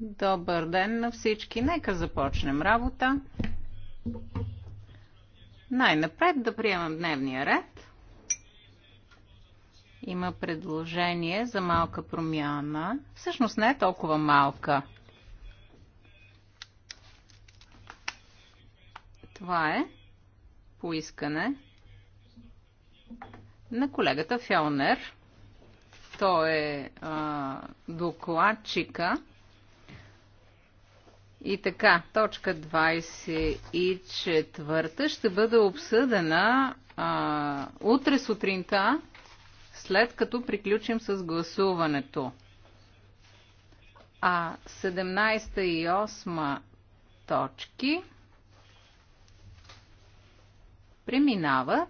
Добър ден на всички. Нека започнем работа. Най-напред да приемам дневния ред. Има предложение за малка промяна. Всъщност не е толкова малка. Това е поискане на колегата Фелнер. Той е а, докладчика. И така, точка 24 ще бъде обсъдена а, утре сутринта, след като приключим с гласуването. А 17 и 8 точки Преминават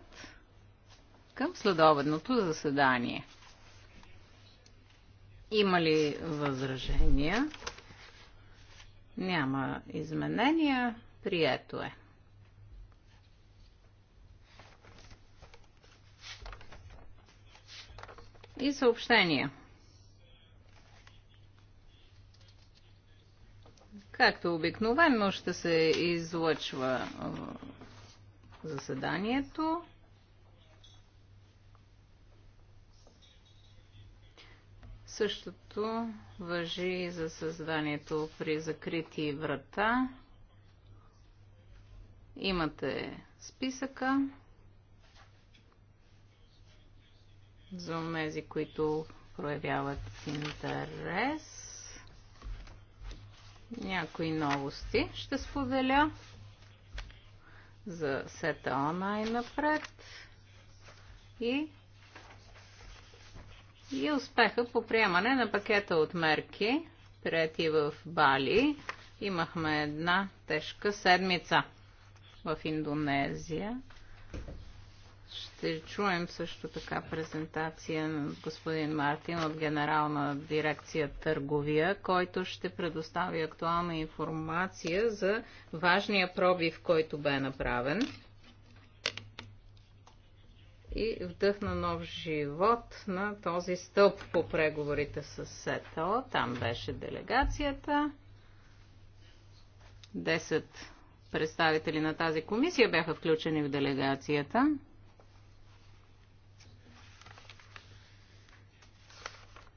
към следобедното заседание. Има ли възражения? Няма изменения. Прието е. И съобщения. Както обикновено ще се излъчва заседанието. Същото въжи за създанието при закрити врата. Имате списъка за тези, които проявяват интерес. Някои новости ще споделя за сета най-напред и, и успеха по приемане на пакета от мерки, прияти в Бали. Имахме една тежка седмица в Индонезия ще чуем също така презентация на господин Мартин от Генерална дирекция Търговия, който ще предостави актуална информация за важния пробив, който бе направен и вдъхна нов живот на този стълб по преговорите с СЕТО. Там беше делегацията. Десет представители на тази комисия бяха включени в делегацията.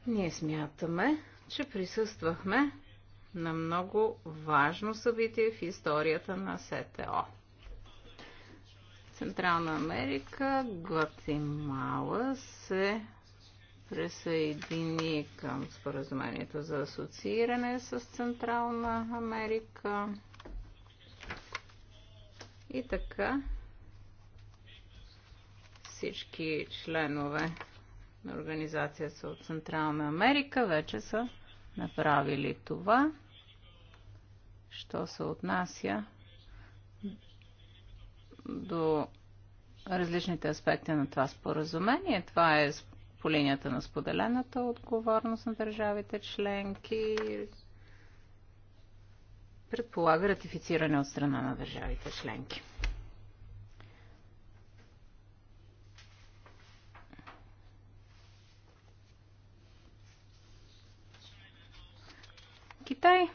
Ние смятаме, че присъствахме на много важно събитие в историята на СТО. Централна Америка, Гватемала се присъедини към споразумението за асоцииране с Централна Америка. И така всички членове на организацията от Централна Америка вече са направили това. Що се отнася до различните аспекти на това споразумение, това е по линията на споделената отговорност на държавите членки, предполага ратифициране от страна на държавите членки. Китай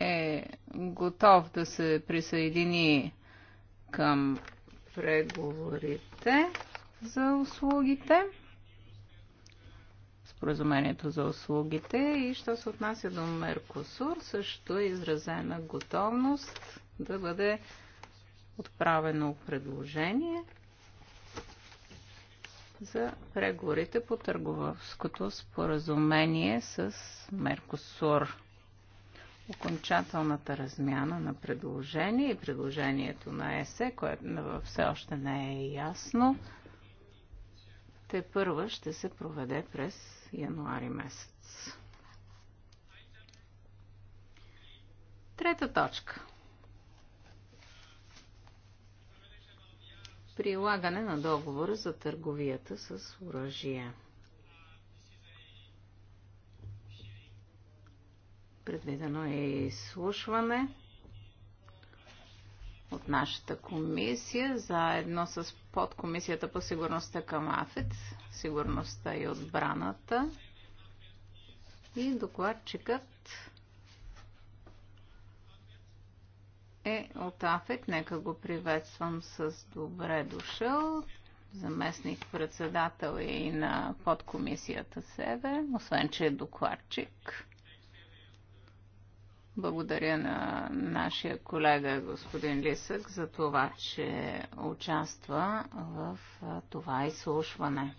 е готов да се присъедини към преговорите за услугите, споразумението за услугите и що се отнася до Меркосур, също е изразена готовност да бъде отправено предложение – за преговорите по търговското споразумение с Меркосур. Окончателната размяна на предложение и предложението на ЕСЕ, което все още не е ясно, те първа ще се проведе през януари месец. Трета точка – прилагане на договора за търговията с оръжие. Предвидено е изслушване от нашата комисия, заедно с подкомисията по сигурността към АФЕД, сигурността и отбраната. И докладчикът е от АФЕК. Нека го приветствам с добре дошъл. Заместник председател е и на подкомисията СЕВЕ, освен че е докладчик. Благодаря на нашия колега господин Лисък за това, че участва в това изслушване.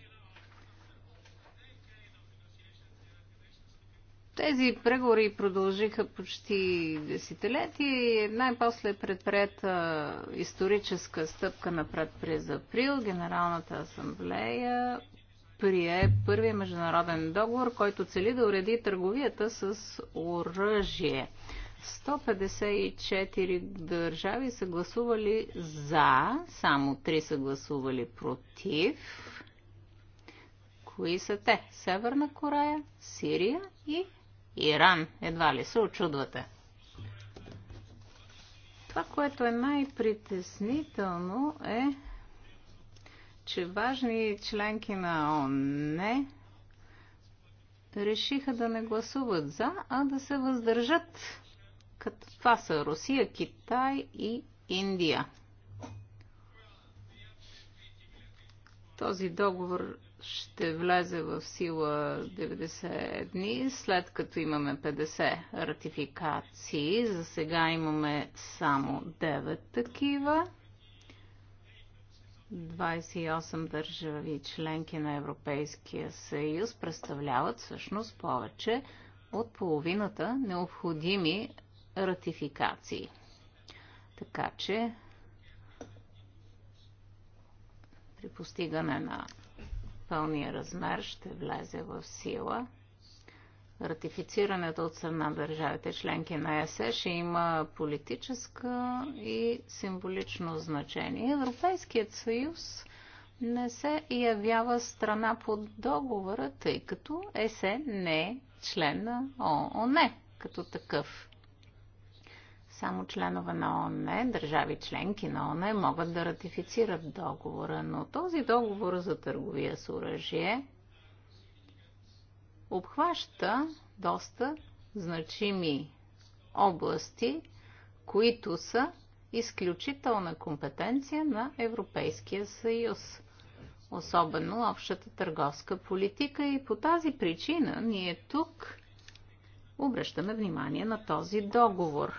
Тези преговори продължиха почти десетилетия и най-после предпред предприета историческа стъпка напред през април. Генералната асамблея прие първия международен договор, който цели да уреди търговията с оръжие. 154 държави са гласували за, само 3 са гласували против. Кои са те? Северна Корея, Сирия и Иран, едва ли се очудвате. Това, което е най-притеснително е, че важни членки на ООН решиха да не гласуват за, а да се въздържат. Като това са Русия, Китай и Индия. Този договор ще влезе в сила 90 дни, след като имаме 50 ратификации. За сега имаме само 9 такива. 28 държави членки на Европейския съюз представляват всъщност повече от половината необходими ратификации. Така че при постигане на пълния размер ще влезе в сила. Ратифицирането от страна на държавите членки на ЕСЕ ще има политическа и символично значение. Европейският съюз не се явява страна под договора, тъй като ЕСЕ не е член на ООН като такъв. Само членове на ООН, държави членки на ООН могат да ратифицират договора, но този договор за търговия с оръжие обхваща доста значими области, които са изключителна компетенция на Европейския съюз, особено общата търговска политика и по тази причина ние тук обръщаме внимание на този договор.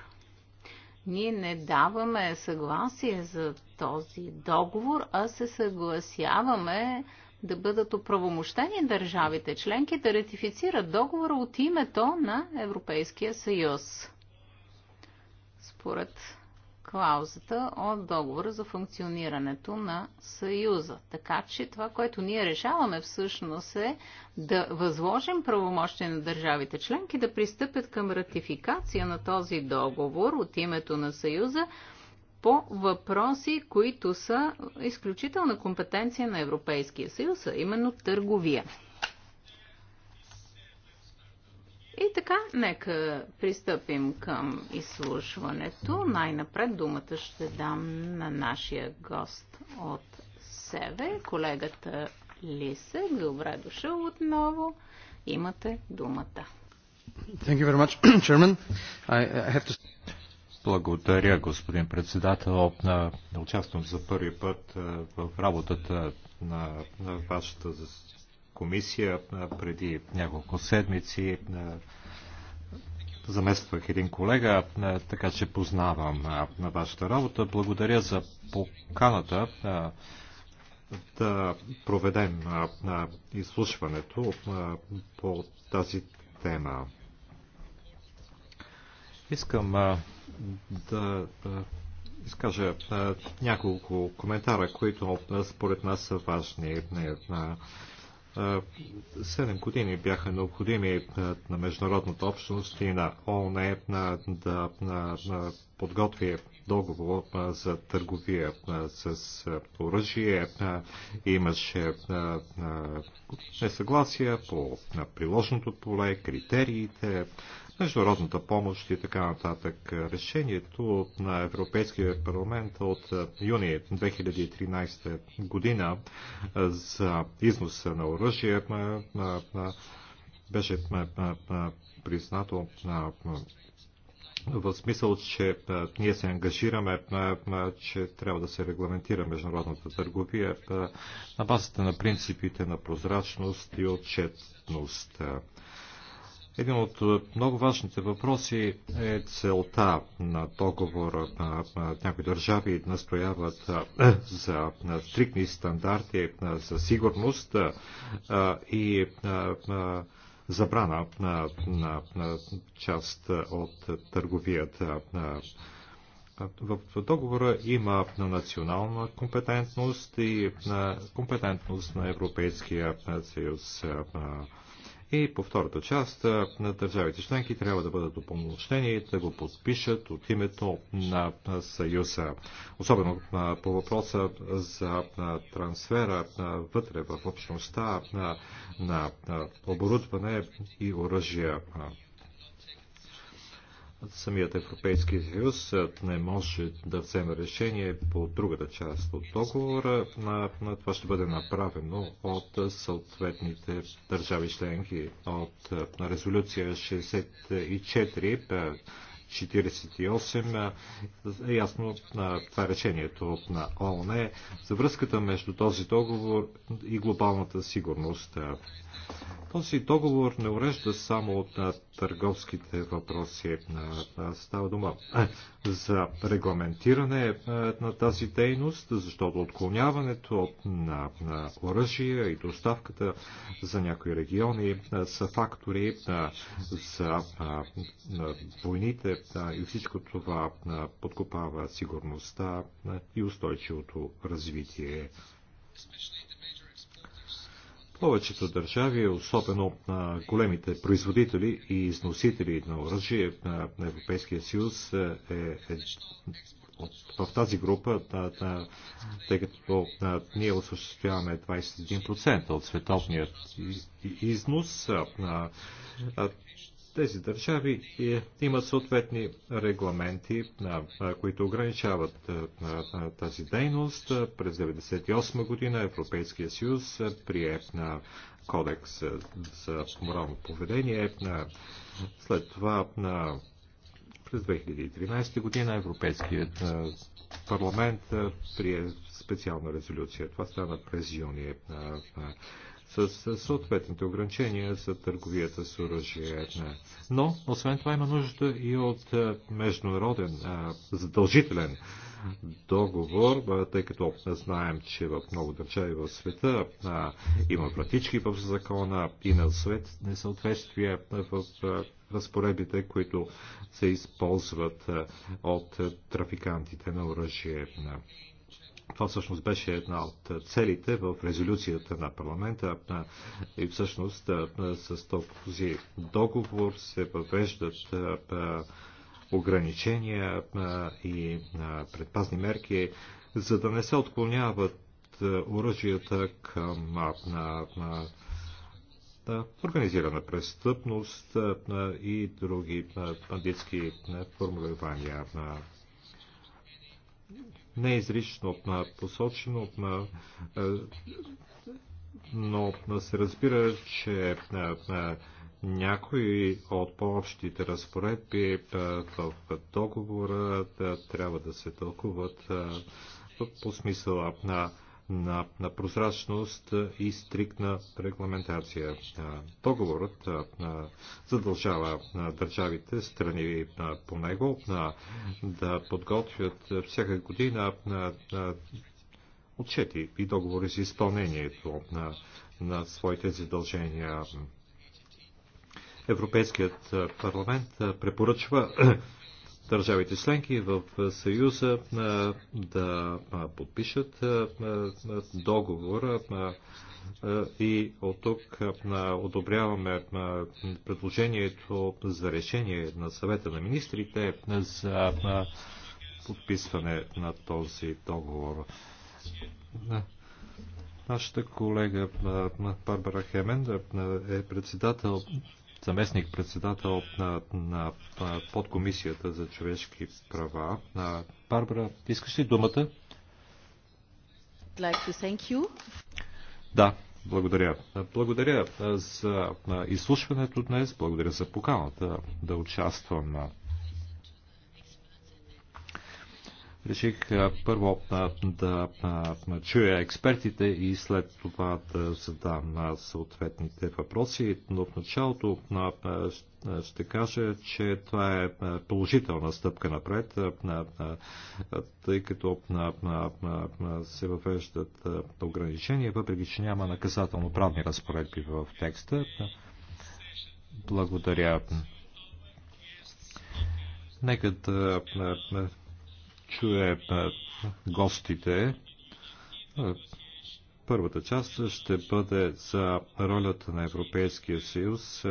Ние не даваме съгласие за този договор, а се съгласяваме да бъдат оправомощени държавите членки да ратифицират договора от името на Европейския съюз. Според клаузата от договора за функционирането на Съюза. Така че това, което ние решаваме всъщност е да възложим правомощие на държавите членки да пристъпят към ратификация на този договор от името на Съюза по въпроси, които са изключителна компетенция на Европейския съюз, а именно търговия. И така, нека пристъпим към изслушването. Най-напред думата ще дам на нашия гост от себе, колегата Лисе. Добре дошъл отново. Имате думата. Thank you very much, Chairman. I have to... Благодаря, господин председател. На, участвам за първи път в работата на, на вашата комисия преди няколко седмици. Замествах един колега, така че познавам на вашата работа. Благодаря за поканата да проведем изслушването по тази тема. Искам да изкажа няколко коментара, които според нас са важни. Е, седем години бяха необходими е, на международната общност и на ООН е, на, да на, на подготви договор за търговия с оръжие. Имаше несъгласия по приложното поле, критериите, международната помощ и така нататък. Решението на Европейския парламент от юни 2013 година за износа на оръжие беше признато в смисъл, че ние се ангажираме, че трябва да се регламентира международната търговия на базата на принципите на прозрачност и отчетност. Един от е, много важните въпроси е целта на договора. Някои държави настояват за стрикни стандарти за сигурност и забрана на част от търговията. В договора има на национална компетентност и компетентност на Европейския съюз. И по втората част на държавите членки трябва да бъдат упълномощени да го подпишат от името на Съюза. Особено по въпроса за трансфера вътре в общността на оборудване и оръжия самият Европейски съюз не може да вземе решение по другата част от договора. На, това ще бъде направено от съответните държави членки от резолюция 64 48 е ясно на това е решението на ООН за връзката между този договор и глобалната сигурност. Този договор не урежда само от търговските въпроси. Става дума за регламентиране на тази дейност, защото отклоняването на оръжие и доставката за някои региони са фактори за войните да, и всичко това подкопава сигурността и устойчивото развитие. Повечето държави, особено на големите производители и износители на оръжие на Европейския съюз, е, е, е в тази група, тъй като ние осъществяваме 21% от световният износ, тези държави е, имат съответни регламенти, които ограничават тази дейност. През 1998 година Европейския съюз прие на кодекс за морално поведение. След това на през 2013 година Европейският парламент прие специална резолюция. Това стана през юни с съответните ограничения за търговията с оръжие. Но, освен това, има нужда и от международен задължителен договор, тъй като знаем, че в много държави в света има вратички в закона и на свет несъответствия в разпоредбите, които се използват от трафикантите на оръжие. Това всъщност беше една от целите в резолюцията на парламента и всъщност с този договор се въвеждат ограничения и предпазни мерки, за да не се отклоняват оръжията към организирана престъпност и други бандитски формулирования не изрично посочено, е, но се разбира, че е, е, някои от по-общите разпоредби в договора трябва да се тълкуват по смисъла на на, на прозрачност и стриктна регламентация. Договорът задължава държавите, страни по него, да подготвят всяка година отчети и договори за изпълнението на, на своите задължения. Европейският парламент препоръчва държавите членки в Съюза да подпишат договор и от тук одобряваме предложението за решение на съвета на министрите за подписване на този договор. Нашата колега Барбара Хемен е председател заместник-председател на, на подкомисията за човешки права. Барбара, искаш ли думата? Like to thank you. Да, благодаря. Благодаря за изслушването днес, благодаря за поканата да участвам на реших първо да чуя експертите и след това да задам съответните въпроси, но в началото ще кажа, че това е положителна стъпка напред, тъй като се въвеждат ограничения, въпреки че няма наказателно-правни разпоредби в текста. Благодаря. Нека да Чуе гостите. Първата част ще бъде за ролята на Европейския съюз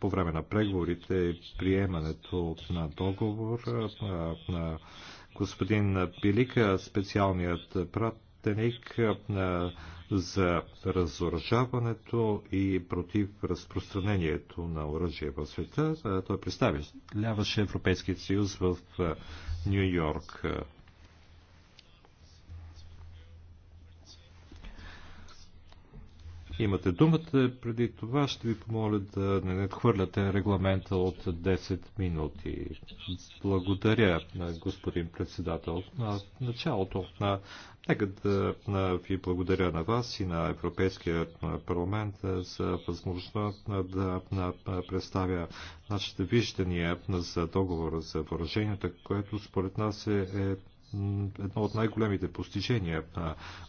по време на преговорите и приемането на договор на господин Пилика, специалният пратеник на за разоръжаването и против разпространението на оръжие в света. Той представляваше Европейския съюз в Нью Йорк Имате думата. Преди това ще ви помоля да не надхвърляте регламента от 10 минути. Благодаря, господин председател. На началото на Нека да ви благодаря на вас и на Европейския парламент за възможността да представя нашите виждания за договора за въоръженията, което според нас е, е едно от най-големите постижения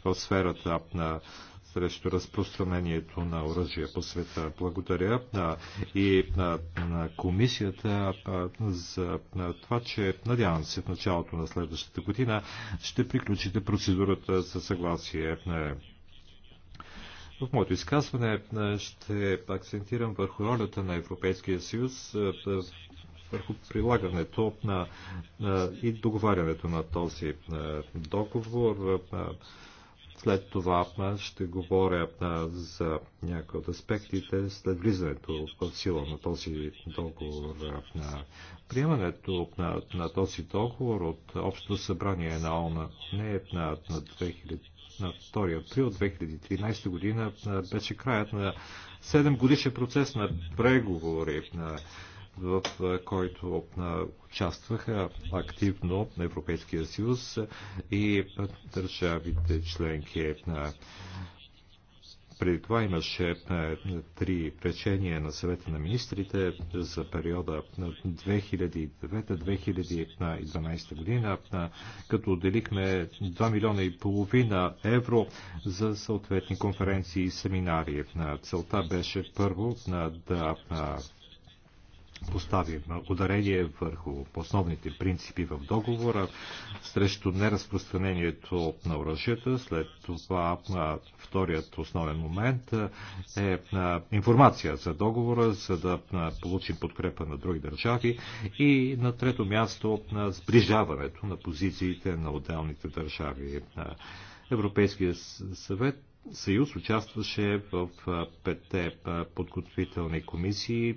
в сферата на срещу разпространението на оръжие по света. Благодаря и на, на комисията за това, че надявам се в началото на следващата година ще приключите процедурата за съгласие. В моето изказване ще акцентирам върху ролята на Европейския съюз върху прилагането на, на и договарянето на този договор. След това ще говоря за някои от аспектите след влизането в сила на този договор. На приемането на, този договор от Общото събрание на ООН не е на, на 2000 на 2 април 2013 година беше краят на 7 годишен процес на преговори в който участваха активно на Европейския съюз и държавите членки. Преди това имаше три речения на съвета на министрите за периода 2009-2012 година, като отделихме 2 милиона и половина евро за съответни конференции и семинари. Целта беше първо да поставим ударение върху основните принципи в договора срещу неразпространението на оръжията. След това вторият основен момент е информация за договора, за да получим подкрепа на други държави и на трето място на сближаването на позициите на отделните държави. Европейския съвет съюз участваше в петте подготвителни комисии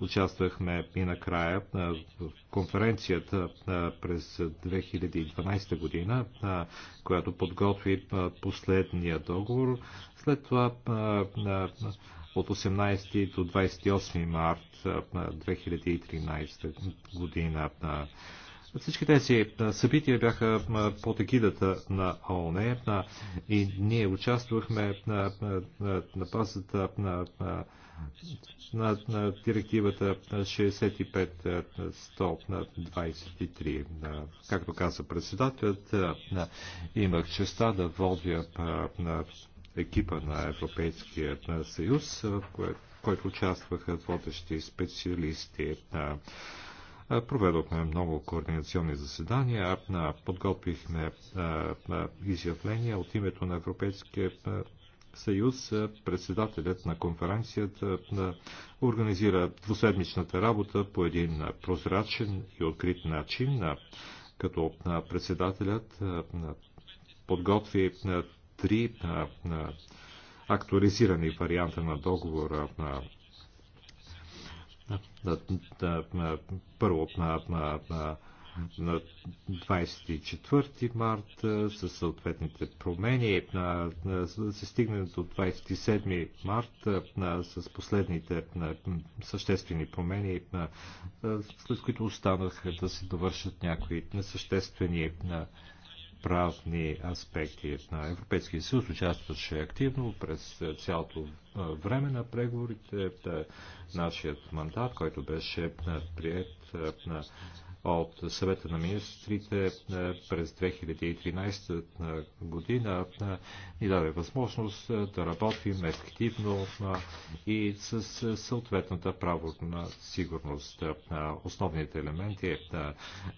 Участвахме и накрая в конференцията през 2012 година, която подготви последния договор. След това от 18 до 28 март 2013 година. Всички тези събития бяха под егидата на ООН и ние участвахме на базата на на, на директивата 65-100 на 23. Както каза председателят, имах честа да водя на екипа на Европейския съюз, в който участваха водещи специалисти. Проведохме много координационни заседания, подготвихме изявления от името на Европейския съюз, е, председателят на конференцията е, организира двуседмичната работа по един е, прозрачен и открит начин, като председателят подготви три актуализирани варианта на договора на първо на на 24 март със съответните промени. На, на, се стигне до 27 март на, с последните на, съществени промени, на, след които останаха да се довършат някои несъществени на, правни аспекти на Европейския съюз участваше активно през цялото време на преговорите. Нашият мандат, който беше прият на от съвета на министрите е, през 2013 е, година е, ни даде възможност да работим ефективно и с съответната правна сигурност. Основните елементи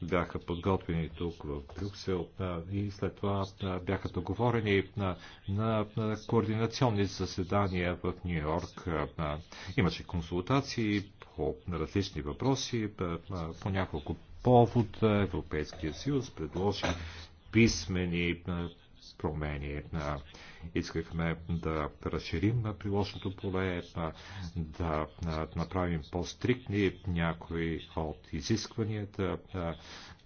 бяха подготвени тук в Брюксел и след това бяха договорени на, на, на координационни заседания в Нью Йорк. Имаше консултации по различни въпроси, по няколко повод Европейския съюз предложи писмени е, промени. Е, искахме да разширим на приложното поле, е, да направим по-стрикни някои от изискванията,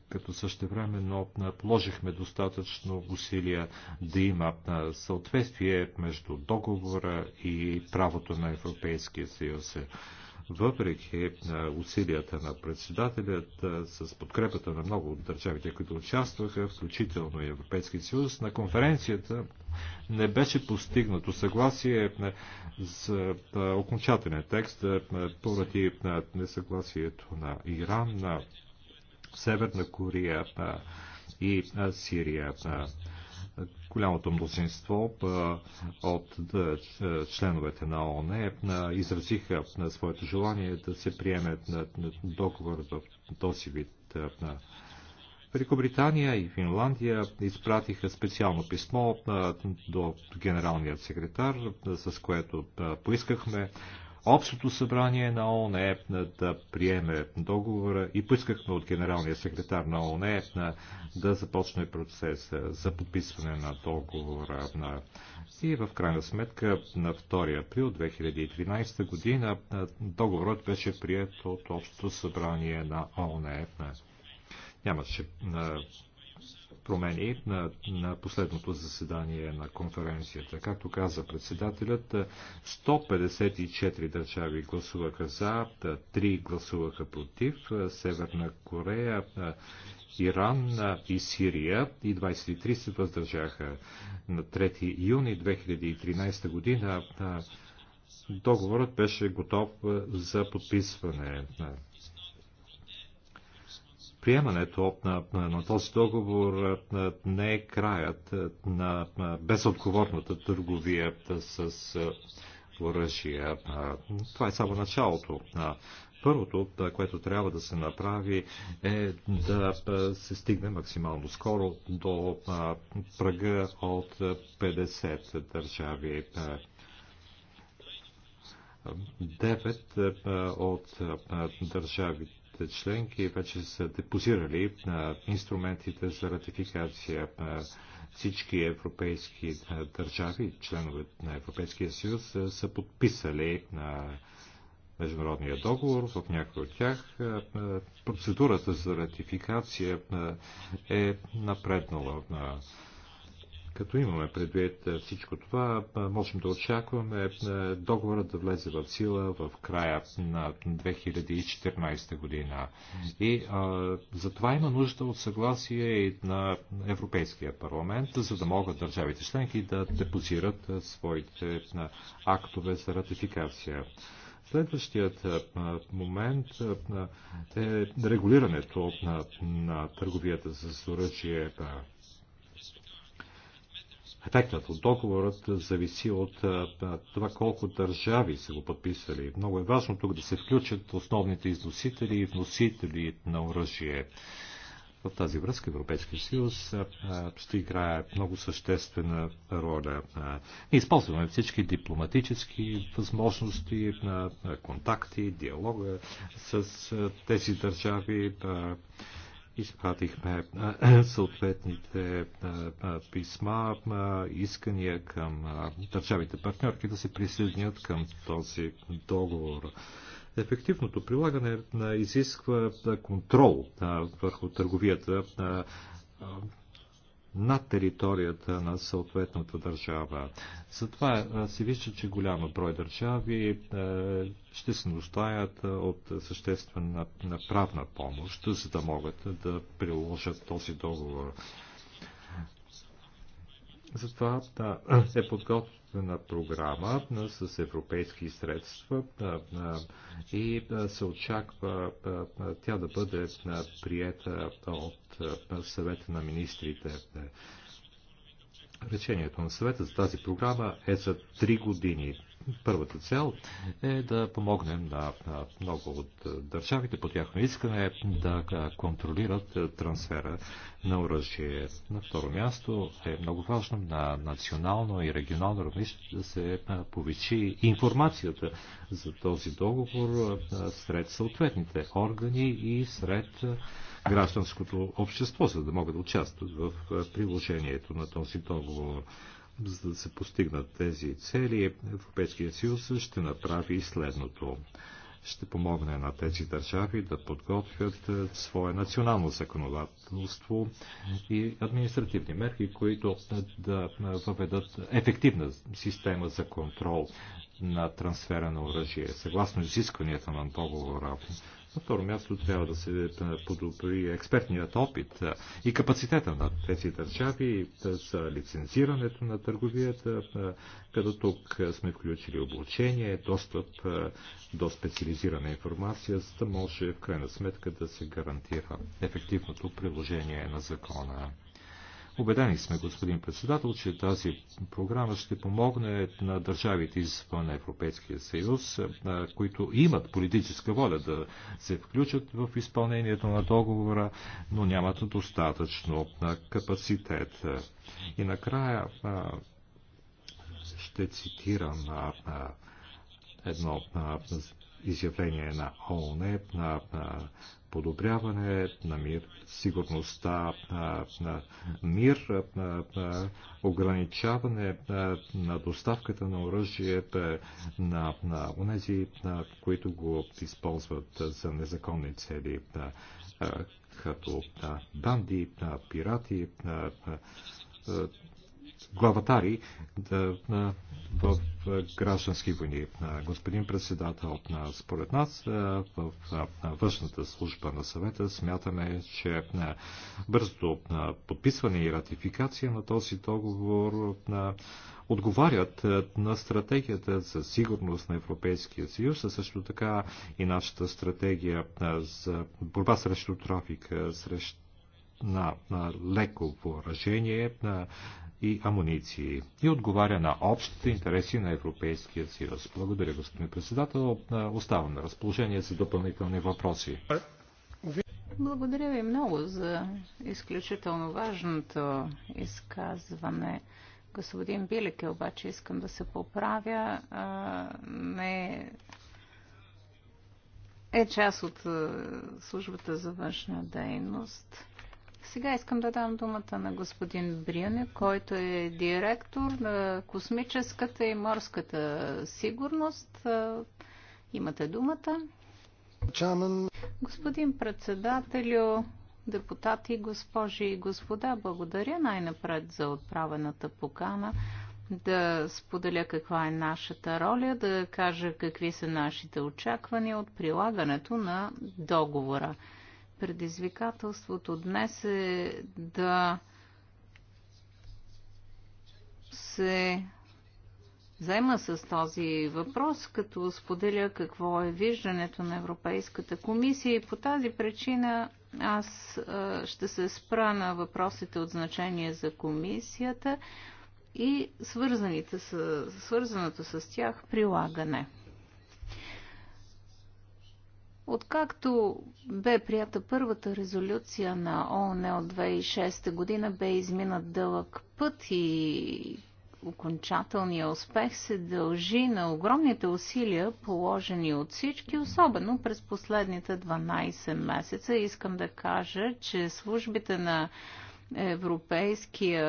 като същевременно положихме достатъчно усилия да има съответствие между договора и правото на Европейския съюз въпреки е, усилията на председателят е, с подкрепата на много от държавите, които участваха, включително и Европейски съюз, на конференцията не беше постигнато съгласие за е, окончателен текст поради несъгласието на Иран, на Северна Корея и Сирия голямото мнозинство от членовете на ООН е, изразиха на своето желание да се приеме договор в този вид. Великобритания и Финландия изпратиха специално писмо до генералния секретар, с което поискахме Общото събрание на ООН е да приеме договора и поискахме от генералния секретар на ООН е да започне процес за подписване на договора. На... И в крайна сметка на 2 април 2013 година договорът беше прият от Общото събрание на ООН. Е Нямаше промени на, на последното заседание на конференцията. Както каза председателят, 154 е, държави гласуваха за, 3 е, гласуваха против, е, Северна Корея, Иран и Сирия и 23 се въздържаха. На 3 юни 2013 година договорът беше готов за подписване. Приемането на, на този договор не е краят на безотговорната търговия с оръжия. Това е само началото. Първото, което трябва да се направи, е да се стигне максимално скоро до прага от 50 държави. Девет от държавите държавите членки вече са депозирали на инструментите за ратификация на всички европейски държави, членове на Европейския съюз, са подписали на международния договор. В някои от тях процедурата за ратификация е напреднала на. Като имаме предвид всичко това, можем да очакваме договора да влезе в сила в края на 2014 година. И а, за това има нужда от съгласие и на Европейския парламент, за да могат държавите членки да депозират своите актове за ратификация. Следващият момент е регулирането на, на търговията с оръжие. Ефектът от договорът зависи от това колко държави са го подписали. Много е важно тук да се включат основните износители и вносители на оръжие. В тази връзка Европейския съюз ще играе много съществена роля. Ние използваме всички дипломатически възможности, контакти, диалога с тези държави изпратихме съответните писма, искания към държавите партньорки да се присъединят към този договор. Ефективното прилагане изисква контрол върху търговията над територията на съответната държава. Затова се вижда, че голяма брой държави е, ще се нуждаят от съществена правна помощ, за да могат да приложат този договор. Затова да, е подготвена програма с европейски средства и да се очаква тя да бъде приета от съвета на министрите. Да Речението на съвета за тази програма е за 3 години. Първата цел е да помогнем на, на много от държавите по тяхно искане да контролират трансфера на оръжие. На второ място е много важно на национално и регионално равнище да се повиши информацията за този договор сред съответните органи и сред гражданското общество, за да могат да участват в приложението на този договор. За да се постигнат тези цели, Европейския съюз ще направи следното. Ще помогне на тези държави да подготвят свое национално законодателство и административни мерки, които да въведат ефективна система за контрол на трансфера на оръжие. Съгласно изискванията на договора, на второ място трябва да се подобри експертният опит и капацитета на тези държави за лицензирането на търговията, като тук сме включили обучение, достъп до специализирана информация, за да може в крайна сметка да се гарантира ефективното приложение на закона. Обедени сме, господин председател, че тази програма ще помогне на държавите извън Европейския съюз, които имат политическа воля да се включат в изпълнението на договора, но нямат достатъчно капацитет. И накрая ще цитирам едно изявление на ООН на подобряване на мир, сигурността, на мир, на ограничаване на доставката на оръжие на, на на които го използват за незаконни цели, като на банди, на пирати, на главатари да, в граждански войни. Господин председател, според нас в външната служба на съвета смятаме, че бързото подписване и ратификация на този договор отговарят на стратегията за сигурност на Европейския съюз, а също така и нашата стратегия за борба срещу трафика, срещу на, на леко въоръжение, на, и амуниции и отговаря на общите интереси на Европейския съюз. Благодаря, господин председател. Е, оставам на разположение за допълнителни въпроси. Благодаря ви много за изключително важното изказване. Господин Билеке, обаче искам да се поправя. Е, не е част от е, службата за външна дейност. Сега искам да дам думата на господин Брюне, който е директор на космическата и морската сигурност. Имате думата. Господин председателю, депутати, госпожи и господа, благодаря най-напред за отправената покана да споделя каква е нашата роля, да кажа какви са нашите очаквания от прилагането на договора. Предизвикателството днес е да се взема с този въпрос, като споделя какво е виждането на Европейската комисия и по тази причина аз ще се спра на въпросите от значение за комисията и свързаното с тях прилагане. Откакто бе прията първата резолюция на ООН от 2006 година, бе изминат дълъг път и окончателният успех се дължи на огромните усилия, положени от всички, особено през последните 12 месеца. Искам да кажа, че службите на Европейския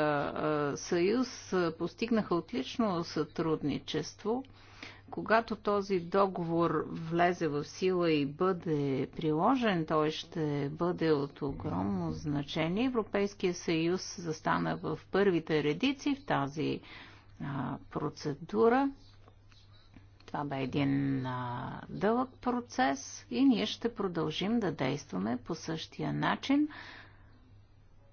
съюз постигнаха отлично сътрудничество – когато този договор влезе в сила и бъде приложен, той ще бъде от огромно значение. Европейския съюз застана в първите редици в тази а, процедура. Това бе един а, дълъг процес и ние ще продължим да действаме по същия начин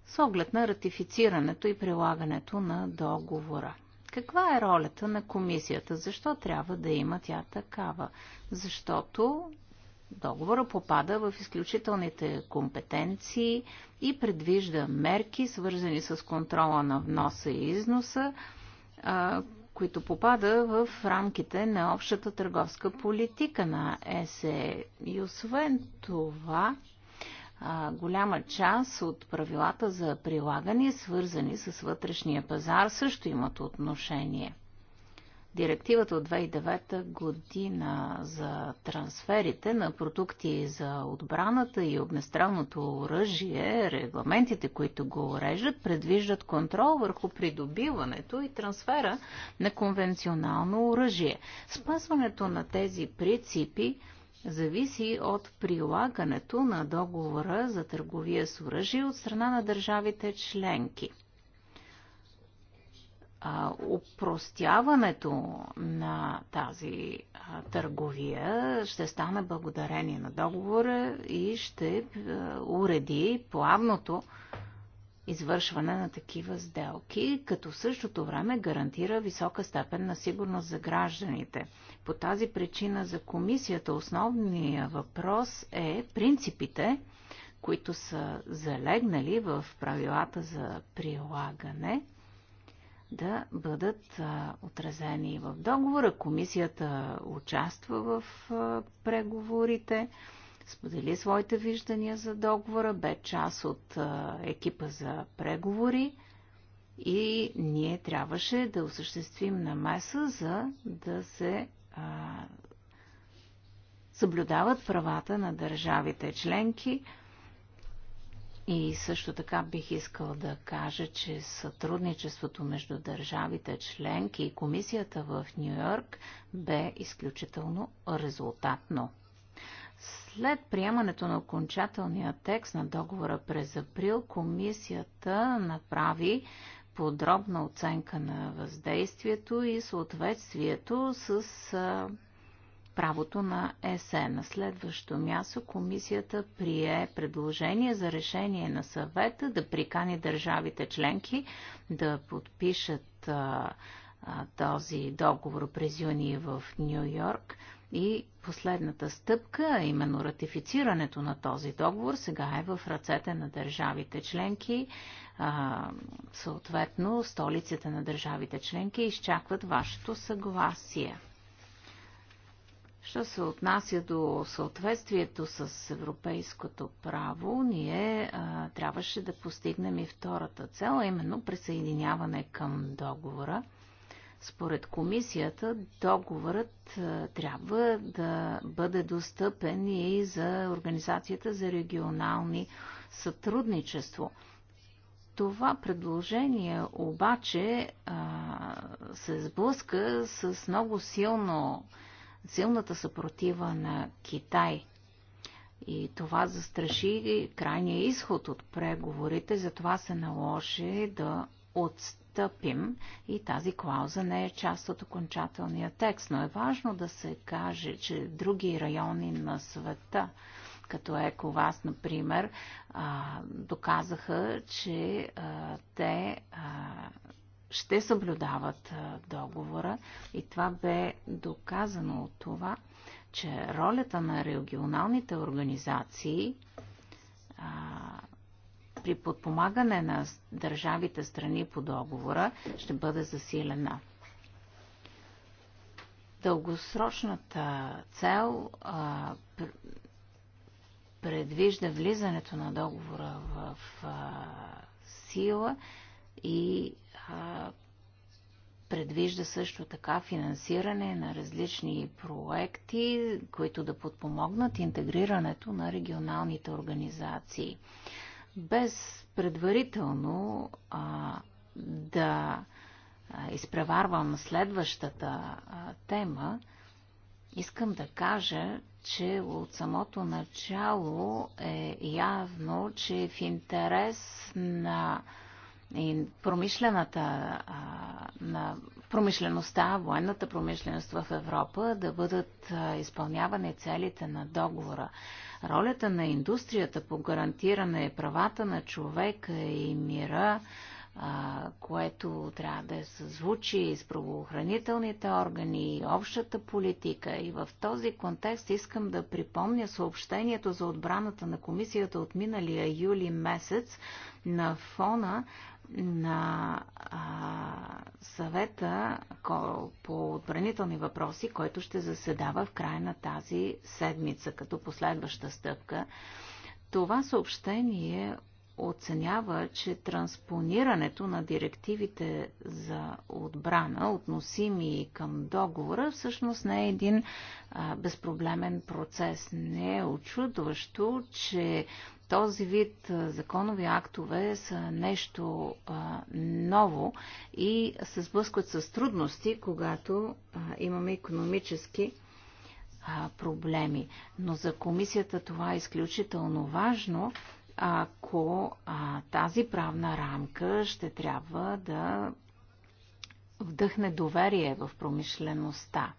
с оглед на ратифицирането и прилагането на договора. Каква е ролята на комисията? Защо трябва да има тя такава? Защото договора попада в изключителните компетенции и предвижда мерки, свързани с контрола на вноса и износа, които попада в рамките на общата търговска политика на ЕСЕ. И освен това, а, голяма част от правилата за прилагане, свързани с вътрешния пазар, също имат отношение. Директивата от 2009 година за трансферите на продукти за отбраната и огнестрелното оръжие, регламентите, които го уреждат, предвиждат контрол върху придобиването и трансфера на конвенционално оръжие. Спазването на тези принципи зависи от прилагането на договора за търговия с оръжие от страна на държавите членки. А, упростяването на тази а, търговия ще стане благодарение на договора и ще а, уреди плавното извършване на такива сделки, като в същото време гарантира висока степен на сигурност за гражданите. По тази причина за комисията основният въпрос е принципите, които са залегнали в правилата за прилагане, да бъдат отразени в договора. Комисията участва в преговорите сподели своите виждания за договора, бе част от екипа за преговори и ние трябваше да осъществим намеса, за да се а, съблюдават правата на държавите членки. И също така бих искал да кажа, че сътрудничеството между държавите членки и комисията в Нью-Йорк бе изключително резултатно. След приемането на окончателния текст на договора през април, комисията направи подробна оценка на въздействието и съответствието с правото на ЕСЕ. На следващо място комисията прие предложение за решение на съвета да прикани държавите членки да подпишат а, а, този договор през юни в Нью Йорк. И последната стъпка, а именно ратифицирането на този договор, сега е в ръцете на държавите членки. А, съответно, столиците на държавите членки изчакват вашето съгласие. Що се отнася до съответствието с европейското право, ние а, трябваше да постигнем и втората цел, а именно присъединяване към договора – според комисията договорът е, трябва да бъде достъпен и за Организацията за регионални сътрудничество. Това предложение обаче е, се сблъска с много силно, силната съпротива на Китай. И това застраши крайния изход от преговорите, затова се наложи да отстъпи отстъпим и тази клауза не е част от окончателния текст, но е важно да се каже, че други райони на света, като Ековас, например, доказаха, че те ще съблюдават договора и това бе доказано от това, че ролята на регионалните организации при подпомагане на държавите страни по договора ще бъде засилена. Дългосрочната цел а, предвижда влизането на договора в а, сила и а, предвижда също така финансиране на различни проекти, които да подпомогнат интегрирането на регионалните организации без предварително а, да изпреварвам следващата а, тема, искам да кажа, че от самото начало е явно, че в интерес на промишлената, а, на промишлеността, военната промишленост в Европа да бъдат изпълнявани целите на договора. Ролята на индустрията по гарантиране правата на човека и мира което трябва да се звучи с правоохранителните органи и общата политика. И в този контекст искам да припомня съобщението за отбраната на комисията от миналия юли месец на фона на а, съвета по отбранителни въпроси, който ще заседава в края на тази седмица като последваща стъпка. Това съобщение оценява, че транспонирането на директивите за отбрана, относими към договора, всъщност не е един а, безпроблемен процес. Не е очудващо, че този вид законови актове са нещо ново и се сблъскват с трудности, когато имаме економически проблеми. Но за комисията това е изключително важно, ако тази правна рамка ще трябва да вдъхне доверие в промишлеността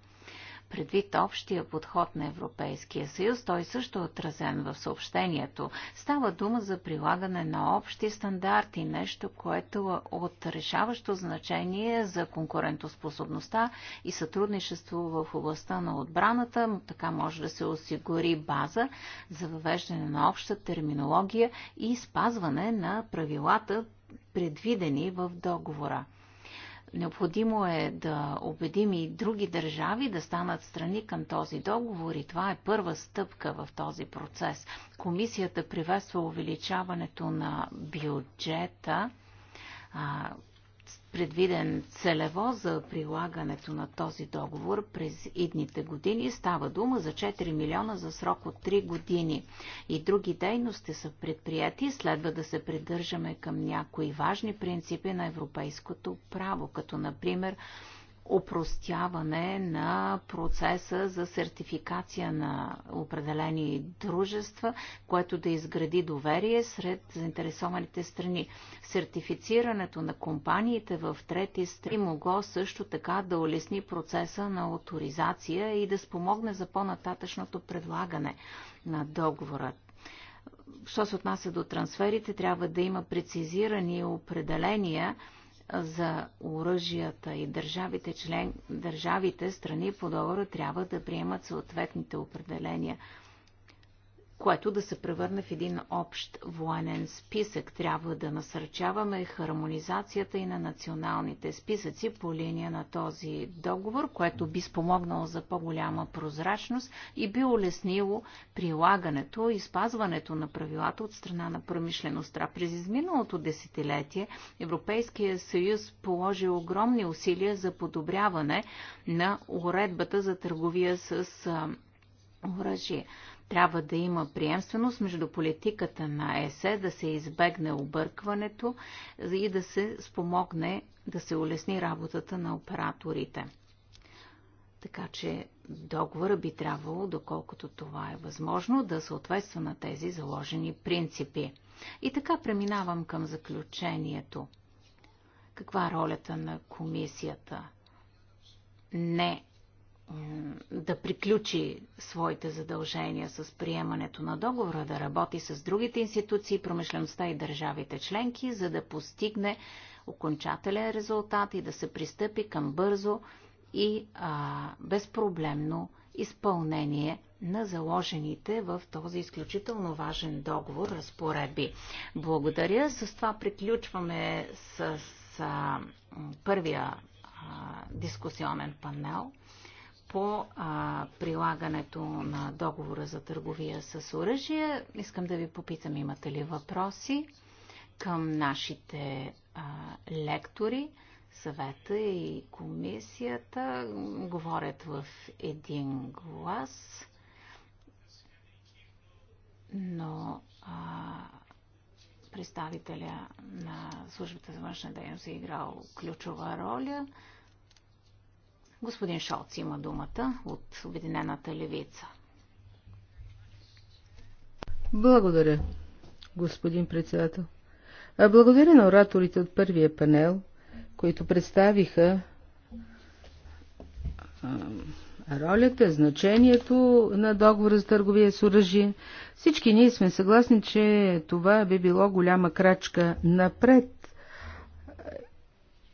предвид общия подход на Европейския съюз, той също е отразен в съобщението. Става дума за прилагане на общи стандарти, нещо, което е от решаващо значение за конкурентоспособността и сътрудничество в областта на отбраната. Така може да се осигури база за въвеждане на обща терминология и спазване на правилата, предвидени в договора. Необходимо е да убедим и други държави да станат страни към този договор и това е първа стъпка в този процес. Комисията приветства увеличаването на бюджета предвиден целево за прилагането на този договор през идните години. Става дума за 4 милиона за срок от 3 години. И други дейности са предприяти. Следва да се придържаме към някои важни принципи на европейското право, като например упростяване на процеса за сертификация на определени дружества, което да изгради доверие сред заинтересованите страни. Сертифицирането на компаниите в трети страни могло също така да улесни процеса на авторизация и да спомогне за по-нататъчното предлагане на договора. Що се отнася до трансферите, трябва да има прецизирани определения – за оръжията и държавите, член, държавите страни по договора трябва да приемат съответните определения което да се превърне в един общ военен списък. Трябва да насърчаваме хармонизацията и на националните списъци по линия на този договор, което би спомогнало за по-голяма прозрачност и би улеснило прилагането и спазването на правилата от страна на промишлеността. През изминалото десетилетие Европейския съюз положи огромни усилия за подобряване на уредбата за търговия с оръжие. Трябва да има приемственост между политиката на ЕСЕ, да се избегне объркването и да се спомогне да се улесни работата на операторите. Така че договора би трябвало, доколкото това е възможно, да съответства на тези заложени принципи. И така преминавам към заключението. Каква е ролята на комисията? Не да приключи своите задължения с приемането на договора, да работи с другите институции, промишлеността и държавите членки, за да постигне окончателен резултат и да се пристъпи към бързо и а, безпроблемно изпълнение на заложените в този изключително важен договор разпоредби. Благодаря. С това приключваме с а, първия а, дискусионен панел по а, прилагането на договора за търговия с оръжие. Искам да ви попитам, имате ли въпроси към нашите а, лектори? Съвета и комисията говорят в един глас, но а, представителя на службата за външна дейност е играл ключова роля. Господин Шолц има думата от Обединената левица. Благодаря, господин председател. благодаря на ораторите от първия панел, които представиха ролята, значението на договора за търговия с оръжие. Всички ние сме съгласни, че това би било голяма крачка напред.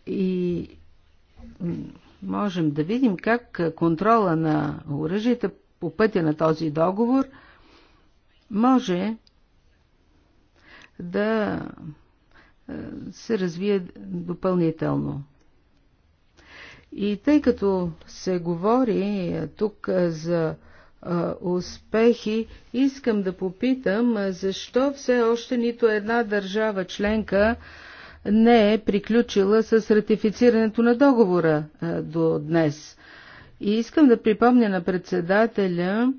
И можем да видим как контрола на оръжията по пътя на този договор може да се развие допълнително. И тъй като се говори тук за успехи, искам да попитам защо все още нито една държава членка не е приключила с ратифицирането на договора до днес. И искам да припомня на председателя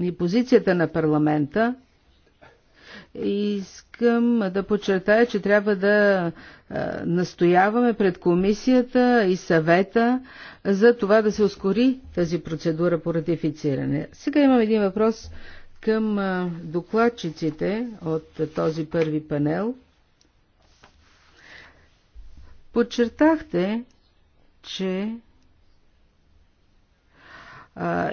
и позицията на парламента. Искам да подчертая, че трябва да настояваме пред комисията и съвета за това да се ускори тази процедура по ратифициране. Сега имам един въпрос към докладчиците от този първи панел – Подчертахте, че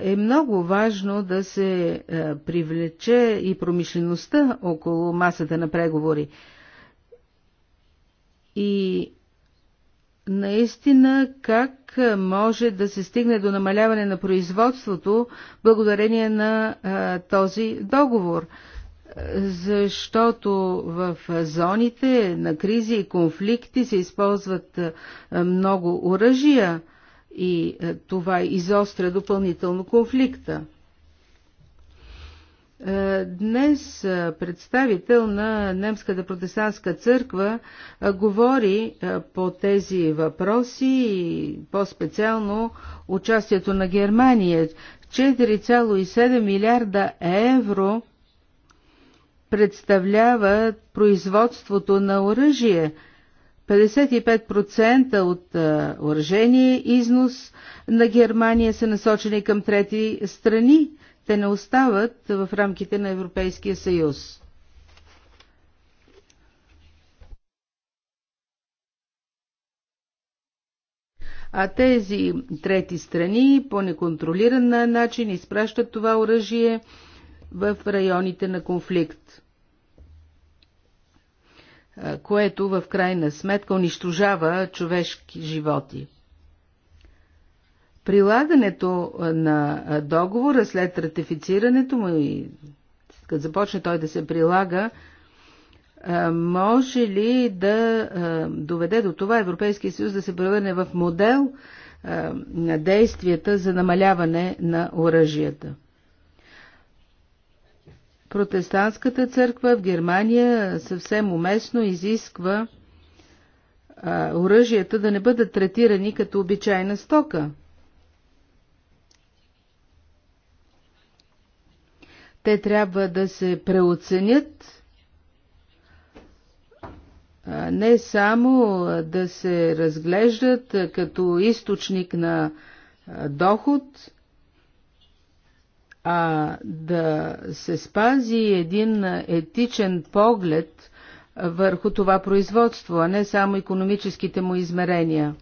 е много важно да се привлече и промишлеността около масата на преговори. И наистина как може да се стигне до намаляване на производството благодарение на а, този договор защото в зоните на кризи и конфликти се използват е, много оръжия и е, това изостря допълнително конфликта. Е, днес представител на Немската протестантска църква говори по тези въпроси и по-специално участието на Германия. 4,7 милиарда евро – представлява производството на оръжие. 55% от оръжение износ на Германия са насочени към трети страни. Те не остават в рамките на Европейския съюз. а тези трети страни по неконтролиран начин изпращат това оръжие в районите на конфликт, което в крайна сметка унищожава човешки животи. Прилагането на договора след ратифицирането му и като започне той да се прилага, може ли да доведе до това Европейския съюз да се превърне в модел на действията за намаляване на оръжията? протестантската църква в Германия съвсем уместно изисква а, оръжията да не бъдат третирани като обичайна стока. Те трябва да се преоценят, а, не само да се разглеждат като източник на доход, а да се спази един етичен поглед върху това производство, а не само економическите му измерения.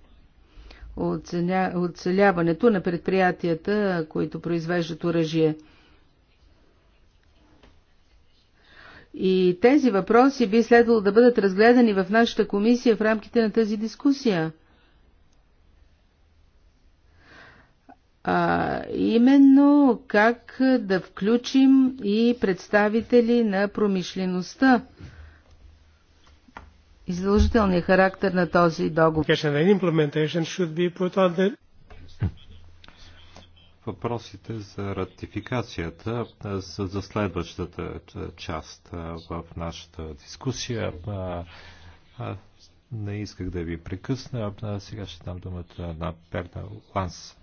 Оценя... Оцеляването на предприятията, които произвеждат оръжие. И тези въпроси би следвало да бъдат разгледани в нашата комисия в рамките на тази дискусия – а именно как да включим и представители на промишлеността и задължителния характер на този договор. Въпросите за ратификацията са за следващата част в нашата дискусия. Не исках да ви прекъсна, сега ще дам думата на Перна Ланс.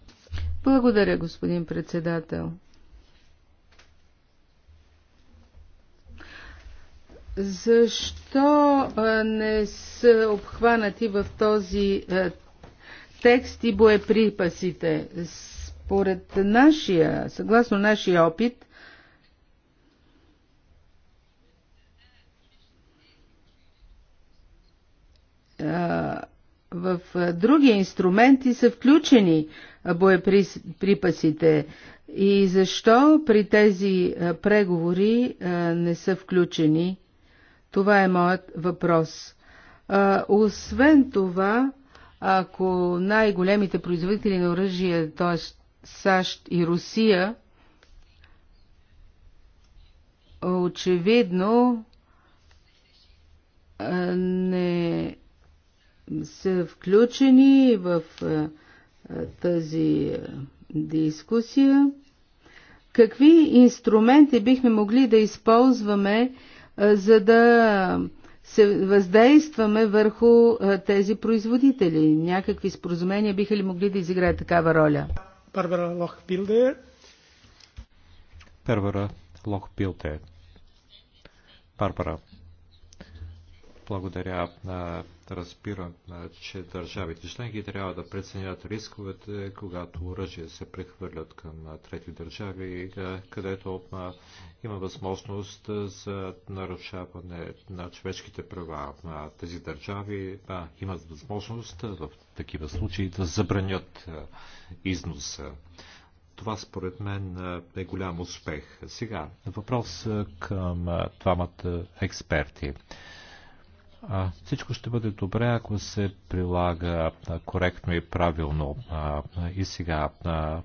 Благодаря, господин председател. Защо не са обхванати в този текст и боеприпасите? Според нашия, съгласно нашия опит, в други инструменти са включени боеприпасите. И защо при тези преговори не са включени? Това е моят въпрос. Освен това, ако най-големите производители на оръжие, т.е. САЩ и Русия, очевидно не са включени в тази дискусия. Какви инструменти бихме могли да използваме, за да се въздействаме върху тези производители? Някакви споразумения биха ли могли да изиграят такава роля? Барбара Лохбилде. Барбара Лохбилде. Барбара. Благодаря. Разбира, че държавите членки трябва да преценят рисковете, когато оръжие се прехвърлят към трети държави, където има възможност за нарушаване на човешките права. Тези държави да, имат възможност в такива случаи да забранят износа. Това според мен е голям успех. Сега въпрос към двамата експерти. А, всичко ще бъде добре, ако се прилага а, коректно и правилно. А, и сега, а,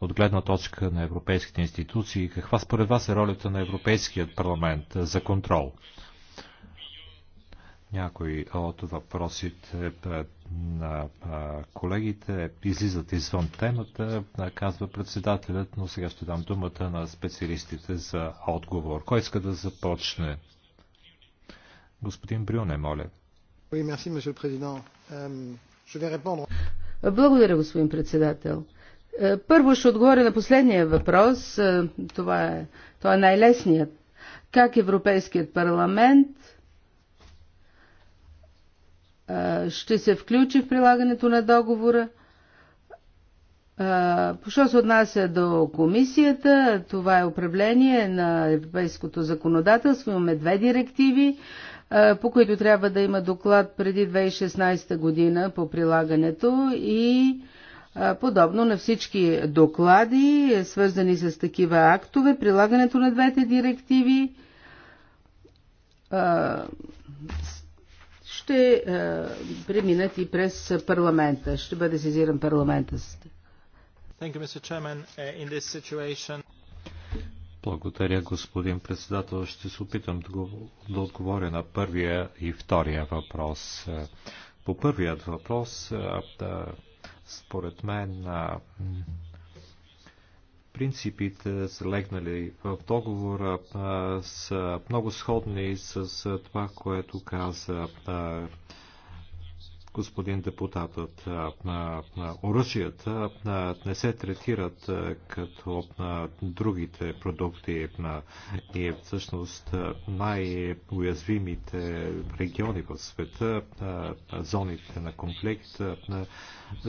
от гледна точка на европейските институции, каква според вас е ролята на Европейският парламент за контрол? Някои от въпросите на колегите излизат извън темата, казва председателят, но сега ще дам думата на специалистите за отговор. Кой иска да започне? Господин Брюне, моля. Euh, Благодаря, господин председател. Е, първо ще отговоря на последния въпрос. Е, това е, това е най-лесният. Как Европейският парламент е, ще се включи в прилагането на договора? Що се отнася до комисията, това е управление на европейското законодателство. Имаме две директиви е, по които трябва да има доклад преди 2016 година по прилагането и е, подобно на всички доклади, е, свързани с такива актове, прилагането на двете директиви ще преминат и през парламента. Ще бъде сезиран парламента. Thank you, Mr. Chairman. Uh, in this situation... Благодаря, господин председател. Ще се опитам да отговоря на първия и втория въпрос. По първият въпрос, да, според мен, принципите, залегнали в договора, са много сходни с това, което каза господин депутатът. Оръжията не се третират като другите продукти и всъщност най-уязвимите региони в света, зоните на конфликт,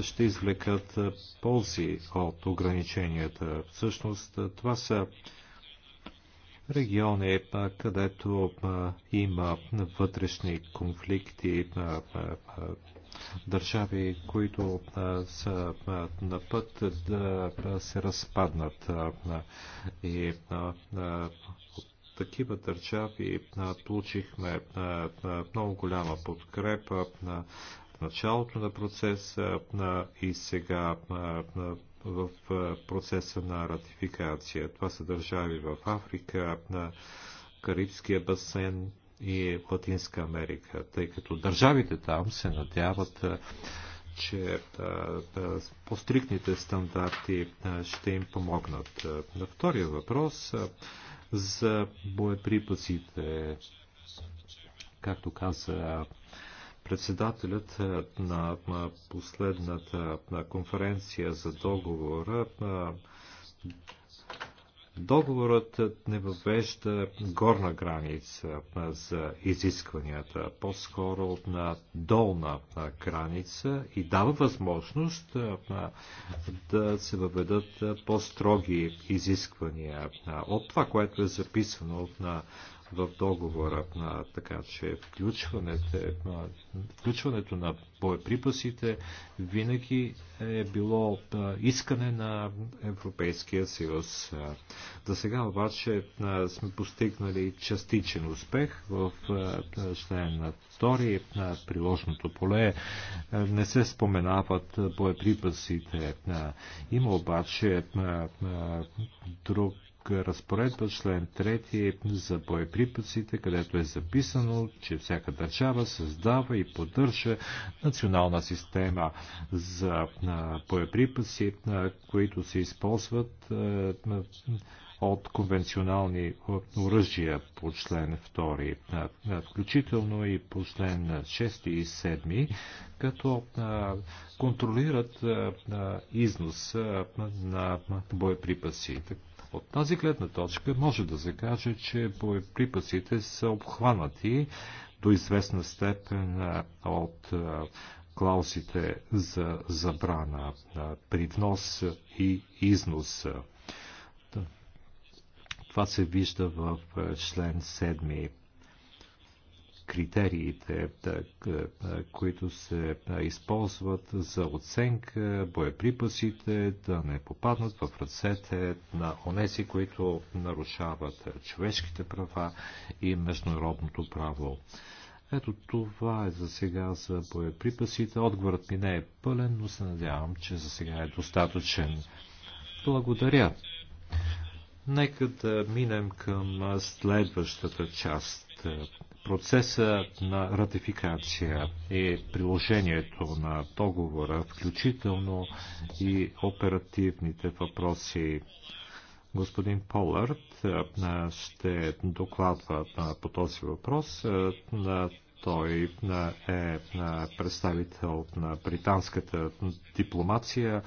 ще извлекат ползи от ограниченията. Всъщност това са региони, където има вътрешни конфликти, държави, които са на път да се разпаднат. И такива държави получихме много голяма подкрепа на началото на процеса и сега в процеса на ратификация. Това са държави в Африка, на Карибския басейн, и Латинска Америка, тъй като държавите там се надяват, че по-стрикните стандарти ще им помогнат. На втория въпрос за боеприпасите, както каза председателят на последната конференция за договора Договорът не въвежда горна граница за изискванията, по-скоро на долна граница и дава възможност да се въведат по-строги изисквания от това, което е записано на в договора, а, така че включването, а, включването на боеприпасите винаги е било а, искане на Европейския съюз. За сега обаче а, сме постигнали частичен успех в а, член на втори на приложното поле. А, не се споменават боеприпасите. А, има обаче а, а, друг разпоредба, член 3 за боеприпасите, където е записано, че всяка държава създава и поддържа национална система за боеприпаси, които се използват от конвенционални оръжия по член 2, включително и по член 6 и 7, като контролират износ на боеприпаси. От тази гледна точка може да се каже, че боеприпасите са обхванати до известна степен от клаусите за забрана при внос и износ. Това се вижда в член 7 критериите, които се използват за оценка, боеприпасите да не попаднат в ръцете на онези, които нарушават човешките права и международното право. Ето това е за сега за боеприпасите. Отговорът ми не е пълен, но се надявам, че за сега е достатъчен. Благодаря. Нека да минем към следващата част Процеса на ратификация и е приложението на договора, включително и оперативните въпроси. Господин Полърт ще докладва по този въпрос. Той е представител на британската дипломация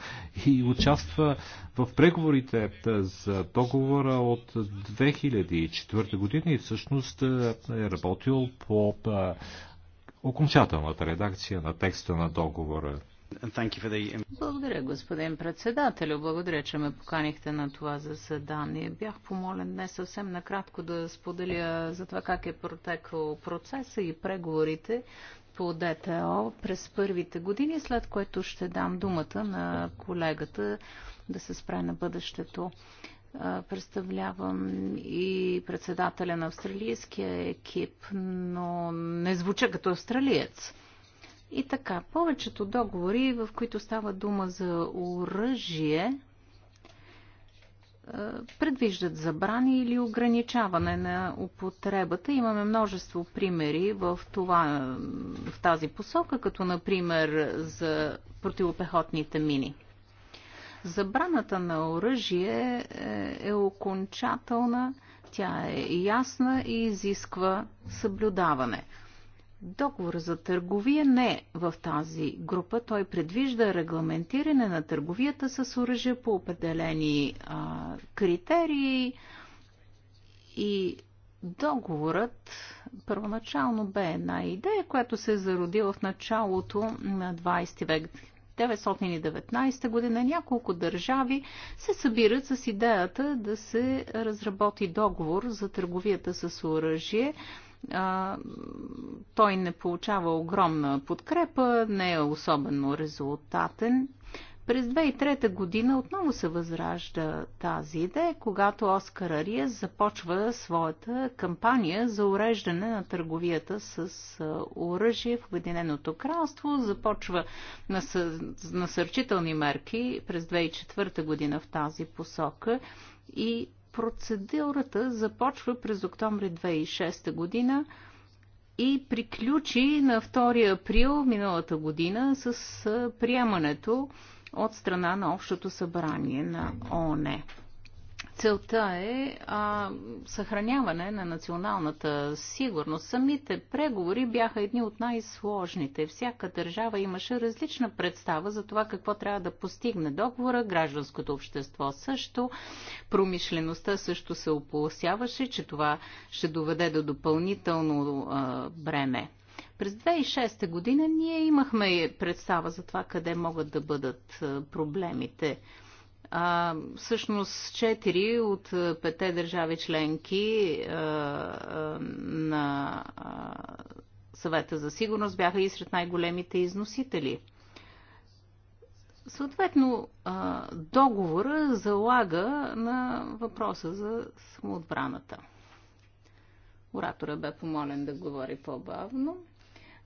и участва в преговорите за договора от 2004 година и всъщност е работил по окончателната редакция на текста на договора. Благодаря, господин председател, Благодаря, че ме поканихте на това заседание. Бях помолен днес съвсем накратко да споделя за това как е протекал процеса и преговорите по ДТО през първите години, след което ще дам думата на колегата да се спре на бъдещето. Представлявам и председателя на австралийския екип, но не звуча като австралиец. И така, повечето договори, в които става дума за оръжие, е, предвиждат забрани или ограничаване на употребата. Имаме множество примери в, това, в тази посока, като например за противопехотните мини. Забраната на оръжие е, е окончателна, тя е ясна и изисква съблюдаване. Договор за търговия не е в тази група. Той предвижда регламентиране на търговията с оръжие по определени а, критерии и договорът първоначално бе една идея, която се е зародила в началото на 20 век. 1919 година няколко държави се събират с идеята да се разработи договор за търговията с оръжие а, той не получава огромна подкрепа, не е особено резултатен. През 2003 година отново се възражда тази идея, когато Оскар Ариес започва своята кампания за уреждане на търговията с оръжие в Обединеното кралство. Започва насърчителни мерки през 2004 година в тази посока и Процедурата започва през октомври 2006 година и приключи на 2 април миналата година с приемането от страна на Общото събрание на ООН. Целта е а, съхраняване на националната сигурност. Самите преговори бяха едни от най-сложните. Всяка държава имаше различна представа за това какво трябва да постигне договора. Гражданското общество също, промишлеността също се ополосяваше, че това ще доведе до допълнително а, бреме. През 2006 година ние имахме представа за това къде могат да бъдат проблемите. А, всъщност, четири от пете държави членки а, а, на а, съвета за сигурност бяха и сред най-големите износители. Съответно, а, договора залага на въпроса за самоотбраната. Оратора бе помолен да говори по-бавно.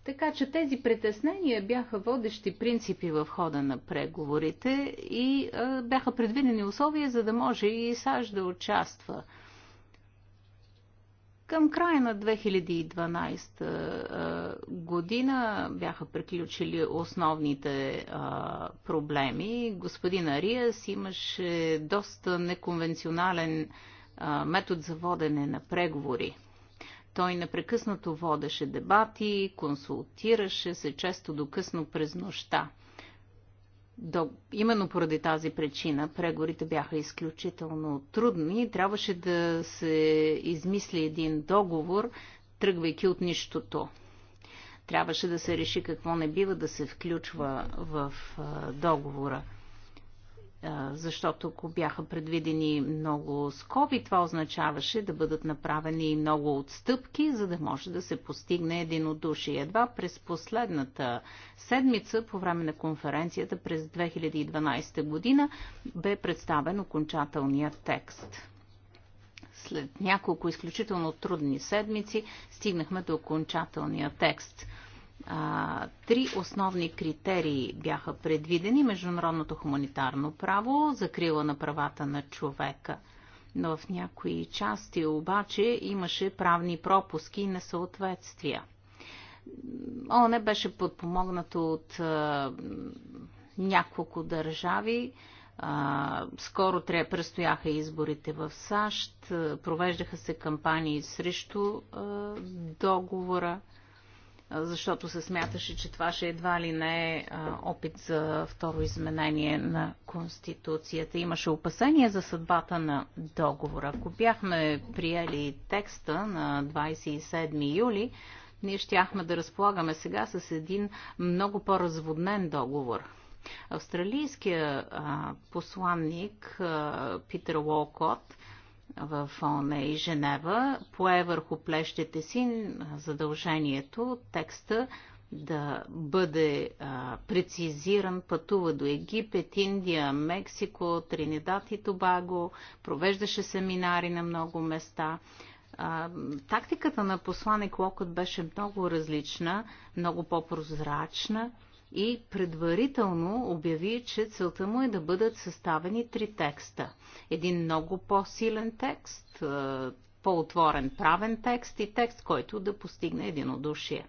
Така че тези притеснения бяха водещи принципи в хода на преговорите и а, бяха предвидени условия, за да може и САЩ да участва. Към края на 2012 а, година бяха приключили основните а, проблеми. Господин Ариас имаше доста неконвенционален а, метод за водене на преговори той непрекъснато водеше дебати, консултираше се често до късно през нощта. До, именно поради тази причина преговорите бяха изключително трудни трябваше да се измисли един договор, тръгвайки от нищото. Трябваше да се реши какво не бива да се включва в договора защото ако бяха предвидени много скоби, това означаваше да бъдат направени много отстъпки, за да може да се постигне единодушие. Едва през последната седмица, по време на конференцията през 2012 година, бе представен окончателният текст. След няколко изключително трудни седмици стигнахме до окончателния текст – а, три основни критерии бяха предвидени международното хуманитарно право, закрила на правата на човека. Но в някои части обаче имаше правни пропуски и несъответствия. ООН беше подпомогнато от а, няколко държави. А, скоро предстояха изборите в САЩ, провеждаха се кампании срещу а, договора защото се смяташе, че това ще едва ли не е опит за второ изменение на Конституцията. Имаше опасения за съдбата на договора. Ако бяхме приели текста на 27 юли, ние щяхме да разполагаме сега с един много по-разводнен договор. Австралийския посланник Питер Уолкот в ОНЕ и Женева пое върху плещите си задължението текста да бъде а, прецизиран, пътува до Египет, Индия, Мексико, Тринидад и Тобаго, провеждаше семинари на много места. А, тактиката на посланик Локът беше много различна, много по-прозрачна и предварително обяви, че целта му е да бъдат съставени три текста. Един много по-силен текст, е, по-отворен правен текст и текст, който да постигне единодушие.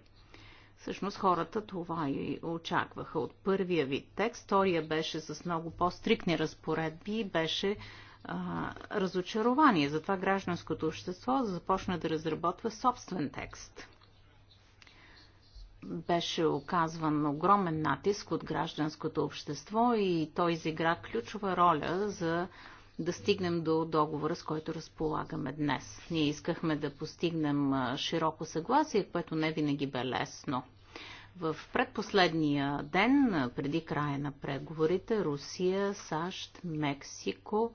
Всъщност хората това и очакваха от първия вид текст. Втория беше с много по-стрикни разпоредби и беше а, разочарование. Затова гражданското общество започна да разработва собствен текст беше оказван огромен натиск от гражданското общество и той изигра ключова роля за да стигнем до договора, с който разполагаме днес. Ние искахме да постигнем широко съгласие, което не винаги бе лесно. В предпоследния ден, преди края на преговорите, Русия, САЩ, Мексико,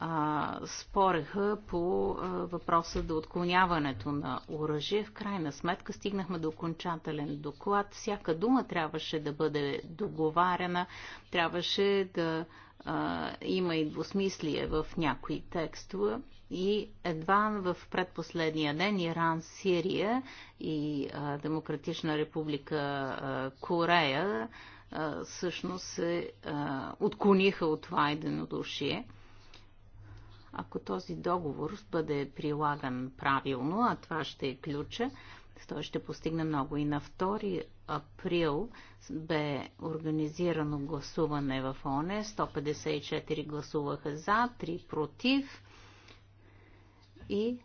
а, спореха по а, въпроса до отклоняването на оръжие. В крайна сметка стигнахме до окончателен доклад. Всяка дума трябваше да бъде договарена, трябваше да а, има и двусмислие в някои текстове. И едва в предпоследния ден Иран, Сирия и а, Демократична република а, Корея а, всъщност се а, отклониха от това единодушие. душие ако този договор бъде прилаган правилно, а това ще е ключа, той ще постигне много. И на 2 април бе организирано гласуване в ОНЕ. 154 гласуваха за, 3 против и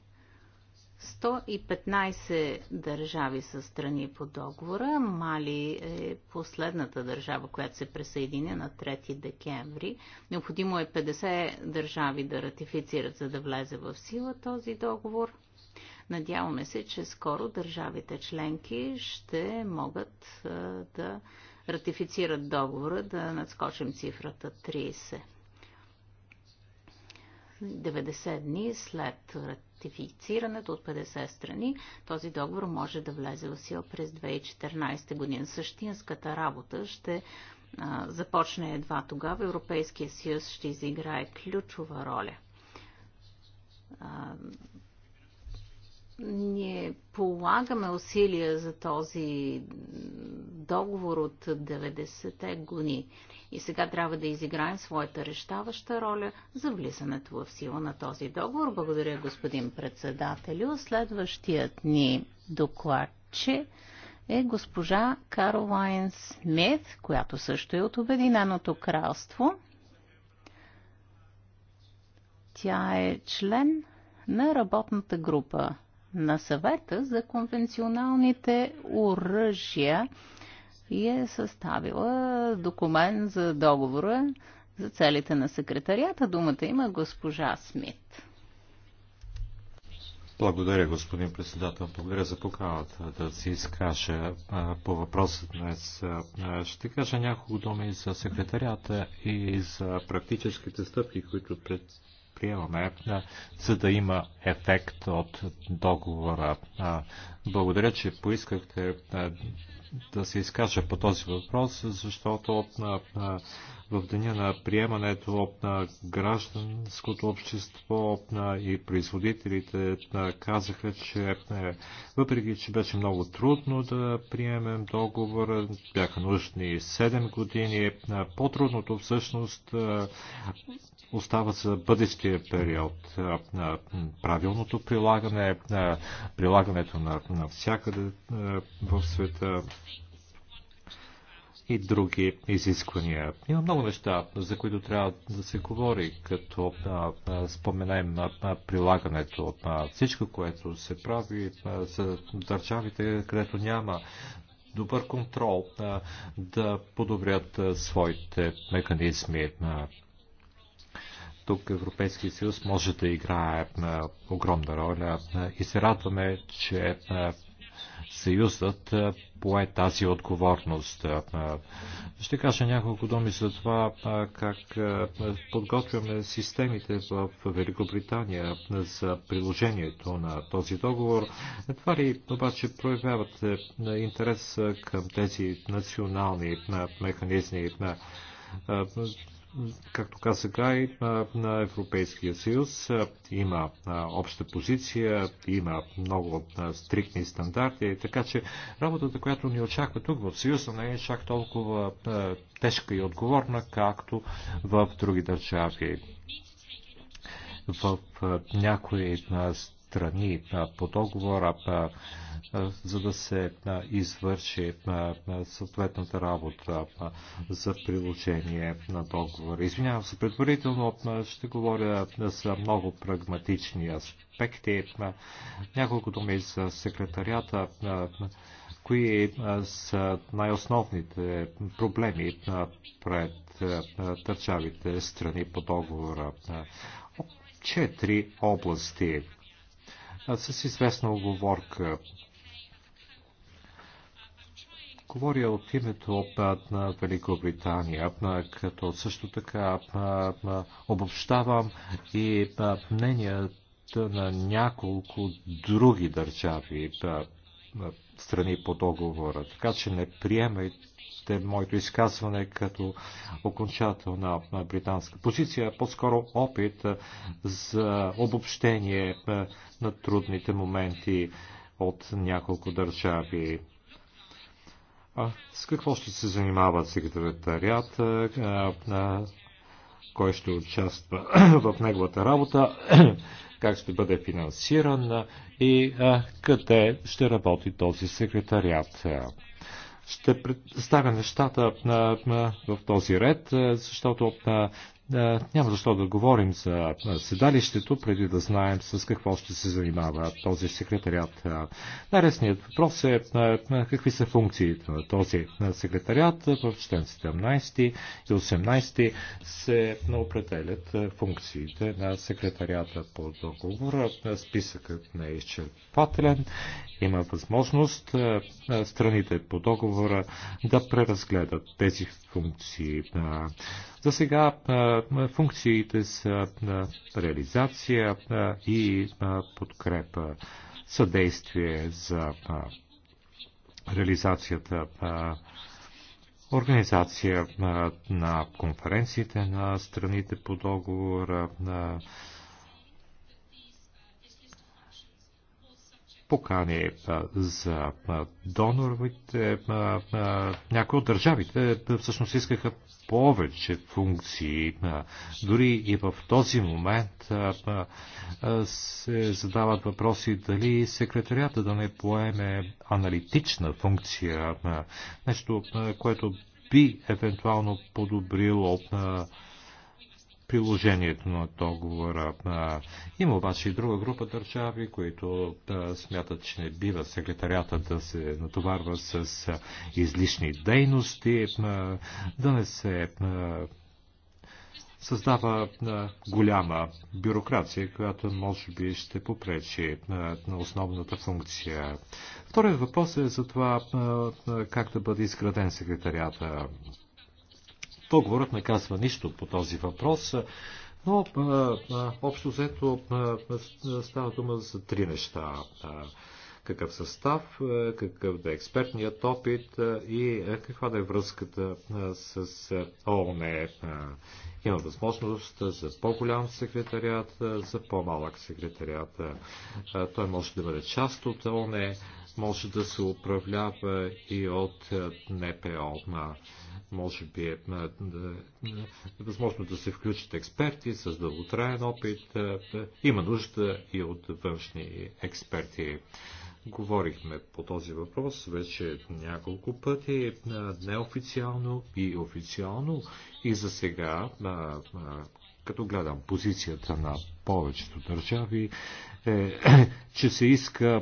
115 държави са страни по договора. Мали е последната държава, която се присъединя на 3 декември. Необходимо е 50 държави да ратифицират, за да влезе в сила този договор. Надяваме се, че скоро държавите членки ще могат да ратифицират договора, да надскочим цифрата 30. 90 дни след ратифицирането от 50 страни, този договор може да влезе в сила през 2014 година. Същинската работа ще а, започне едва тогава. Европейския съюз ще изиграе ключова роля. А, ние полагаме усилия за този договор от 90-те години и сега трябва да изиграем своята решаваща роля за влизането в сила на този договор. Благодаря, господин председателю. Следващият ни докладче е госпожа Каролайн Смит, която също е от Обединеното кралство. Тя е член на работната група на съвета за конвенционалните оръжия и е съставила документ за договора за целите на секретарията. Думата има госпожа Смит. Благодаря, господин председател. Благодаря за поканата да се изкаже по въпроса днес. Ще кажа няколко думи за секретарията и за практическите стъпки, които предприемаме, за да има ефект от договора. Благодаря, че поискахте да се изкажа по този въпрос, защото в деня на приемането на гражданското общество на и производителите казаха, че е, въпреки, че беше много трудно да приемем договор, бяха нужни 7 години. По-трудното всъщност е, Остава за бъдещия период. На правилното прилагане, прилагането на, всякъде в света и други изисквания. Има много неща, за които трябва да се говори, като а, а, споменаем на, прилагането на всичко, което се прави а, за държавите, където няма добър контрол, а, да подобрят а, своите механизми. А, тук Европейския съюз може да играе е, огромна роля и се радваме, че е, съюзът е, пое тази отговорност. Ще кажа няколко думи за това как подготвяме системите в Великобритания за приложението на този договор. Това ли обаче проявяват интерес към тези национални механизми както каза и на Европейския съюз има обща позиция, има много стриктни стандарти, така че работата, която ни очаква тук в съюза, не е чак толкова тежка и отговорна, както в други държави. В някои страни по договора, за да се извърши съответната работа за приложение на договор. Извинявам се, предварително ще говоря за много прагматични аспекти. Няколко думи за секретарията кои са най-основните проблеми пред държавите страни по договора. Четири области с известна оговорка. Говоря от името на Великобритания, като също така обобщавам и мнението на няколко други държави страни по договора. Така че не приемайте моето изказване като окончателна британска позиция, а по-скоро опит за обобщение е, на трудните моменти от няколко държави. А с какво ще се занимава секретарият? Е, е, кой ще участва в неговата работа? как ще бъде финансиран и къде ще работи този секретариат. Ще представя нещата в този ред, защото е, няма защо да говорим за е, седалището, преди да знаем с какво ще се занимава този секретарят. Е, най въпрос е какви са функциите на този секретарят. В член 17 и 18 се определят функциите на секретарията по договора. Списъкът не е изчерпателен. Има възможност страните по договора да преразгледат тези функции за сега функциите са реализация и подкрепа, съдействие за реализацията, организация на конференциите на страните по договора, покани за донорите, Някои от държавите всъщност искаха повече функции. Дори и в този момент се задават въпроси дали секретарията да не поеме аналитична функция. Нещо, което би евентуално подобрило приложението на договора. Има обаче и друга група държави, които да смятат, че не бива секретарията да се натоварва с излишни дейности, да не се създава голяма бюрокрация, която може би ще попречи на основната функция. Вторият въпрос е за това как да бъде изграден секретарията. Договорът не казва нищо по този въпрос, но общо взето става дума за три неща. Какъв състав, какъв да е експертният опит и каква да е връзката с ООН. Има възможност за по-голям секретариат, за по-малък секретариат. Той може да бъде част от ООН може да се управлява и от е, НПО. Може би е, е, е възможно да се включат експерти с дълготраен опит. Има нужда и от външни експерти. Говорихме по този въпрос вече няколко пъти, неофициално и официално. И за сега, като гледам позицията на повечето държави, е, че се иска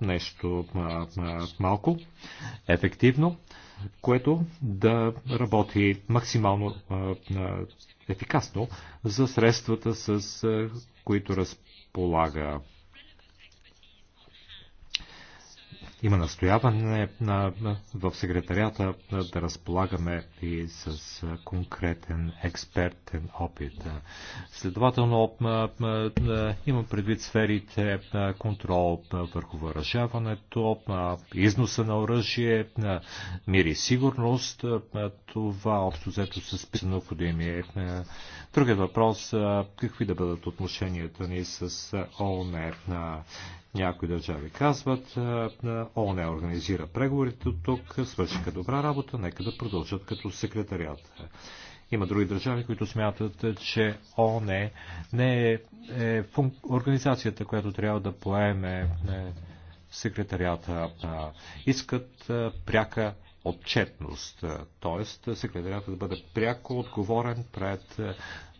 нещо малко, ефективно, което да работи максимално ефикасно за средствата, с които разполага Има настояване на, в секретарията да разполагаме и с конкретен експертен опит. Следователно, имам предвид сферите контрол върху въоръжаването, износа на оръжие, мир и сигурност. Това общо взето са списано необходими. Другият въпрос, какви да бъдат отношенията ни с ООН някои държави казват, ООН организира преговорите от тук, свършиха добра работа, нека да продължат като секретариат. Има други държави, които смятат, че ООН не е, е функ... организацията, която трябва да поеме е, секретарията. Искат е, пряка отчетност, т.е. секретарията да бъде пряко отговорен пред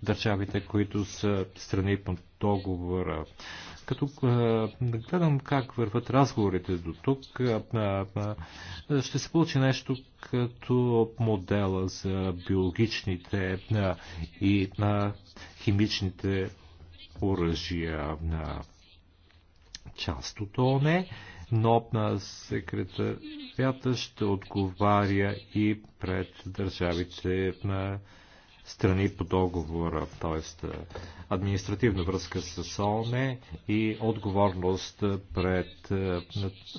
държавите, които са страни по договора. Като гледам как върват разговорите до тук, ще се получи нещо като модела за биологичните и на химичните оръжия на част от но на секретарията ще отговаря и пред държавите на страни по договора, т.е. административна връзка с ООН и отговорност пред е,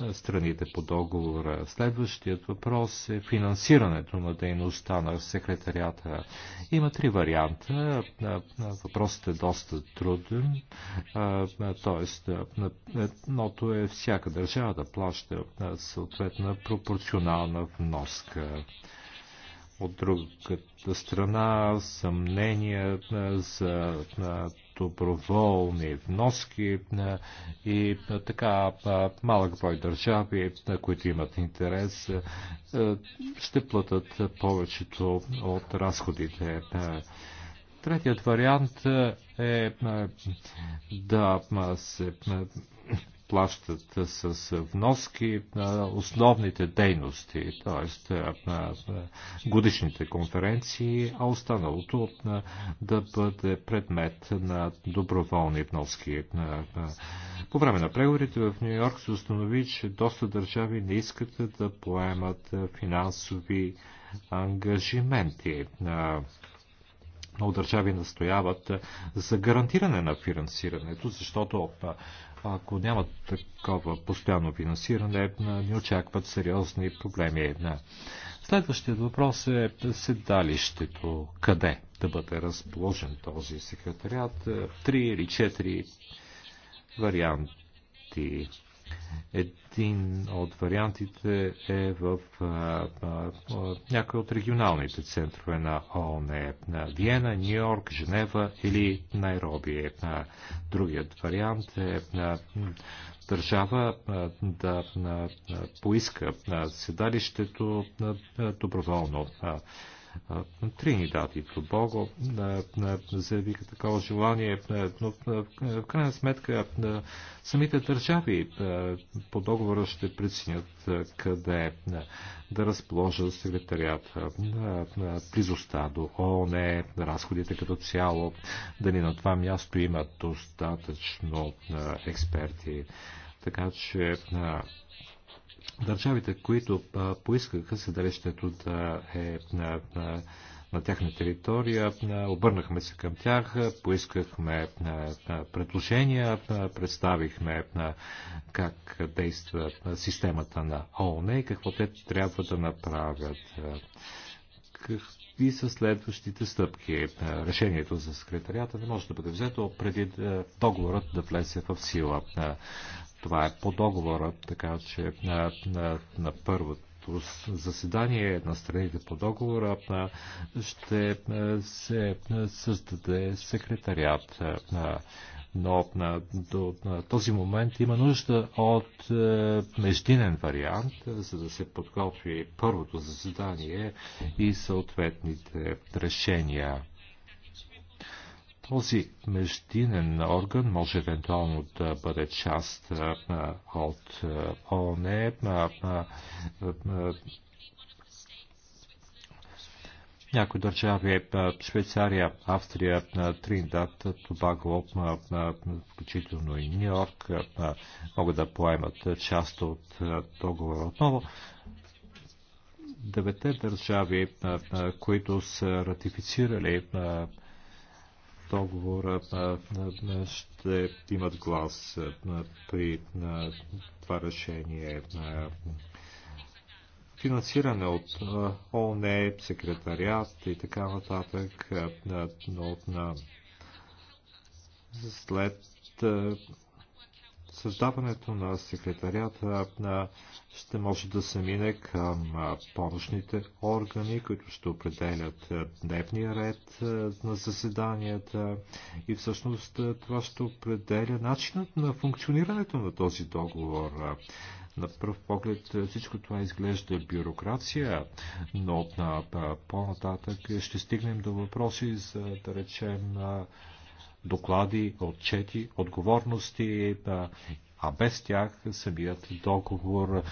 е, страните по договора. Следващият въпрос е финансирането на дейността на секретарията. Има три варианта. Е, въпросът е доста труден, т.е. едното е всяка държава да плаща съответна пропорционална вноска. От другата страна съмнения за доброволни вноски и така малък брой държави, които имат интерес, ще платят повечето от разходите. Третият вариант е да се плащат с вноски на основните дейности, т.е. на годишните конференции, а останалото да бъде предмет на доброволни вноски. По време на преговорите в Нью Йорк се установи, че доста държави не искат да поемат финансови ангажименти. Много държави настояват за гарантиране на финансирането, защото ако няма такова постоянно финансиране, ни очакват сериозни проблеми. Следващият въпрос е седалището. Къде да бъде разположен този секретариат? Три или четири варианти. Един от вариантите е в а, а, някои от регионалните центрове на ООН. На Виена, Нью Йорк, Женева или Найроби. Е, а, другият вариант е на държава да да на, поиска на седалището на доброволно. А, Тринидад и Тобого заявиха такова желание, но в крайна сметка самите държави по договора ще преценят къде да разположат секретарията, близостта до ООН, разходите като цяло, дали на това място има достатъчно експерти. Така че Държавите, които поискаха седалището да е на, на, на тяхна територия, обърнахме се към тях, поискахме предложения, представихме как действа системата на ООН и какво те трябва да направят. И са следващите стъпки? Решението за секретарията не може да бъде взето преди договорът да влезе в сила. Това е по договора, така че на, на, на първото заседание на страните по договора ще се създаде секретариат. Но на, до на този момент има нужда от междинен вариант, за да се подготви първото заседание и съответните решения. Този междинен орган може евентуално да бъде част от ООН. Някои държави, Швейцария, Австрия, Триндат, Тобаго, включително и Нью Йорк, могат да поемат част от договора отново девете държави, които са ратифицирали договора ще имат глас при това решение. Финансиране от ООН, секретариат и така нататък, но след Създаването на секретарията на, ще може да се мине към помощните органи, които ще определят дневния ред на заседанията и всъщност това ще определя начинът на функционирането на този договор. На пръв поглед всичко това изглежда бюрокрация, но по-нататък ще стигнем до въпроси за, да речем, доклади, отчети, отговорности, а без тях самият договор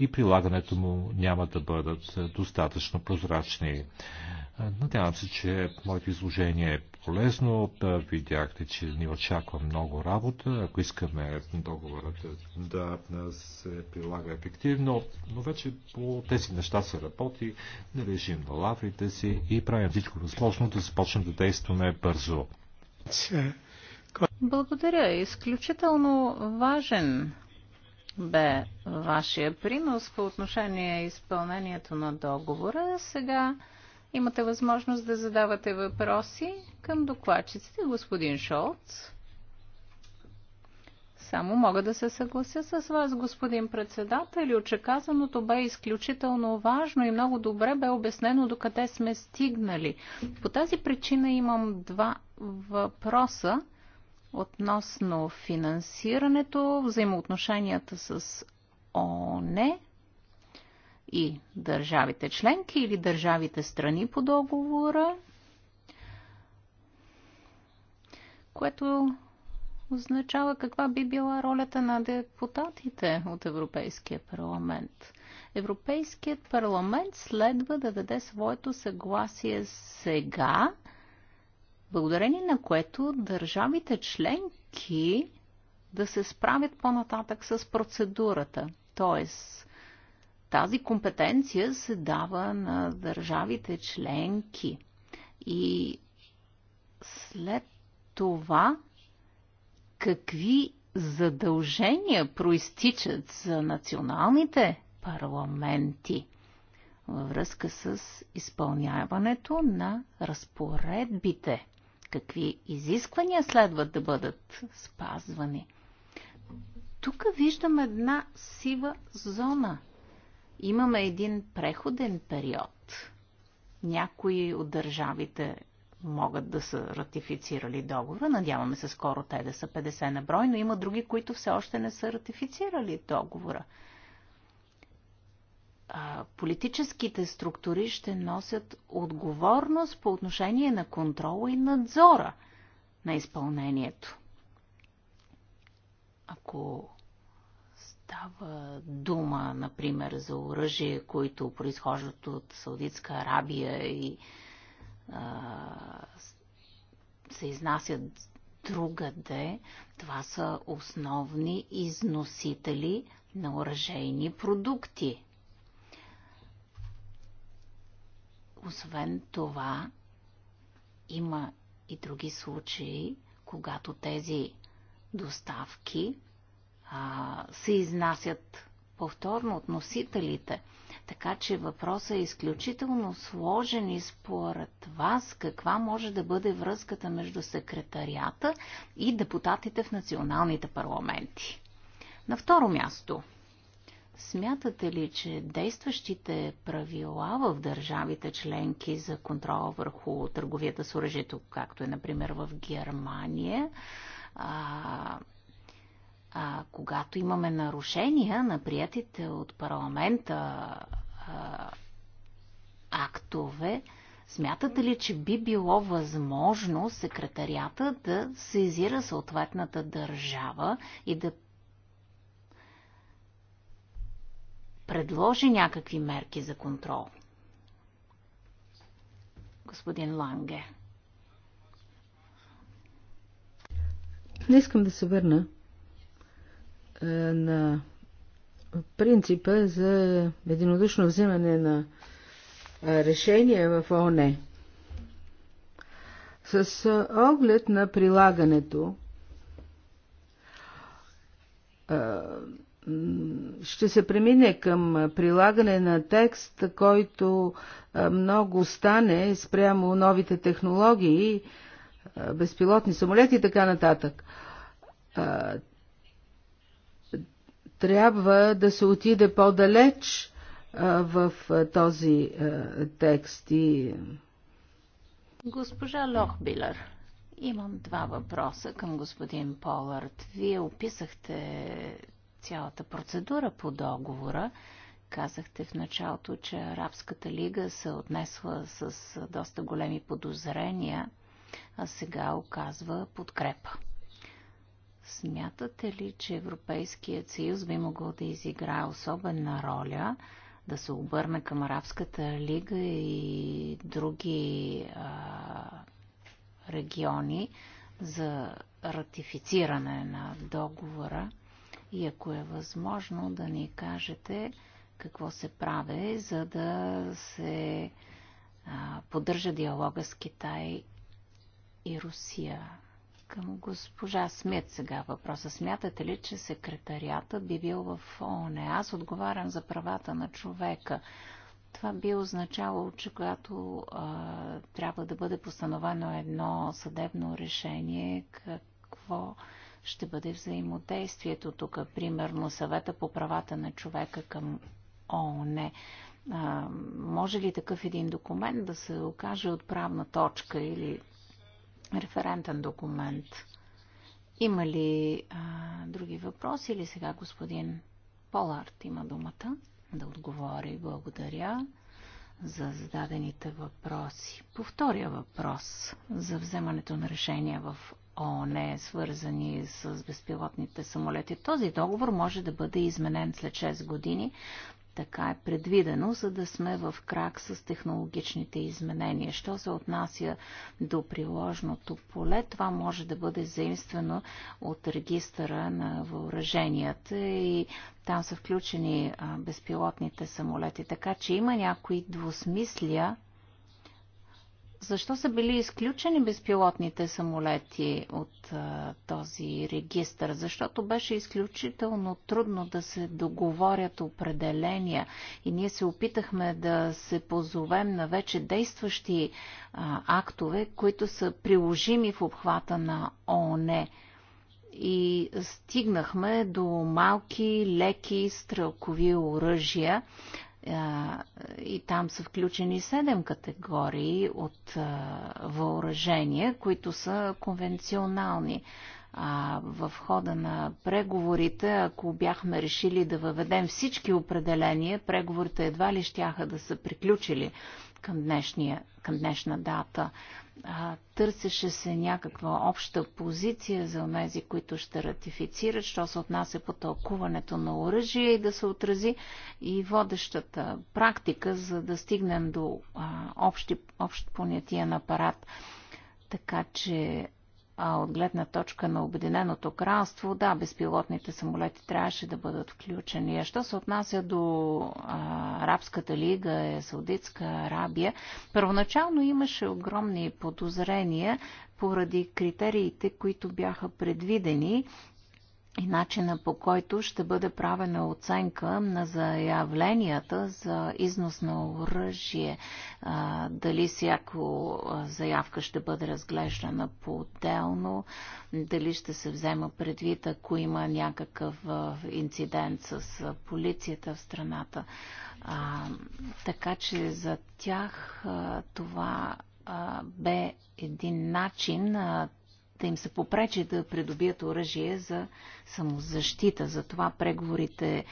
и прилагането му няма да бъдат достатъчно прозрачни. Надявам се, че моето изложение е полезно. Видяхте, че ни очаква много работа. Ако искаме договорът да се прилага ефективно, но вече по тези неща се работи, не режим на лаврите си и правим всичко възможно да започнем да действаме бързо. Благодаря. Изключително важен бе вашия принос по отношение изпълнението на договора. Сега имате възможност да задавате въпроси към докладчиците. Господин Шолц. Само мога да се съглася с вас, господин председател. Очеказаното бе изключително важно и много добре бе обяснено докъде сме стигнали. По тази причина имам два въпроса относно финансирането, взаимоотношенията с ОНЕ и държавите членки или държавите страни по договора, което означава каква би била ролята на депутатите от Европейския парламент. Европейският парламент следва да даде своето съгласие сега, благодарение на което държавите членки да се справят по-нататък с процедурата. Тоест, тази компетенция се дава на държавите членки. И след това какви задължения проистичат за националните парламенти във връзка с изпълняването на разпоредбите. Какви изисквания следват да бъдат спазвани? Тук виждам една сива зона. Имаме един преходен период. Някои от държавите могат да са ратифицирали договора. Надяваме се скоро те да са 50 на брой, но има други, които все още не са ратифицирали договора. Политическите структури ще носят отговорност по отношение на контрола и надзора на изпълнението. Ако става дума, например, за оръжие, които произхождат от Саудитска Арабия и се изнасят другаде. Това са основни износители на оръжейни продукти. Освен това, има и други случаи, когато тези доставки а, се изнасят повторно от носителите – така че въпросът е изключително сложен и според вас каква може да бъде връзката между секретарията и депутатите в националните парламенти. На второ място, смятате ли, че действащите правила в държавите членки за контрол върху търговията с оръжието, както е, например, в Германия, а, а, когато имаме нарушения на приятите от парламента а, актове, смятате ли, че би било възможно секретарията да сезира съответната държава и да предложи някакви мерки за контрол? Господин Ланге. Не искам да се върна е, на принципа за единодушно взимане на е, решения в ООН. С е, оглед на прилагането ще се премине към прилагане на текст, който много стане спрямо новите технологии, безпилотни самолети и така нататък трябва да се отиде по-далеч в този текст и... Госпожа Лохбилер, имам два въпроса към господин Полард. Вие описахте цялата процедура по договора. Казахте в началото, че Арабската лига се отнесла с доста големи подозрения, а сега оказва подкрепа. Смятате ли, че Европейският съюз би могъл да изиграе особена роля, да се обърне към Арабската лига и други а, региони за ратифициране на договора? И ако е възможно да ни кажете какво се прави, за да се а, поддържа диалога с Китай и Русия. Към госпожа Смит сега въпроса. Смятате ли, че секретарията би бил в ООН? Аз отговарям за правата на човека. Това би означало, че когато а, трябва да бъде постановено едно съдебно решение, какво ще бъде взаимодействието тук? Примерно съвета по правата на човека към ООН. може ли такъв един документ да се окаже отправна точка или референтен документ. Има ли а, други въпроси или сега господин Поларт има думата да отговори? Благодаря за зададените въпроси. По втория въпрос за вземането на решения в ООН, свързани с безпилотните самолети, този договор може да бъде изменен след 6 години така е предвидено, за да сме в крак с технологичните изменения. Що се отнася до приложното поле, това може да бъде заимствено от регистъра на въоръженията и там са включени безпилотните самолети. Така че има някои двусмислия защо са били изключени безпилотните самолети от а, този регистр? Защото беше изключително трудно да се договорят определения и ние се опитахме да се позовем на вече действащи а, актове, които са приложими в обхвата на ООН. И стигнахме до малки, леки стрелкови оръжия, и там са включени седем категории от въоръжения, които са конвенционални. А в хода на преговорите, ако бяхме решили да въведем всички определения, преговорите едва ли щяха да са приключили към, днешния, към днешна дата а, търсеше се някаква обща позиция за тези, които ще ратифицират, що се отнася по тълкуването на оръжие и да се отрази и водещата практика, за да стигнем до а, общи, общ понятия на апарат. Така че а от гледна точка на Обединеното кралство, да, безпилотните самолети трябваше да бъдат включени. А що се отнася до Арабската лига, Саудитска Арабия, първоначално имаше огромни подозрения поради критериите, които бяха предвидени и начина по който ще бъде правена оценка на заявленията за износ на оръжие. Дали всяко заявка ще бъде разглеждана по-отделно, дали ще се взема предвид, ако има някакъв инцидент с полицията в страната. Така че за тях това бе един начин да им се попречи да придобият оръжие за самозащита. Затова преговорите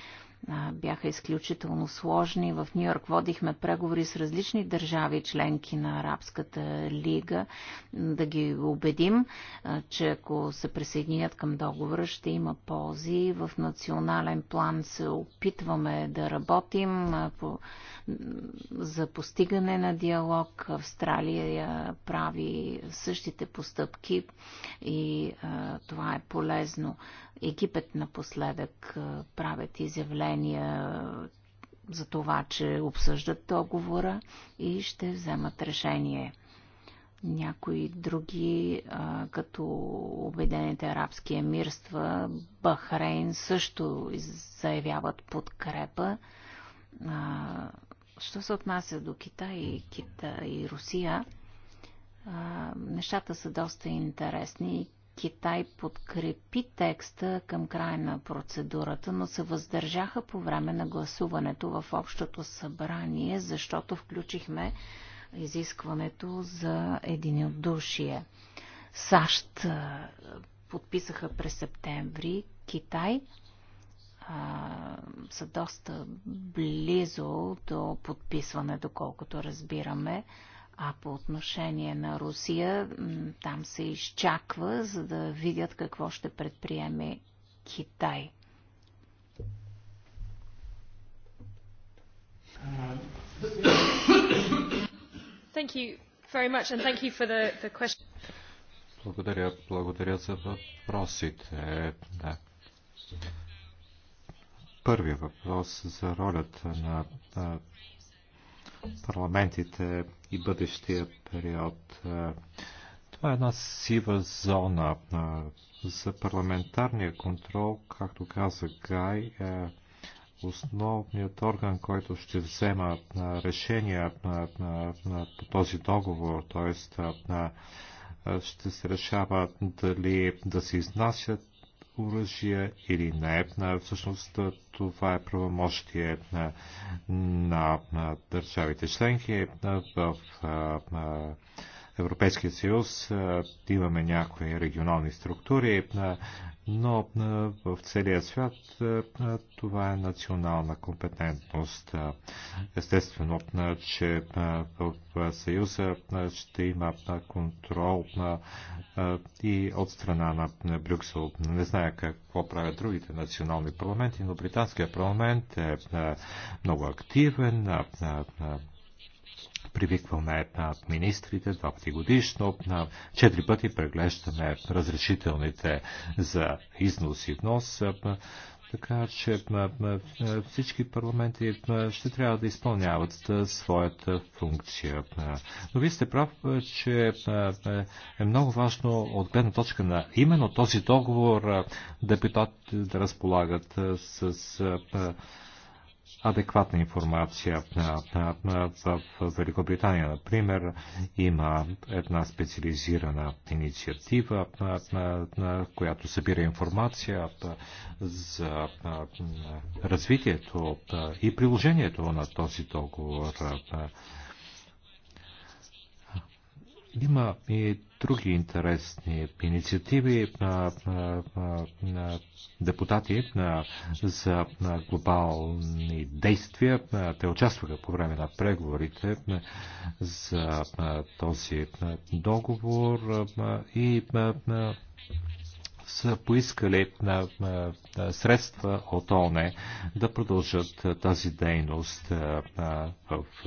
бяха изключително сложни. В Нью Йорк водихме преговори с различни държави, членки на Арабската лига, да ги убедим, че ако се присъединят към договора, ще има ползи. В национален план се опитваме да работим по, за постигане на диалог. Австралия прави същите постъпки и това е полезно Египет напоследък правят изявления за това, че обсъждат договора и ще вземат решение. Някои други, като Обединените арабски емирства, Бахрейн също заявяват подкрепа. Що се отнася до Китай, и Кита и Русия, нещата са доста интересни. Китай подкрепи текста към края на процедурата, но се въздържаха по време на гласуването в Общото събрание, защото включихме изискването за единодушие. САЩ подписаха през септември, Китай а, са доста близо до подписване, доколкото разбираме. А по отношение на Русия, там се изчаква, за да видят какво ще предприеме Китай. Благодаря, благодаря за въпросите. Да. Първият въпрос за ролята на парламентите и бъдещия период. Това е една сива зона за парламентарния контрол, както каза Гай, е основният орган, който ще взема решения по този договор, т.е. ще се решава дали да се изнасят оръжия или не. Всъщност това е правомощие на, на, на държавите членки в Европейския съюз. Имаме някои регионални структури, но в целия свят това е национална компетентност. Естествено, че в Съюза ще има контрол и от страна на Брюксел. Не зная какво правят другите национални парламенти, но британският парламент е много активен, привикваме министрите два пъти годишно, на четири пъти преглеждаме разрешителните за износ и внос. Така че всички парламенти ще трябва да изпълняват своята функция. Но вие сте прав, че е много важно от гледна точка на именно този договор депутатите да разполагат с адекватна информация. В Великобритания, например, има една специализирана инициатива, която събира информация за развитието и приложението на този договор. Има и други интересни инициативи на, на, на, на депутати на, за на глобални действия. Те участваха по време на преговорите за този договор и на, са поискали на, средства от ОНЕ да продължат тази дейност в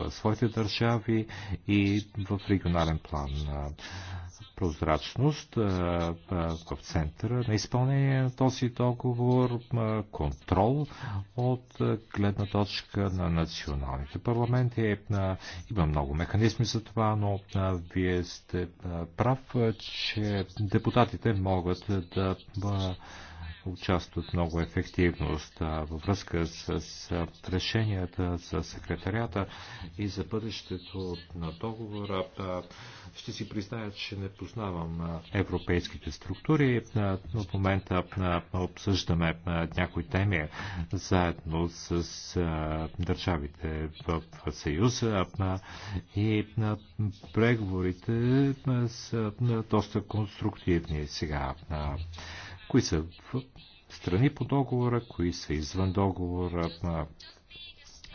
своите държави и в регионален план прозрачност в центъра на изпълнение на този договор, контрол от гледна точка на националните парламенти. Е, има много механизми за това, но вие сте прав, че депутатите могат да участват много ефективност във връзка с, с решенията за секретарията и за бъдещето на договора. Ще си призная, че не познавам европейските структури, в момента обсъждаме някои теми заедно с държавите в Съюза и преговорите са доста конструктивни сега. Кои са в страни по договора, кои са извън договора,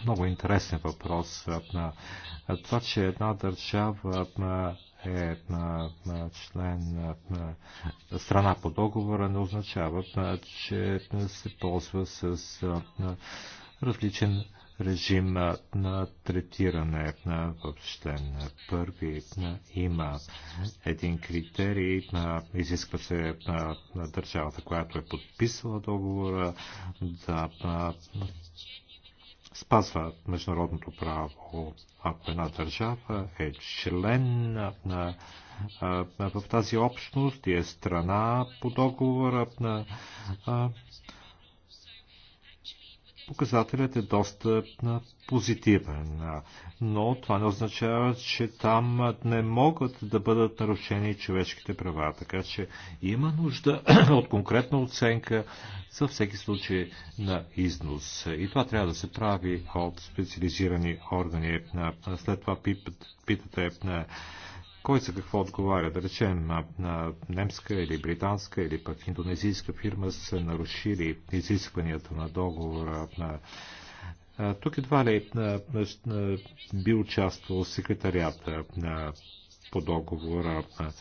много интересен въпрос. Това, че една държава е на, на член на, на страна по договора, не означава, че се ползва с на, различен режим на, на третиране на член. на първи на, има един критерий на, изисква се на, на държавата, която е подписала договора да на, спазва международното право, ако една държава е член на, на, в тази общност и е страна по договора на, показателят е доста позитивен. Но това не означава, че там не могат да бъдат нарушени човешките права. Така че има нужда от конкретна оценка за всеки случай на износ. И това трябва да се прави от специализирани органи. След това питате на кой за какво отговаря. Да речем, на, на немска или британска или пък индонезийска фирма са нарушили изискванията на договора. На, тук едва ли на, на, на, би участвал секретарията на, по договора. На,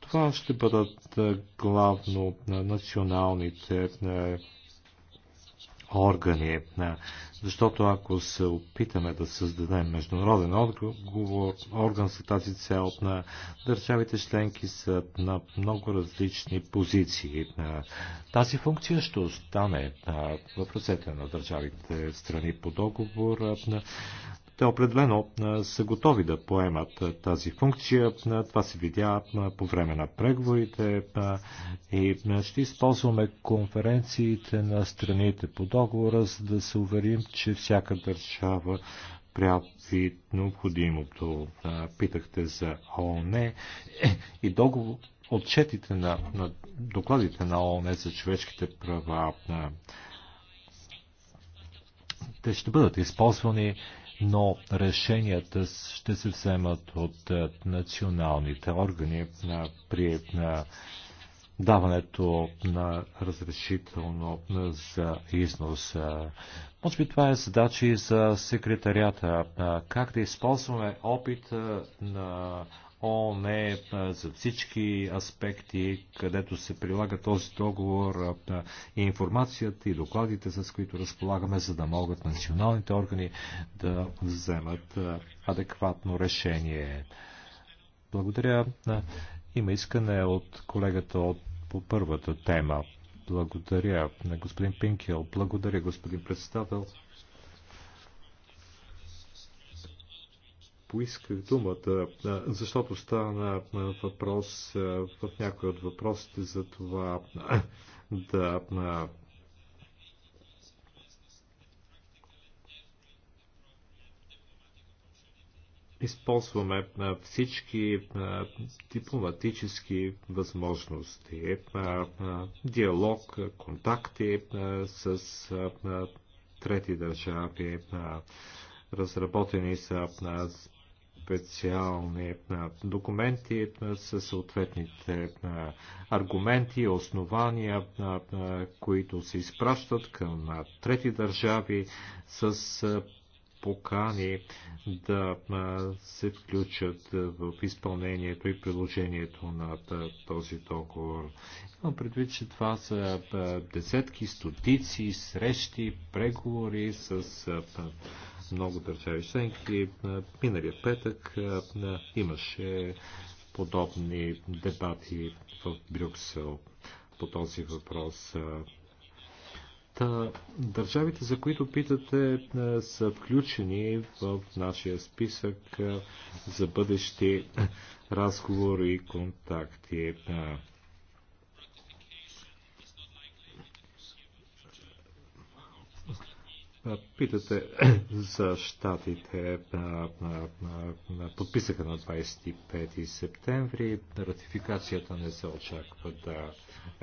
това ще бъдат главно на националните на, органи. На, защото ако се опитаме да създадем международен отговор, орган за тази цел на държавите членки са на много различни позиции. Тази функция ще остане в ръцете на държавите страни по договор. Те определено са готови да поемат тази функция. Това се видя по време на преговорите и ще използваме конференциите на страните по договора, за да се уверим, че всяка държава прави необходимото. Питахте за ООН е, и договор отчетите на, на докладите на ООН за човешките права. Те ще бъдат използвани но решенията ще се вземат от е, националните органи при даването на разрешително е, за износ. Е, може би това е задача и за секретарията. Как да използваме опит на не, е, за всички аспекти, където се прилага този договор и информацията и докладите, с които разполагаме, за да могат националните органи да вземат адекватно решение. Благодаря. Има искане от колегата от, по първата тема. Благодаря на господин Пинкел. Благодаря, господин председател. поисках думата, защото стана въпрос в някои от въпросите за това да използваме всички дипломатически възможности, диалог, контакти с трети държави, разработени са специални е, документи е, с съответните е, аргументи, основания, които се изпращат към трети държави с покани да се включат в изпълнението и приложението на този договор. Имам предвид, че това са десетки, стотици срещи, преговори с много държави членки. Е, миналия петък е, е, имаше подобни дебати в Брюксел по този въпрос. Та, държавите, за които питате, са включени в нашия списък за бъдещи разговори и контакти. Питате за щатите. Подписаха на 25 септември. Ратификацията не се очаква да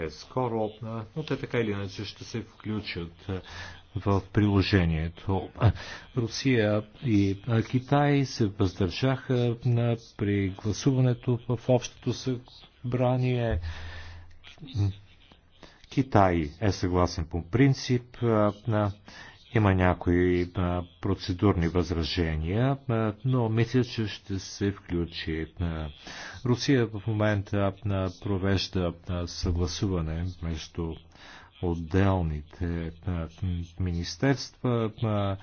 е скоро, но те така или иначе ще се включат в приложението. Русия и Китай се въздържаха при гласуването в общото събрание. Китай е съгласен по принцип на. Има някои процедурни възражения, но мисля, че ще се включи. Русия в момента провежда съгласуване между отделните министерства.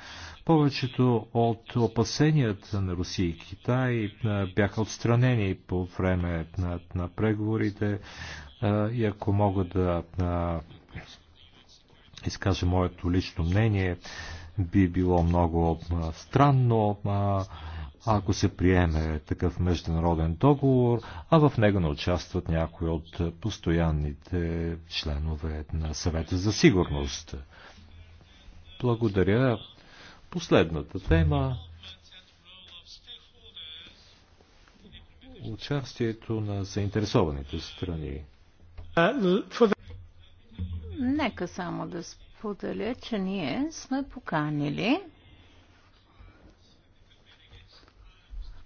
Повечето от опасенията на Русия и Китай бяха отстранени по време на преговорите. И ако мога да изкажа моето лично мнение, би било много странно, ако се приеме такъв международен договор, а в него не участват някои от постоянните членове на съвета за сигурност. Благодаря. Последната тема участието на заинтересованите страни. Нека само да споделя, че ние сме поканили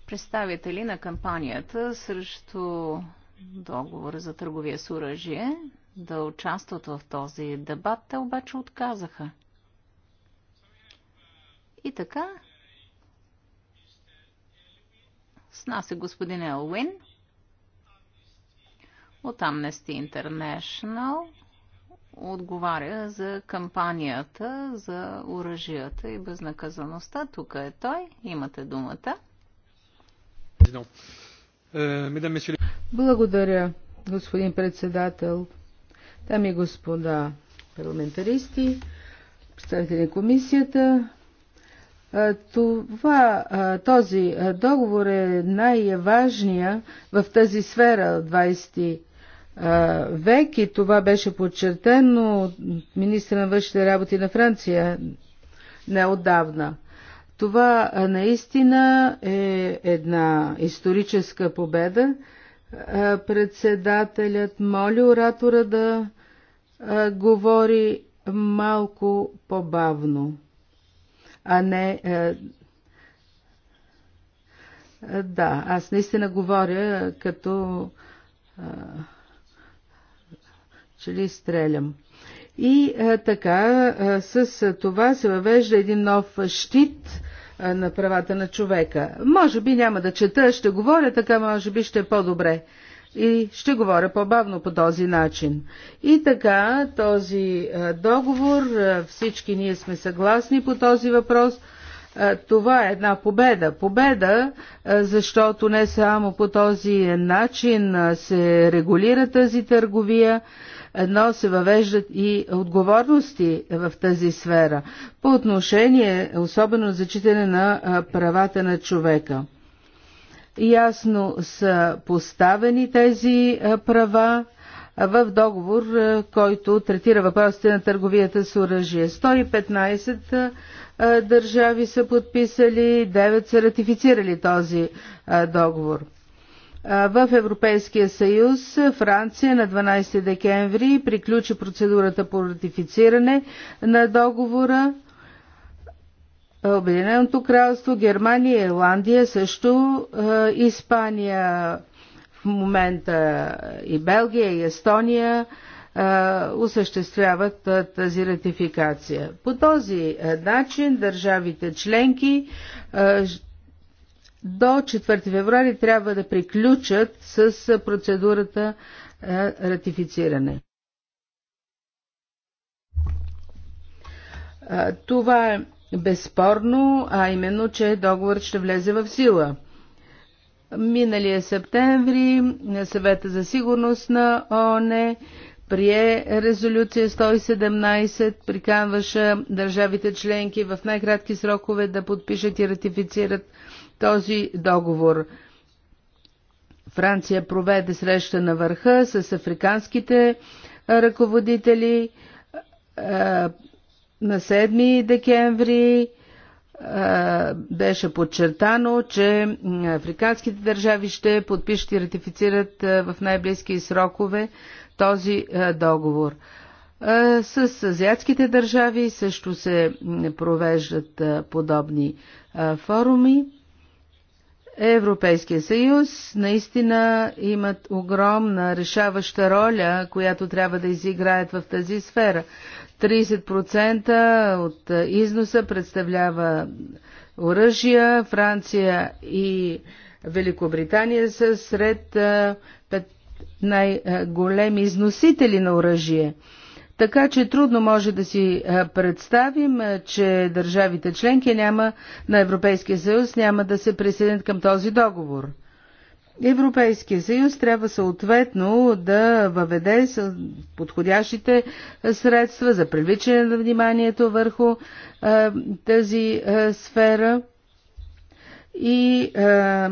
представители на кампанията срещу договора за търговия с оръжие да участват в този дебат, те обаче отказаха. И така, с нас е господин Елвин от Amnesty International – отговаря за кампанията за оръжията и безнаказаността. Тук е той. Имате думата. Благодаря, господин председател. Дами и господа парламентаристи, представители на комисията, това, този договор е най-важния в тази сфера 20 Веки това беше подчертено от министра на външните работи на Франция неодавна. Това наистина е една историческа победа. Председателят моли оратора да говори малко по-бавно, а не. Да, аз наистина говоря като че ли стрелям. И а, така, а, с а, това се въвежда един нов щит а, на правата на човека. Може би няма да чета, ще говоря така, може би ще е по-добре. И ще говоря по-бавно по този начин. И така, този а, договор, а, всички ние сме съгласни по този въпрос – това е една победа. Победа, защото не само по този начин се регулира тази търговия, но се въвеждат и отговорности в тази сфера по отношение, особено зачитане на правата на човека. Ясно са поставени тези права в договор, който третира въпросите на търговията с оръжие. 115 е, държави са подписали, 9 са ратифицирали този е, договор. Е, в Европейския съюз Франция на 12 декември приключи процедурата по ратифициране на договора. Обединеното кралство, Германия, Ирландия също, Испания в момента и Белгия и Естония осъществяват тази ратификация. По този начин държавите членки до 4 феврари трябва да приключат с процедурата ратифициране. Това е безспорно, а именно, че договорът ще влезе в сила. Миналия септември Съвета за сигурност на ОНЕ прие резолюция 117, приканваше държавите членки в най-кратки срокове да подпишат и ратифицират този договор. Франция проведе среща на върха с африканските ръководители е, на 7 декември е, беше подчертано, че африканските държави ще подпишат и ратифицират е, в най-близки срокове този е, договор. Е, с азиатските държави също се провеждат е, подобни форуми. Европейския съюз наистина имат огромна решаваща роля, която трябва да изиграят в тази сфера. 30% от износа представлява оръжия, Франция и Великобритания са сред най-големи износители на оръжие. Така че трудно може да си представим, че държавите членки няма, на Европейския съюз няма да се присъединят към този договор. Европейския съюз трябва съответно да въведе подходящите средства за привличане на вниманието върху тази сфера и а, е,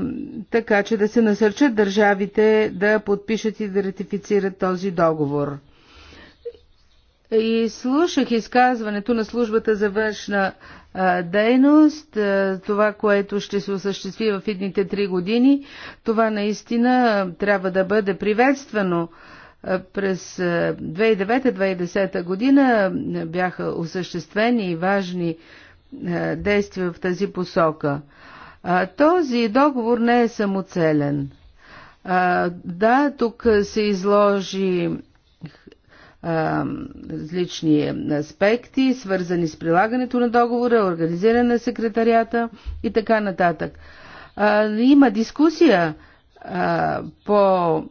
така, че да се насърчат държавите да подпишат и да ратифицират този договор. И слушах изказването на службата за външна а, е, дейност, а, е, това, което ще се осъществи в едните три години, това наистина а, трябва да бъде приветствано. А, през 2009-2010 година бяха осъществени и важни действия в тази посока. Този договор не е самоцелен. Да, тук се изложи различни аспекти, свързани с прилагането на договора, организиране на секретарията и така нататък. Има дискусия по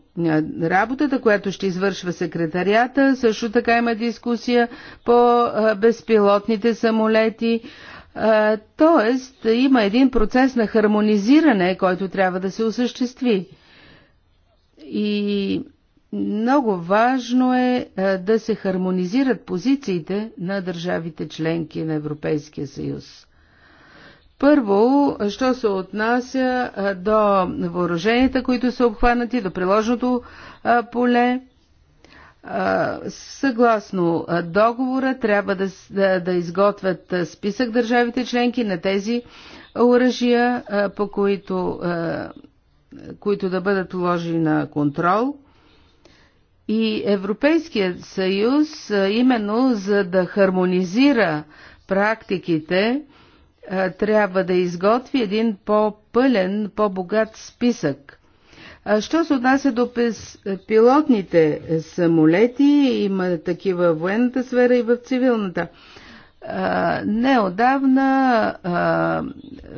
работата, която ще извършва секретарията. Също така има дискусия по безпилотните самолети, Тоест, има един процес на хармонизиране, който трябва да се осъществи. И много важно е да се хармонизират позициите на държавите членки на Европейския съюз. Първо, що се отнася до въоръженията, които са обхванати, до приложното поле, Съгласно договора трябва да, да, да изготвят списък държавите членки на тези оръжия, по които, които да бъдат уложени на контрол. И Европейският съюз, именно за да хармонизира практиките, трябва да изготви един по-пълен, по-богат списък Що се отнася до пилотните самолети, има такива в военната сфера и в цивилната. Неодавна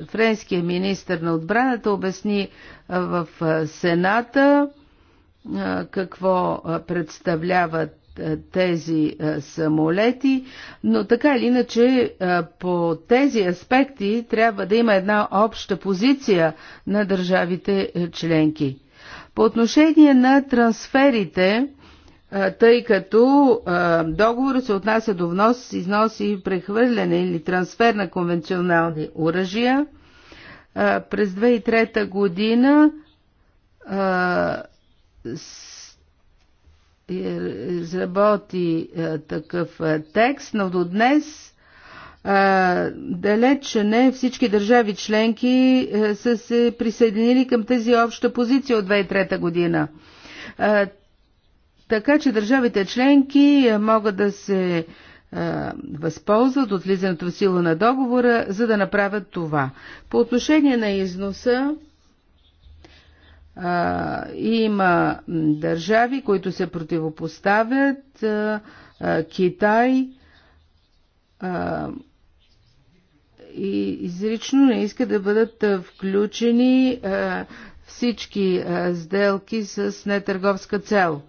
френският министр на отбраната обясни в Сената какво представляват тези самолети, но така или иначе по тези аспекти трябва да има една обща позиция на държавите членки. По отношение на трансферите, е, тъй като е, договорът се отнася до внос, износ и прехвърляне или трансфер на конвенционални оръжия, е, през 2003 година изработи такъв текст, но до днес далеч не всички държави членки са се присъединили към тази обща позиция от 2003 година. Така че държавите членки могат да се възползват от влизането в сила на договора, за да направят това. По отношение на износа, а, има държави, които се противопоставят, а, а, Китай, и изрично не иска да бъдат включени всички сделки с нетърговска цел.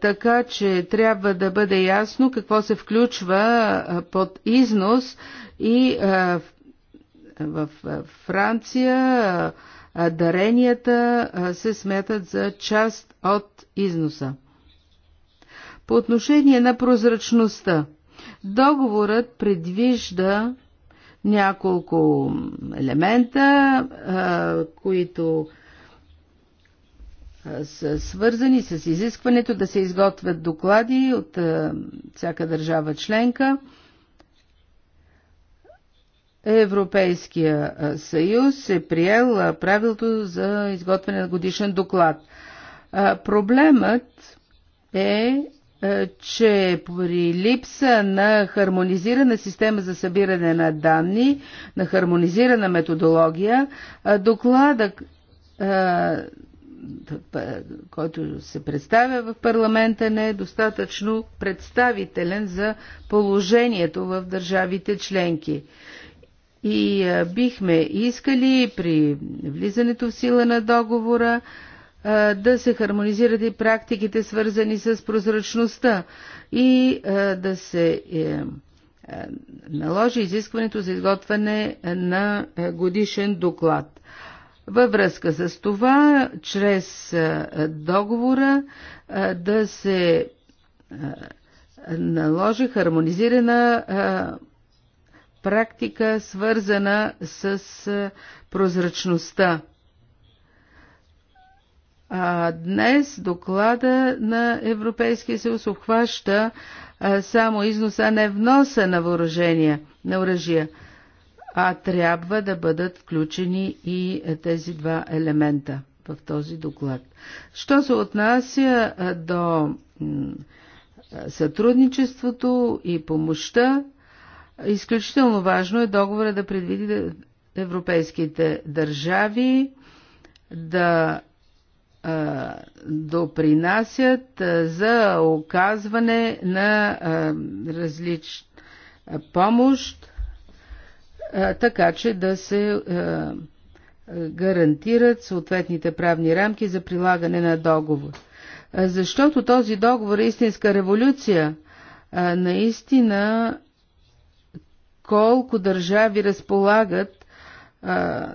Така че трябва да бъде ясно какво се включва под износ и в Франция даренията се смятат за част от износа. По отношение на прозрачността, Договорът предвижда няколко елемента, които са свързани с изискването да се изготвят доклади от всяка държава членка. Европейския съюз е приел правилото за изготвяне на годишен доклад. Проблемът е е, че при липса на хармонизирана система за събиране на данни, на хармонизирана методология, е, доклада, е, който се представя в парламента, не е достатъчно представителен за положението в държавите членки. И бихме искали при влизането в сила на договора да се хармонизират и практиките, свързани с прозрачността и да се е, наложи изискването за изготвяне на годишен доклад. Във връзка с това, чрез договора да се наложи хармонизирана практика, свързана с прозрачността. А днес доклада на Европейския съюз обхваща а, само износа, не вноса на въоръжения, на оръжия, а трябва да бъдат включени и тези два елемента в този доклад. Що се отнася до сътрудничеството и помощта, изключително важно е договора да предвиди европейските държави да допринасят за оказване на различна помощ, така че да се гарантират съответните правни рамки за прилагане на договор. Защото този договор е истинска революция. Наистина, колко държави разполагат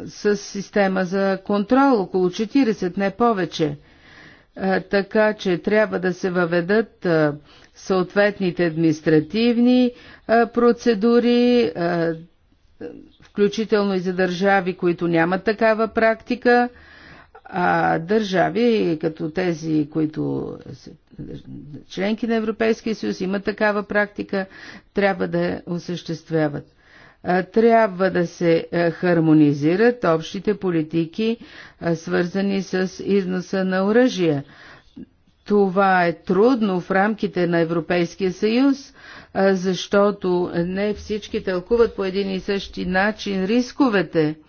с система за контрол, около 40, не повече. Така че трябва да се въведат съответните административни процедури, включително и за държави, които нямат такава практика, а държави като тези, които членки на Европейския съюз имат такава практика, трябва да осъществяват. Е, трябва да се е, хармонизират общите политики, е, свързани с износа на оръжия. Това е трудно в рамките на Европейския съюз, защото не всички тълкуват по един и същи начин рисковете –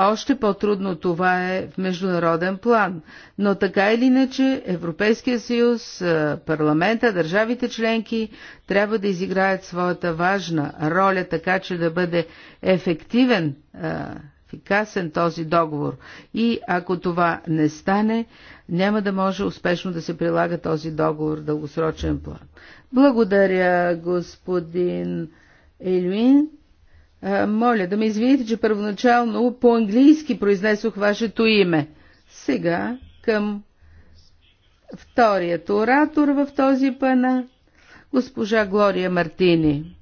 още по-трудно това е в международен план. Но така или иначе Европейския съюз, парламента, държавите членки трябва да изиграят своята важна роля, така че да бъде ефективен, ефикасен този договор. И ако това не стане, няма да може успешно да се прилага този договор в дългосрочен план. Благодаря, господин Елюин. Е, моля да ме извините, че първоначално по-английски произнесох вашето име. Сега към вторият оратор в този пана, госпожа Глория Мартини.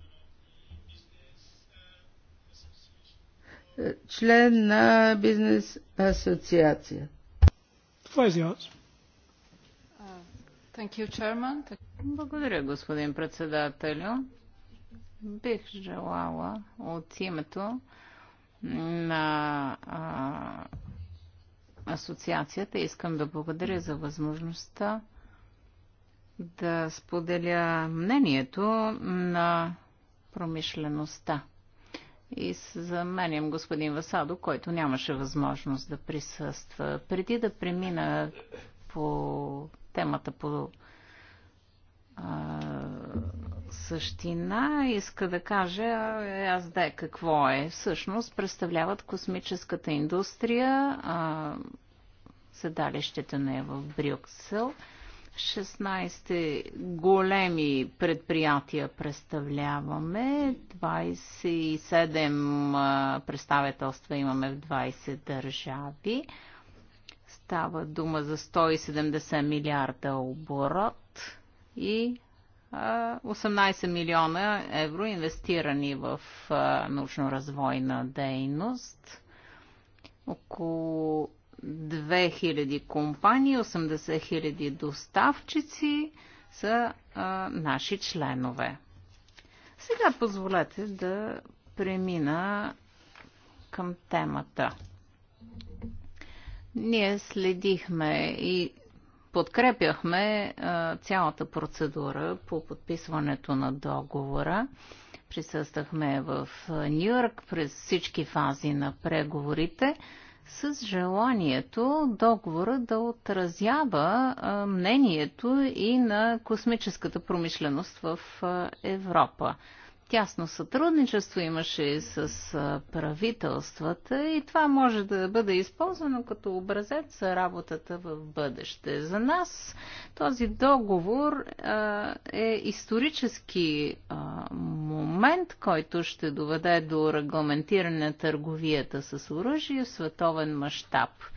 Е, член на бизнес асоциация. Това е Благодаря, господин председателю бих желала от името на а, асоциацията искам да благодаря за възможността да споделя мнението на промишлеността. И заменям господин Васадо, който нямаше възможност да присъства. Преди да премина по темата по а, същина иска да каже е, аз да е какво е. Всъщност представляват космическата индустрия, а, седалището не е в Брюксел. 16 големи предприятия представляваме, 27 представителства имаме в 20 държави. Става дума за 170 милиарда оборот и 18 милиона евро инвестирани в научно-развойна дейност. Около 2000 компании, 80 000 доставчици са а, наши членове. Сега позволете да премина към темата. Ние следихме и подкрепяхме а, цялата процедура по подписването на договора. Присъствахме в Нью Йорк през всички фази на преговорите с желанието договора да отразява а, мнението и на космическата промишленост в а, Европа тясно сътрудничество имаше и с правителствата и това може да бъде използвано като образец за работата в бъдеще. За нас този договор е исторически момент, който ще доведе до регламентиране на търговията с оръжие в световен мащаб –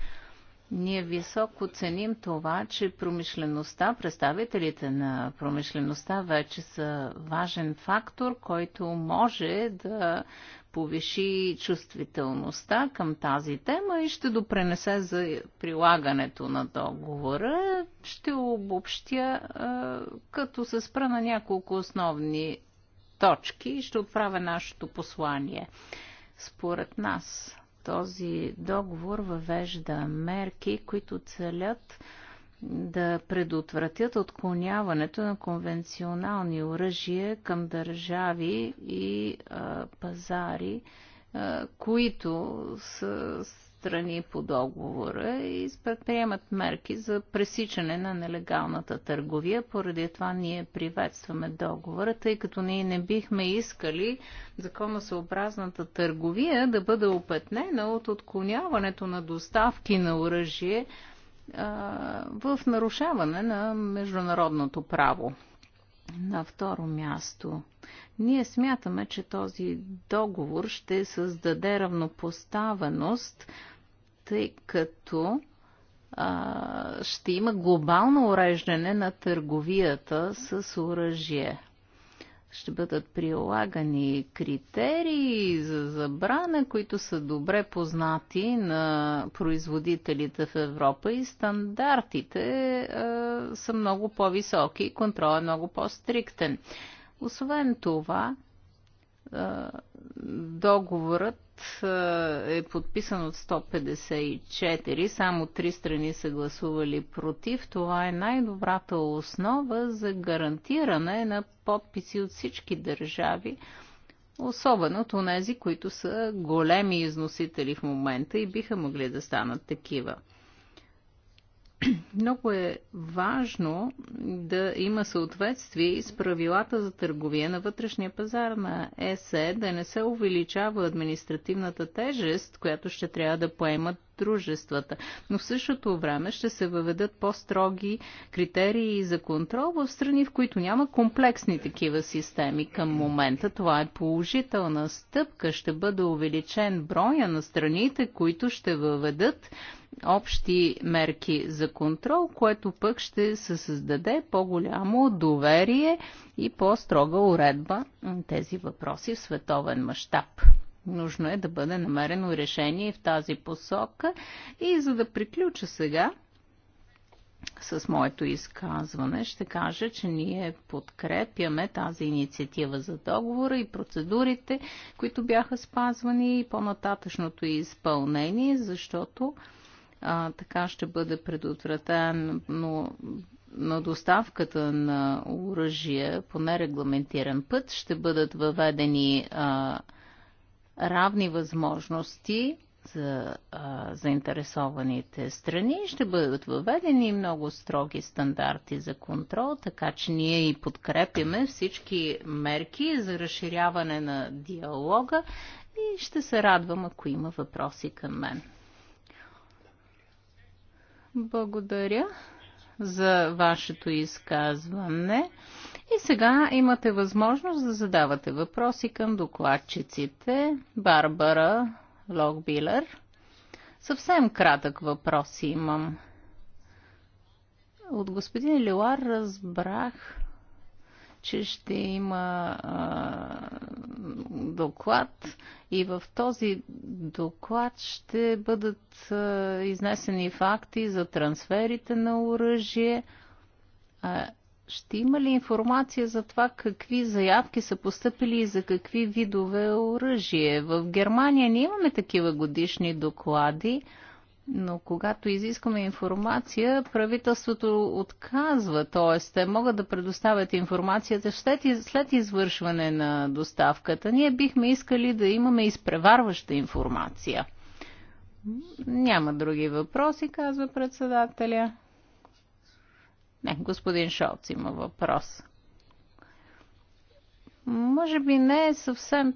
ние високо ценим това, че промишлеността, представителите на промишлеността вече са важен фактор, който може да повиши чувствителността към тази тема и ще допренесе за прилагането на договора. Ще обобщя, е, като се спра на няколко основни точки и ще отправя нашето послание. Според нас, този договор въвежда мерки, които целят да предотвратят отклоняването на конвенционални оръжия към държави и а, пазари, а, които са страни по договора и предприемат мерки за пресичане на нелегалната търговия. Поради това ние приветстваме договора, тъй като ние не бихме искали законосъобразната търговия да бъде опетнена от отклоняването на доставки на оръжие в нарушаване на международното право. На второ място, ние смятаме, че този договор ще създаде равнопоставеност, тъй като а, ще има глобално уреждане на търговията с оръжие ще бъдат прилагани критерии за забрана, които са добре познати на производителите в Европа и стандартите е, са много по-високи и контролът е много по-стриктен. Освен това, Договорът е подписан от 154, само три страни са гласували против. Това е най-добрата основа за гарантиране на подписи от всички държави, особено от тези, които са големи износители в момента и биха могли да станат такива. Много е важно да има съответствие с правилата за търговия на вътрешния пазар на ЕСЕ, да не се увеличава административната тежест, която ще трябва да поемат дружествата. Но в същото време ще се въведат по-строги критерии за контрол в страни, в които няма комплексни такива системи към момента. Това е положителна стъпка. Ще бъде увеличен броя на страните, които ще въведат общи мерки за контрол, което пък ще се създаде по-голямо доверие и по-строга уредба на тези въпроси в световен мащаб. Нужно е да бъде намерено решение в тази посока. И за да приключа сега с моето изказване, ще кажа, че ние подкрепяме тази инициатива за договора и процедурите, които бяха спазвани и по-нататъчното изпълнение, защото а, така ще бъде предотвратен но, на доставката на оръжие по нерегламентиран път. Ще бъдат въведени а, равни възможности за а, заинтересованите страни. Ще бъдат въведени много строги стандарти за контрол, така че ние и подкрепяме всички мерки за разширяване на диалога и ще се радвам, ако има въпроси към мен. Благодаря за вашето изказване. И сега имате възможност да задавате въпроси към докладчиците. Барбара Логбилер. Съвсем кратък въпрос имам. От господин Лилар разбрах, че ще има доклад и в този доклад ще бъдат изнесени факти за трансферите на оръжие. Ще има ли информация за това какви заявки са поступили и за какви видове оръжие? В Германия не имаме такива годишни доклади. Но когато изискаме информация, правителството отказва, т.е. те могат да предоставят информацията след извършване на доставката. Ние бихме искали да имаме изпреварваща информация. Няма други въпроси, казва председателя. Не, господин Шолц има въпрос. Може би не е съвсем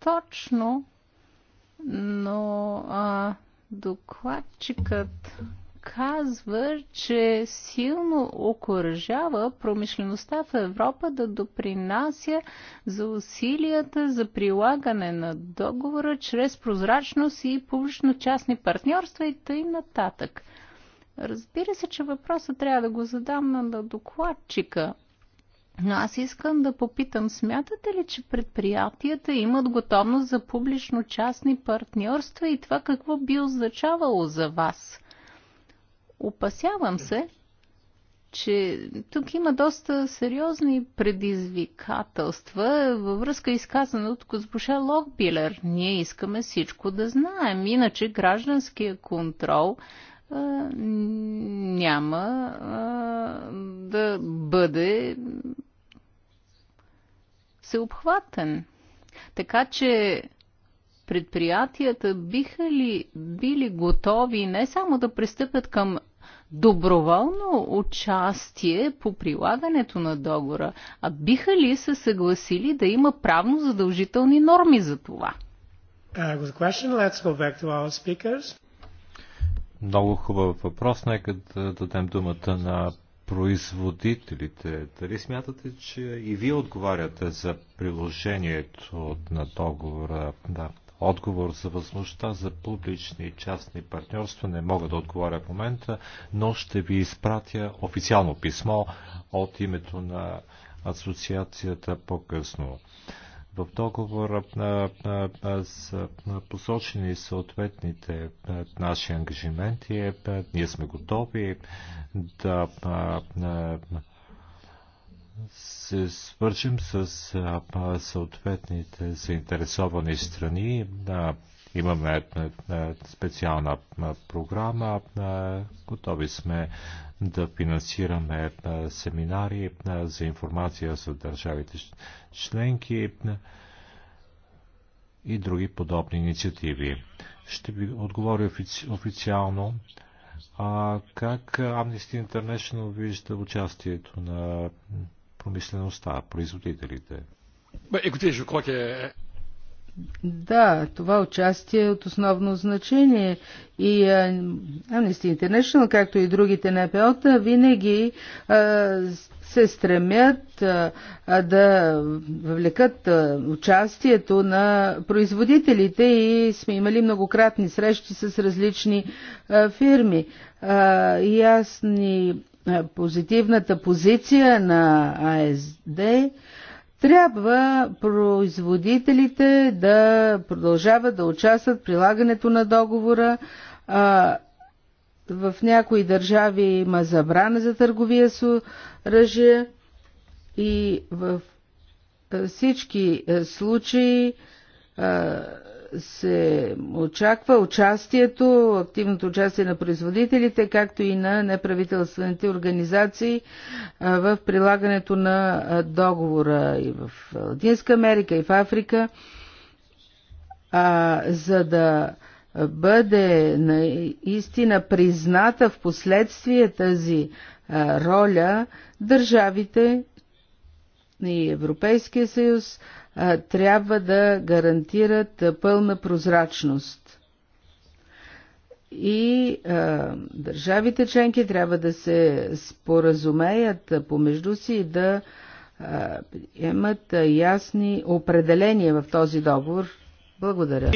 точно, но а, Докладчикът казва, че силно окоръжава промишлеността в Европа да допринася за усилията за прилагане на договора чрез прозрачност и публично-частни партньорства и тъй нататък. Разбира се, че въпроса трябва да го задам на докладчика. Но аз искам да попитам, смятате ли, че предприятията имат готовност за публично-частни партньорства и това какво би означавало за вас? Опасявам се, че тук има доста сериозни предизвикателства във връзка изказано от госпожа Локбилер. Ние искаме всичко да знаем, иначе гражданския контрол няма да бъде всеобхватен. Така че предприятията биха ли били готови не само да пристъпят към доброволно участие по прилагането на договора, а биха ли се съгласили да има правно задължителни норми за това? Uh, Много хубав въпрос. Нека да дадем думата на производителите. Дали смятате, че и вие отговаряте за приложението на договора? Да. Отговор за възможността за публични и частни партньорства не мога да отговоря в момента, но ще ви изпратя официално писмо от името на асоциацията по-късно. В договора са посочени съответните наши ангажименти. Е, ние сме готови да се свържим с съответните заинтересовани страни. Имаме е, е, специална е, програма. Готови сме да финансираме семинари за информация за държавите членки и други подобни инициативи. Ще ви отговоря офици... официално а, как Amnesty International вижда участието на промишлеността, производителите. Бе, écoutez, je crois да, това участие е от основно значение и Amnesty International, както и другите НПО-та, винаги а, се стремят а, да влекат а, участието на производителите и сме имали многократни срещи с различни а, фирми. А, ясни а, позитивната позиция на АСД. А, трябва производителите да продължават да участват в прилагането на договора. В някои държави има забрана за търговия с оръжие и в всички случаи се очаква участието, активното участие на производителите, както и на неправителствените организации в прилагането на договора и в Латинска Америка, и в Африка. А, за да бъде наистина призната в последствие тази роля, държавите и Европейския съюз трябва да гарантират пълна прозрачност. И а, държавите членки трябва да се споразумеят помежду си и да а, имат ясни определения в този договор. Благодаря.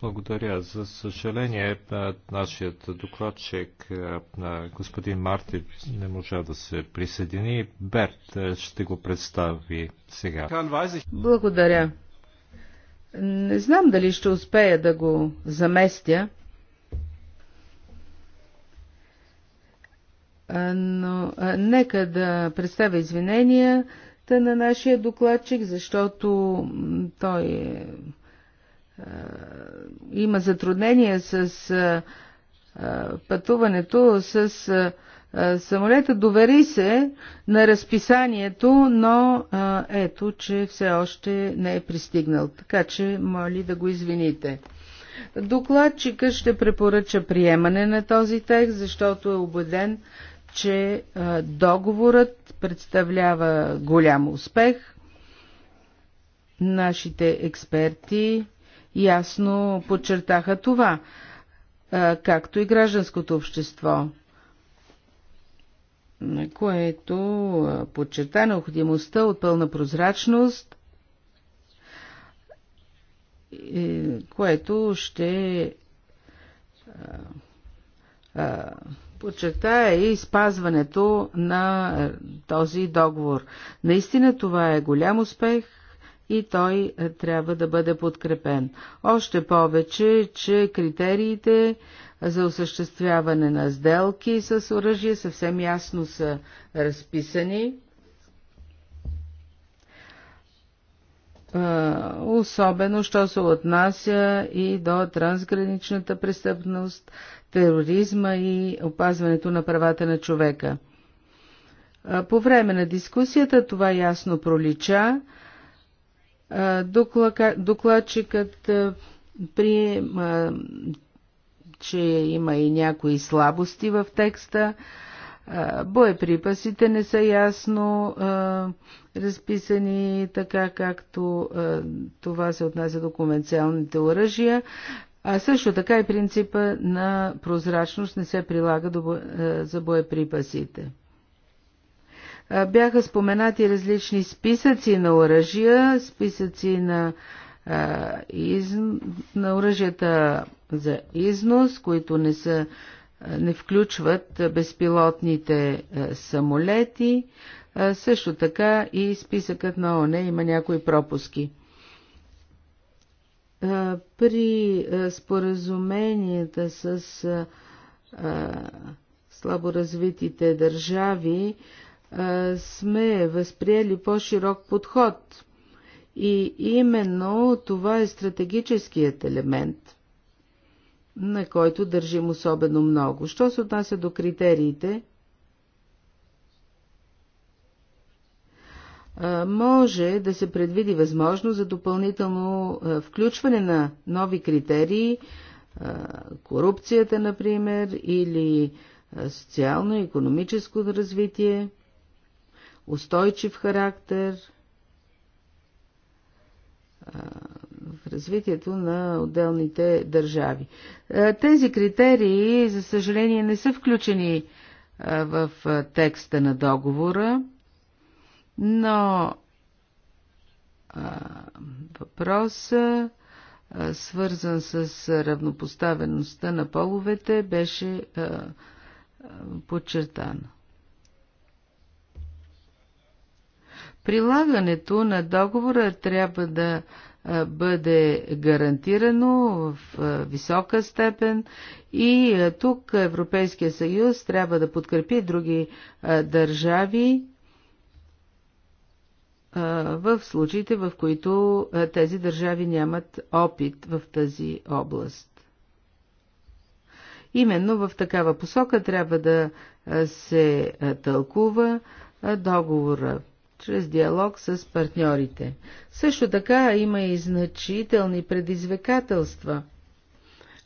Благодаря. За съжаление, е, нашият докладчик, е, господин Марти, не можа да се присъедини. Берт е, ще го представи сега. Благодаря. Не знам дали ще успея да го заместя, но нека да представя извиненията на нашия докладчик, защото той е е, има затруднения с е, е, пътуването с самолета. Довери се на разписанието, но ето, че все още не е пристигнал. Така че, моли да го извините. Докладчика ще препоръча приемане на този текст, защото е убеден, че договорът представлява голям успех. Нашите експерти ясно подчертаха това, както и гражданското общество, което подчерта необходимостта от пълна прозрачност, което ще подчертая и спазването на този договор. Наистина това е голям успех и той е, трябва да бъде подкрепен. Още повече, че критериите за осъществяване на сделки с оръжие съвсем ясно са разписани. Особено, що се отнася и до трансграничната престъпност, тероризма и опазването на правата на човека. По време на дискусията това ясно пролича, Докладчикът приема, че има и някои слабости в текста. Боеприпасите не са ясно разписани така, както това се отнася до конвенциалните оръжия. А също така и принципа на прозрачност не се прилага за боеприпасите. Бяха споменати различни списъци на оръжия, списъци на, из... на оръжията за износ, които не, са, не включват безпилотните самолети. също така и списъкът на ОНЕ има някои пропуски. при споразуменията с слаборазвитите държави сме възприели по-широк подход. И именно това е стратегическият елемент, на който държим особено много. Що се отнася до критериите, може да се предвиди възможност за допълнително включване на нови критерии, корупцията, например, или социално-економическо развитие – устойчив характер в развитието на отделните държави. Тези критерии, за съжаление, не са включени в текста на договора, но въпроса, свързан с равнопоставеността на половете, беше подчертана. Прилагането на договора трябва да бъде гарантирано в висока степен и тук Европейския съюз трябва да подкрепи други държави в случаите, в които тези държави нямат опит в тази област. Именно в такава посока трябва да се тълкува договора чрез диалог с партньорите. Също така има и значителни предизвикателства.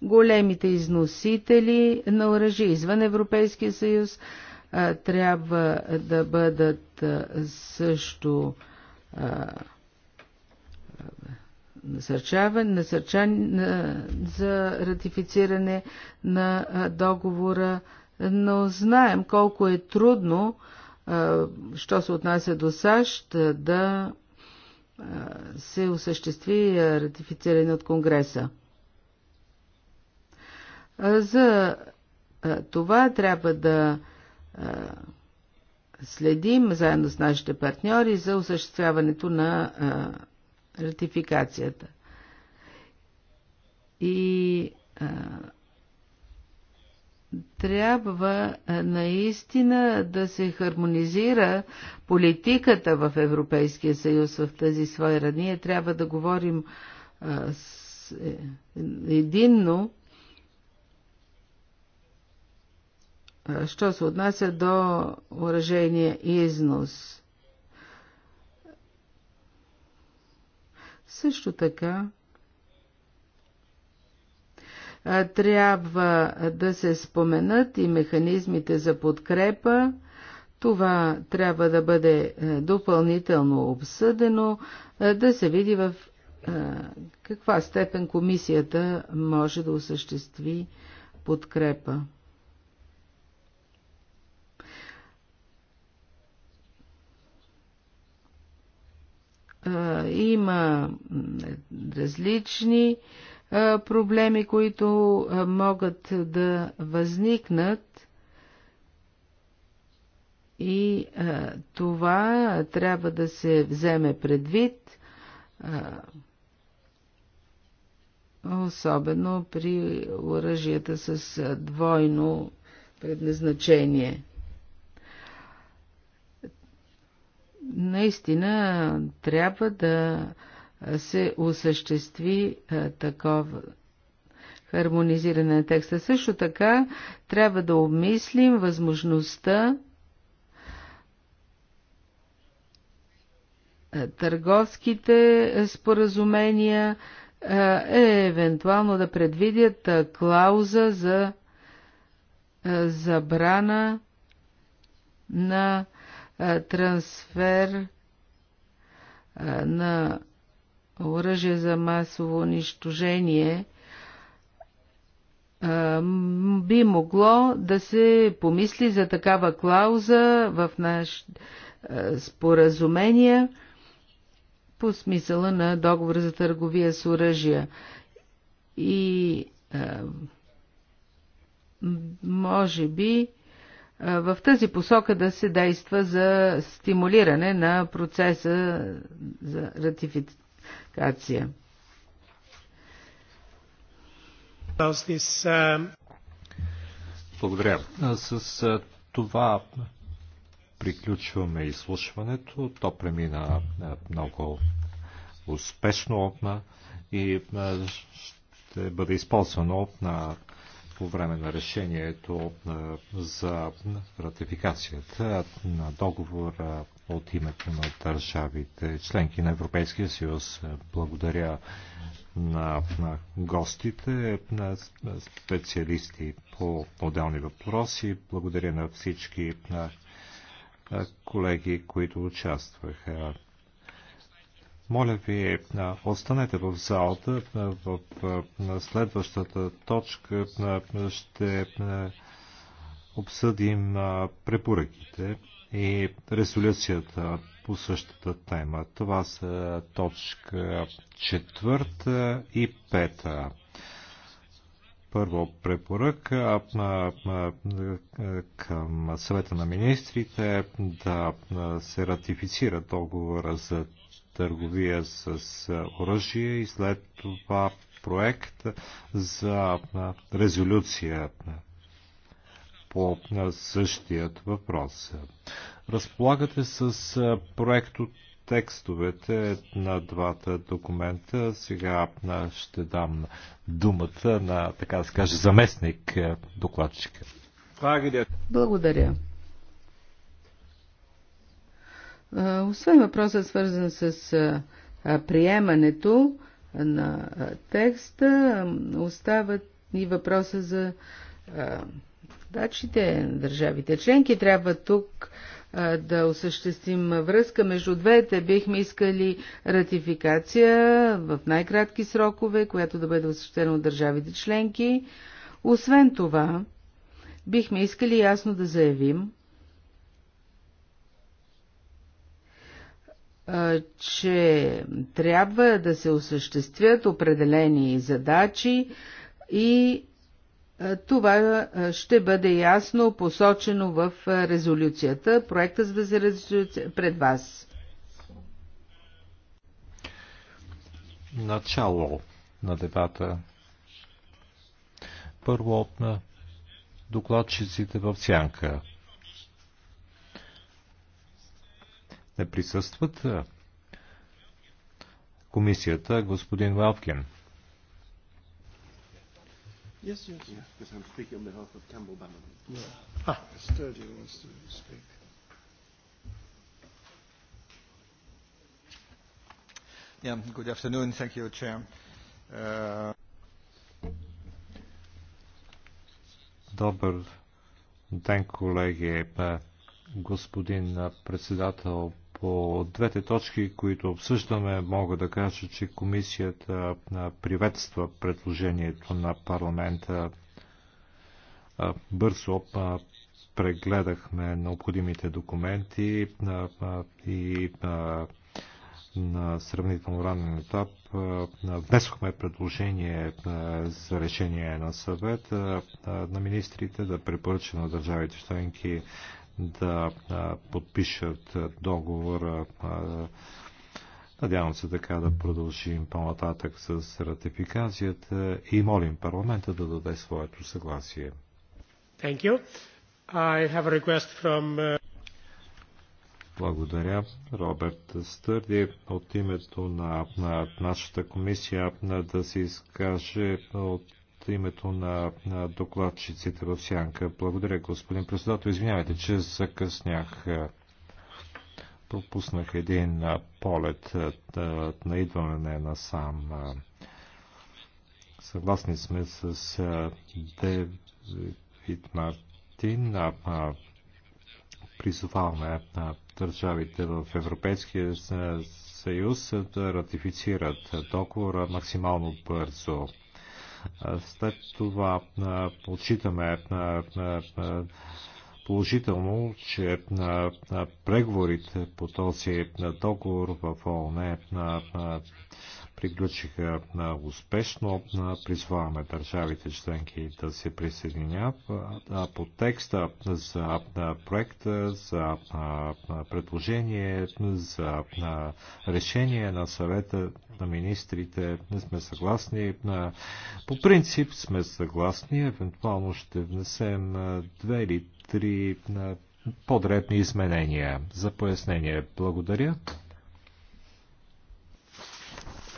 Големите износители на оръжи извън Европейския съюз а, трябва да бъдат а, също а, насърчавани, насърчани а, за ратифициране на а, договора, но знаем колко е трудно а, що се отнася до САЩ, да се осъществи ратифициране от Конгреса. За това трябва да следим заедно с нашите партньори за осъществяването на ратификацията. И трябва е, наистина да се хармонизира политиката в Европейския съюз в тази сфера. Ние трябва да говорим а, е, с, е, единно, а, що се отнася до уражения износ. Също така, трябва да се споменат и механизмите за подкрепа. Това трябва да бъде допълнително обсъдено, да се види в каква степен комисията може да осъществи подкрепа. Има различни е, проблеми, които е, могат да възникнат. И е, това трябва да се вземе предвид, особено при оръжията с двойно предназначение. Наистина трябва да а, се осъществи такова хармонизиране на текста. Също така трябва да обмислим възможността търговските споразумения е евентуално да предвидят клауза за забрана на трансфер на оръжие за масово унищожение би могло да се помисли за такава клауза в наш споразумение по смисъла на договор за търговия с оръжия. И може би в тази посока да се действа за стимулиране на процеса за ратифициране квалификация. Um, Благодаря. С това приключваме изслушването. То премина много успешно и ще бъде използвано на по време на решението за ратификацията на договора от името на държавите членки на Европейския съюз. Благодаря на, на гостите, на специалисти по отделни въпроси. Благодаря на всички на колеги, които участваха. Моля ви, останете в залата. В следващата точка ще обсъдим препоръките и резолюцията по същата тема. Това са точка четвърта и пета. Първо препоръка към съвета на министрите да се ратифицира договора за търговия с оръжие и след това проект за резолюция по същият въпрос. Разполагате с проекто текстовете на двата документа. Сега ще дам думата на, така да се заместник докладчика. Благодаря. Освен въпросът свързан с приемането на текста, остават и въпроса за на държавите членки трябва тук да осъществим връзка между двете. Бихме искали ратификация в най-кратки срокове, която да бъде осъществена от държавите членки. Освен това, бихме искали ясно да заявим, че трябва да се осъществят определени задачи и е, това е, ще бъде ясно посочено в е, резолюцията. Проекта за да се резолюция пред вас. Начало на дебата. Първо на докладчиците в сянка. Не присъстват комисията господин Валкин. Yes, yes. Yeah, because I'm speaking on behalf of Campbell Bannerman. Yeah. Ah. Sturdy wants to speak. Yeah, good afternoon. Thank you, Chair. Uh... Добър ден, колеги. Господин председател, по двете точки, които обсъждаме, мога да кажа, че комисията приветства предложението на парламента. Бързо прегледахме необходимите документи и на сравнително ранен етап внесохме предложение за решение на съвет на министрите да препоръча на държавите членки да подпишат договор, Надявам се така да продължим по-нататък с ратификацията и молим парламента да даде своето съгласие. Thank you. I have a request from uh, благодаря, Роберт Стърди. От името на, на нашата комисия на, да се изкаже от името на, на докладчиците в Сянка. Благодаря, господин председател. Извинявайте, че закъснях. Пропуснах един полет на идване на сам. Съгласни сме с Девид Мартин. Призоваваме на държавите в Европейския съюз да ратифицират договора максимално бързо. След това отчитаме положително, че преговорите по този договор в ООН приключиха успешно. Призваваме държавите членки да се присъединят. По текста за проекта, за предложение, за решение на съвета на министрите не сме съгласни. По принцип сме съгласни. Евентуално ще внесем две или три подредни изменения. За пояснение благодаря.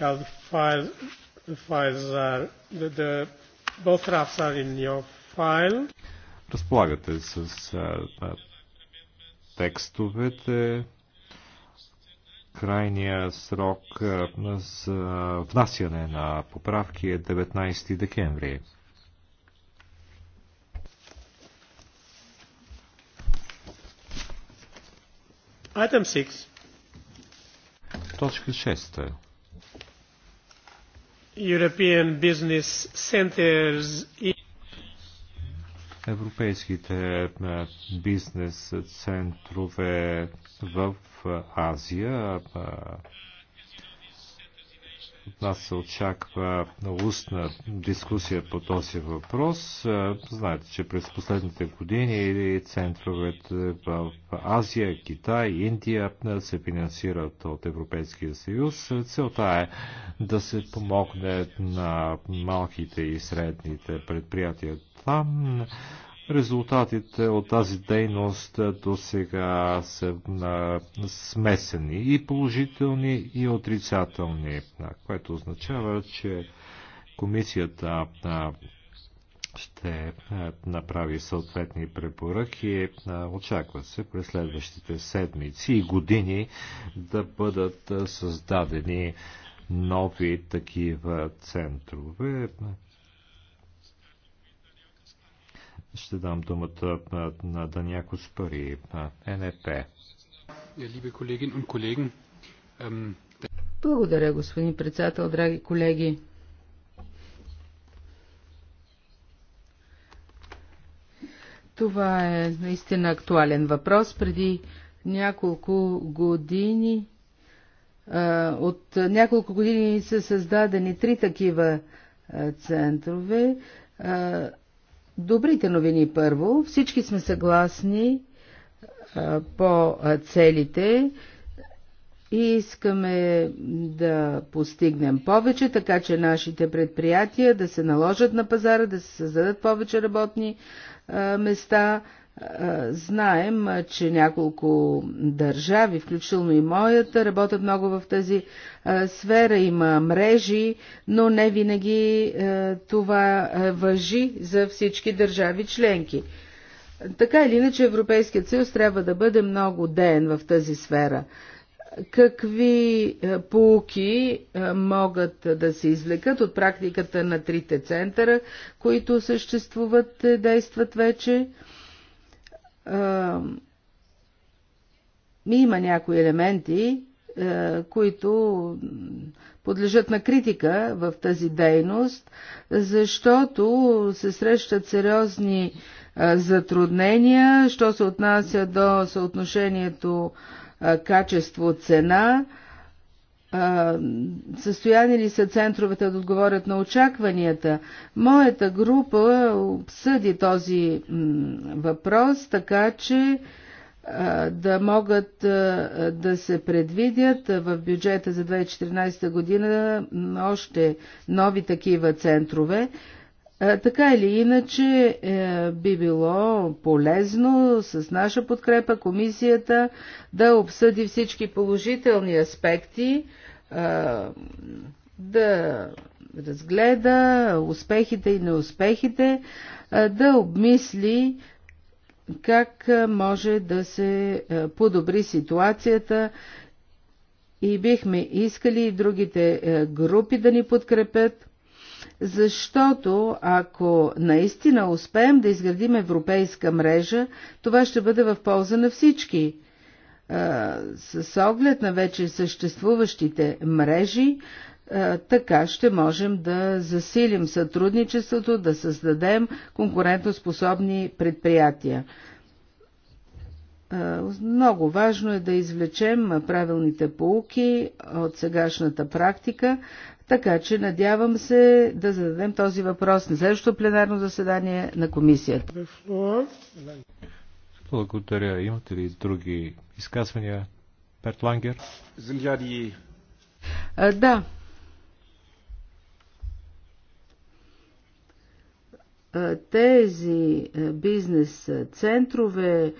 Well, the file, the files are, the, the, both drafts are in your file. Разполагате с а, а, текстовете. Крайния срок а, за внасяне на поправки е 19 декември. Item 6. Точка 6. European Business Centers Европейските бизнес центрове в Азия от нас се очаква устна дискусия по този въпрос. Знаете, че през последните години центровете в Азия, Китай, Индия се финансират от Европейския съюз. Целта е да се помогне на малките и средните предприятия там Резултатите от тази дейност до сега са смесени и положителни и отрицателни, което означава, че комисията ще направи съответни препоръки. Очаква се през следващите седмици и години да бъдат създадени нови такива центрове. Ще дам думата на, на Даняко Спари, НЕП. Благодаря, господин председател, драги колеги. Това е наистина актуален въпрос. Преди няколко години от няколко години са създадени три такива центрове. Добрите новини първо. Всички сме съгласни а, по целите и искаме да постигнем повече, така че нашите предприятия да се наложат на пазара, да се създадат повече работни а, места, Знаем, че няколко държави, включително и моята, работят много в тази сфера, има мрежи, но не винаги това въжи за всички държави членки. Така или иначе Европейският съюз трябва да бъде много ден в тази сфера. Какви полуки могат да се извлекат от практиката на трите центъра, които съществуват, и действат вече? има някои елементи, е, които подлежат на критика в тази дейност, защото се срещат сериозни е, затруднения, що се отнася до съотношението е, качество-цена, състояние ли са центровете да отговорят на очакванията. Моята група обсъди този въпрос, така че да могат да се предвидят в бюджета за 2014 година още нови такива центрове. Така или иначе е, би било полезно с наша подкрепа комисията да обсъди всички положителни аспекти да разгледа успехите и неуспехите, да обмисли как може да се подобри ситуацията и бихме искали и другите групи да ни подкрепят, защото ако наистина успеем да изградим европейска мрежа, това ще бъде в полза на всички – с оглед на вече съществуващите мрежи, така ще можем да засилим сътрудничеството, да създадем конкурентоспособни предприятия. Много важно е да извлечем правилните полуки от сегашната практика, така че надявам се да зададем този въпрос на следващото пленарно заседание на комисията. Благодаря. Имате ли други изказвания? Перт Лангер? А, да. Тези бизнес центрове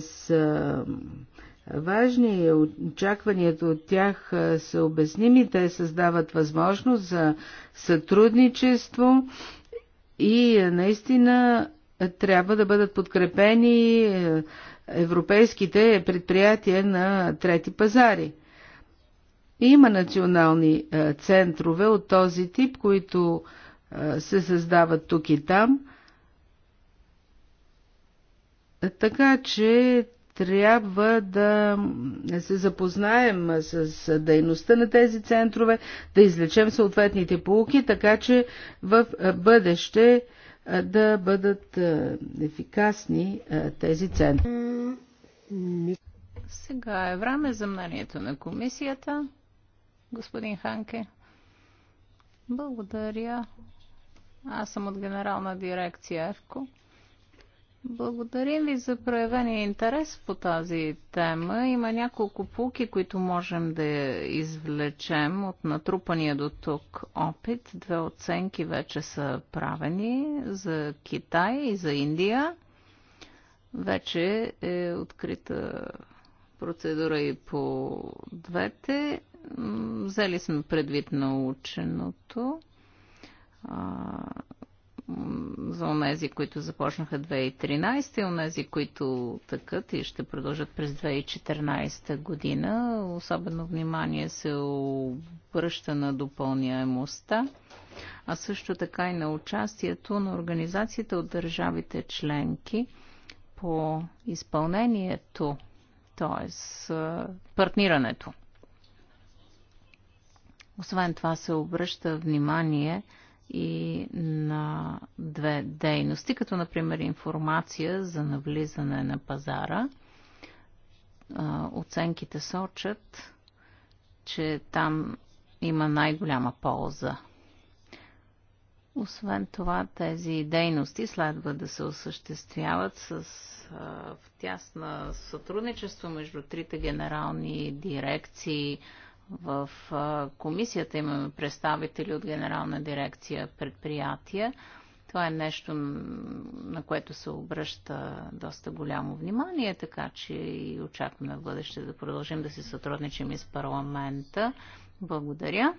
са важни. Очакванията от тях са обясними. Те създават възможност за сътрудничество и наистина трябва да бъдат подкрепени е, европейските предприятия на трети пазари. Има национални е, центрове от този тип, които е, се създават тук и там. Така че трябва да се запознаем с дейността на тези центрове, да излечем съответните полуки, така че в бъдеще да бъдат ефикасни тези центрове. Сега е време за мнението на комисията. Господин Ханке, благодаря. Аз съм от генерална дирекция ЕВКО. Благодарим ви за проявения интерес по тази тема. Има няколко пулки, които можем да извлечем от натрупания до тук опит. Две оценки вече са правени за Китай и за Индия. Вече е открита процедура и по двете. Взели сме предвид наученото за онези, които започнаха 2013 и онези, които тъкат и ще продължат през 2014 година. Особено внимание се обръща на допълняемостта, а също така и на участието на организацията от държавите членки по изпълнението, т.е. партнирането. Освен това се обръща внимание – и на две дейности, като например информация за навлизане на пазара. Оценките сочат, че там има най-голяма полза. Освен това, тези дейности следва да се осъществяват с в тясна сътрудничество между трите генерални дирекции, в комисията имаме представители от Генерална дирекция предприятия. Това е нещо, на което се обръща доста голямо внимание, така че и очакваме в бъдеще да продължим да си сътрудничим и с парламента. Благодаря.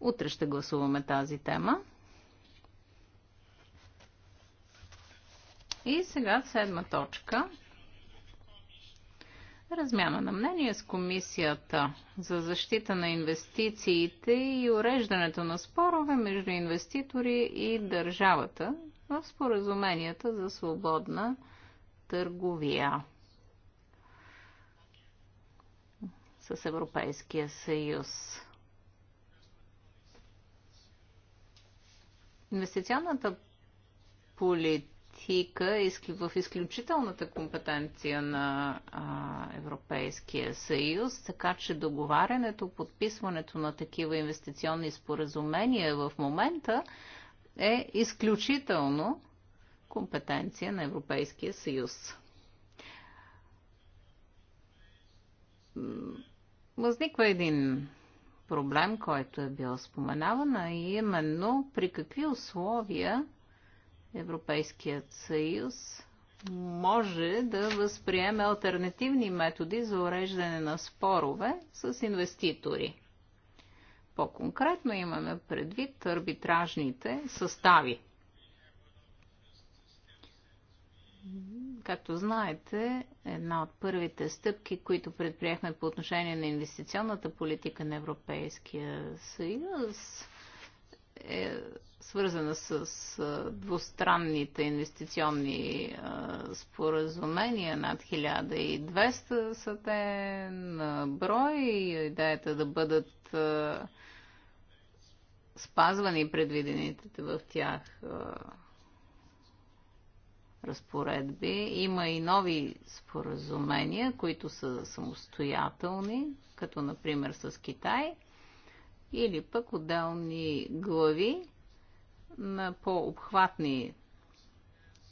Утре ще гласуваме тази тема. И сега седма точка размяна на мнение с Комисията за защита на инвестициите и уреждането на спорове между инвеститори и държавата в споразуменията за свободна търговия с Европейския съюз. Инвестиционната политика политика е в изключителната компетенция на Европейския съюз, така че договарянето, подписването на такива инвестиционни споразумения в момента е изключително компетенция на Европейския съюз. Възниква един проблем, който е бил споменаван, а именно при какви условия Европейският съюз може да възприеме альтернативни методи за уреждане на спорове с инвеститори. По-конкретно имаме предвид арбитражните състави. Както знаете, една от първите стъпки, които предприехме по отношение на инвестиционната политика на Европейския съюз е свързана с двустранните инвестиционни споразумения, над 1200 са те на брой и идеята е да бъдат спазвани предвидените в тях разпоредби. Има и нови споразумения, които са самостоятелни, като например с Китай, или пък отделни глави, на по-обхватни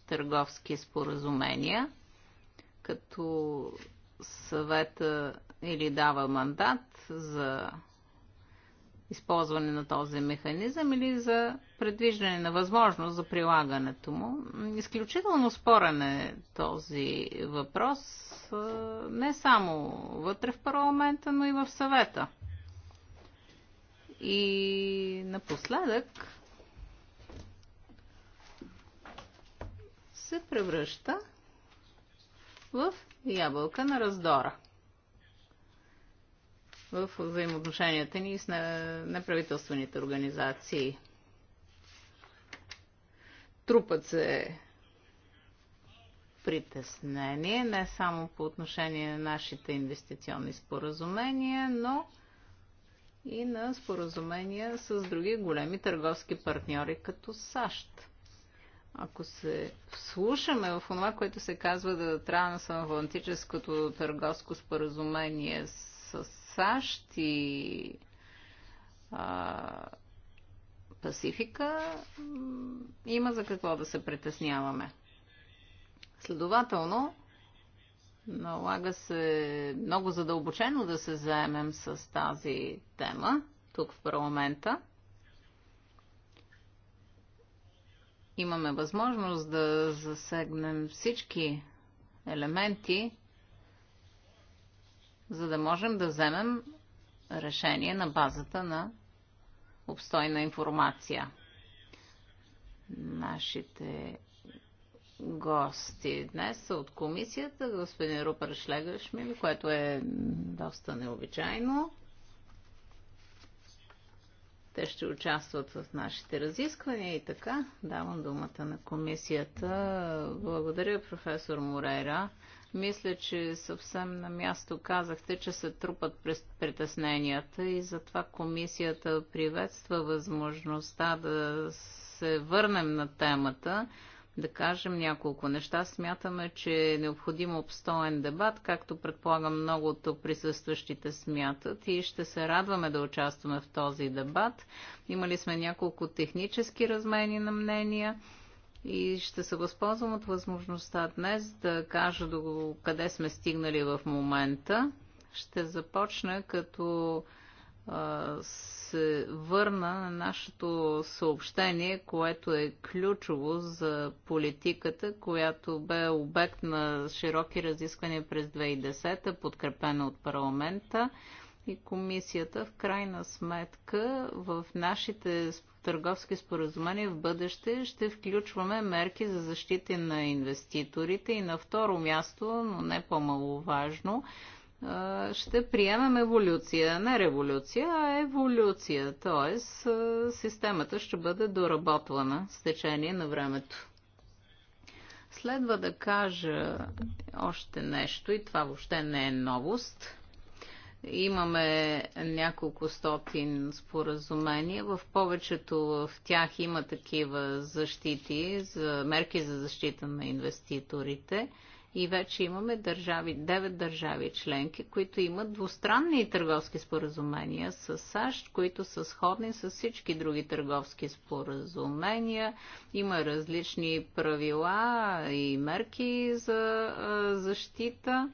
търговски споразумения, като съвета или дава мандат за използване на този механизъм или за предвиждане на възможност за прилагането му. Изключително спорен е този въпрос не само вътре в парламента, но и в съвета. И напоследък се превръща в ябълка на раздора в взаимоотношенията ни с неправителствените организации. Трупът се притеснение, не само по отношение на нашите инвестиционни споразумения, но и на споразумения с други големи търговски партньори, като САЩ. Ако се вслушаме в това, което се казва да трябва на самоволантическото търговско споразумение с САЩ и а, Пасифика, има за какво да се притесняваме. Следователно, налага се много задълбочено да се заемем с тази тема тук в парламента. имаме възможност да засегнем всички елементи, за да можем да вземем решение на базата на обстойна информация. Нашите гости днес са от комисията господин Рупер Шлегашмил, което е доста необичайно. Те ще участват в нашите разисквания и така. Давам думата на комисията. Благодаря, професор Морейра. Мисля, че съвсем на място казахте, че се трупат притесненията и затова комисията приветства възможността да се върнем на темата да кажем няколко неща. Смятаме, че е необходим обстоен дебат, както предполагам много от присъстващите смятат и ще се радваме да участваме в този дебат. Имали сме няколко технически размени на мнения. И ще се възползвам от възможността днес да кажа до къде сме стигнали в момента. Ще започна като се върна на нашето съобщение, което е ключово за политиката, която бе обект на широки разисквания през 2010, подкрепена от парламента и комисията в крайна сметка в нашите търговски споразумения в бъдеще ще включваме мерки за защита на инвеститорите и на второ място, но не по-маловажно, важно ще приемем еволюция. Не революция, а еволюция. Т.е. системата ще бъде доработвана с течение на времето. Следва да кажа още нещо и това въобще не е новост. Имаме няколко стотин споразумения. В повечето в тях има такива защити, за мерки за защита на инвеститорите. И вече имаме държави, 9 държави членки, които имат двустранни търговски споразумения с САЩ, които са сходни с всички други търговски споразумения. Има различни правила и мерки за защита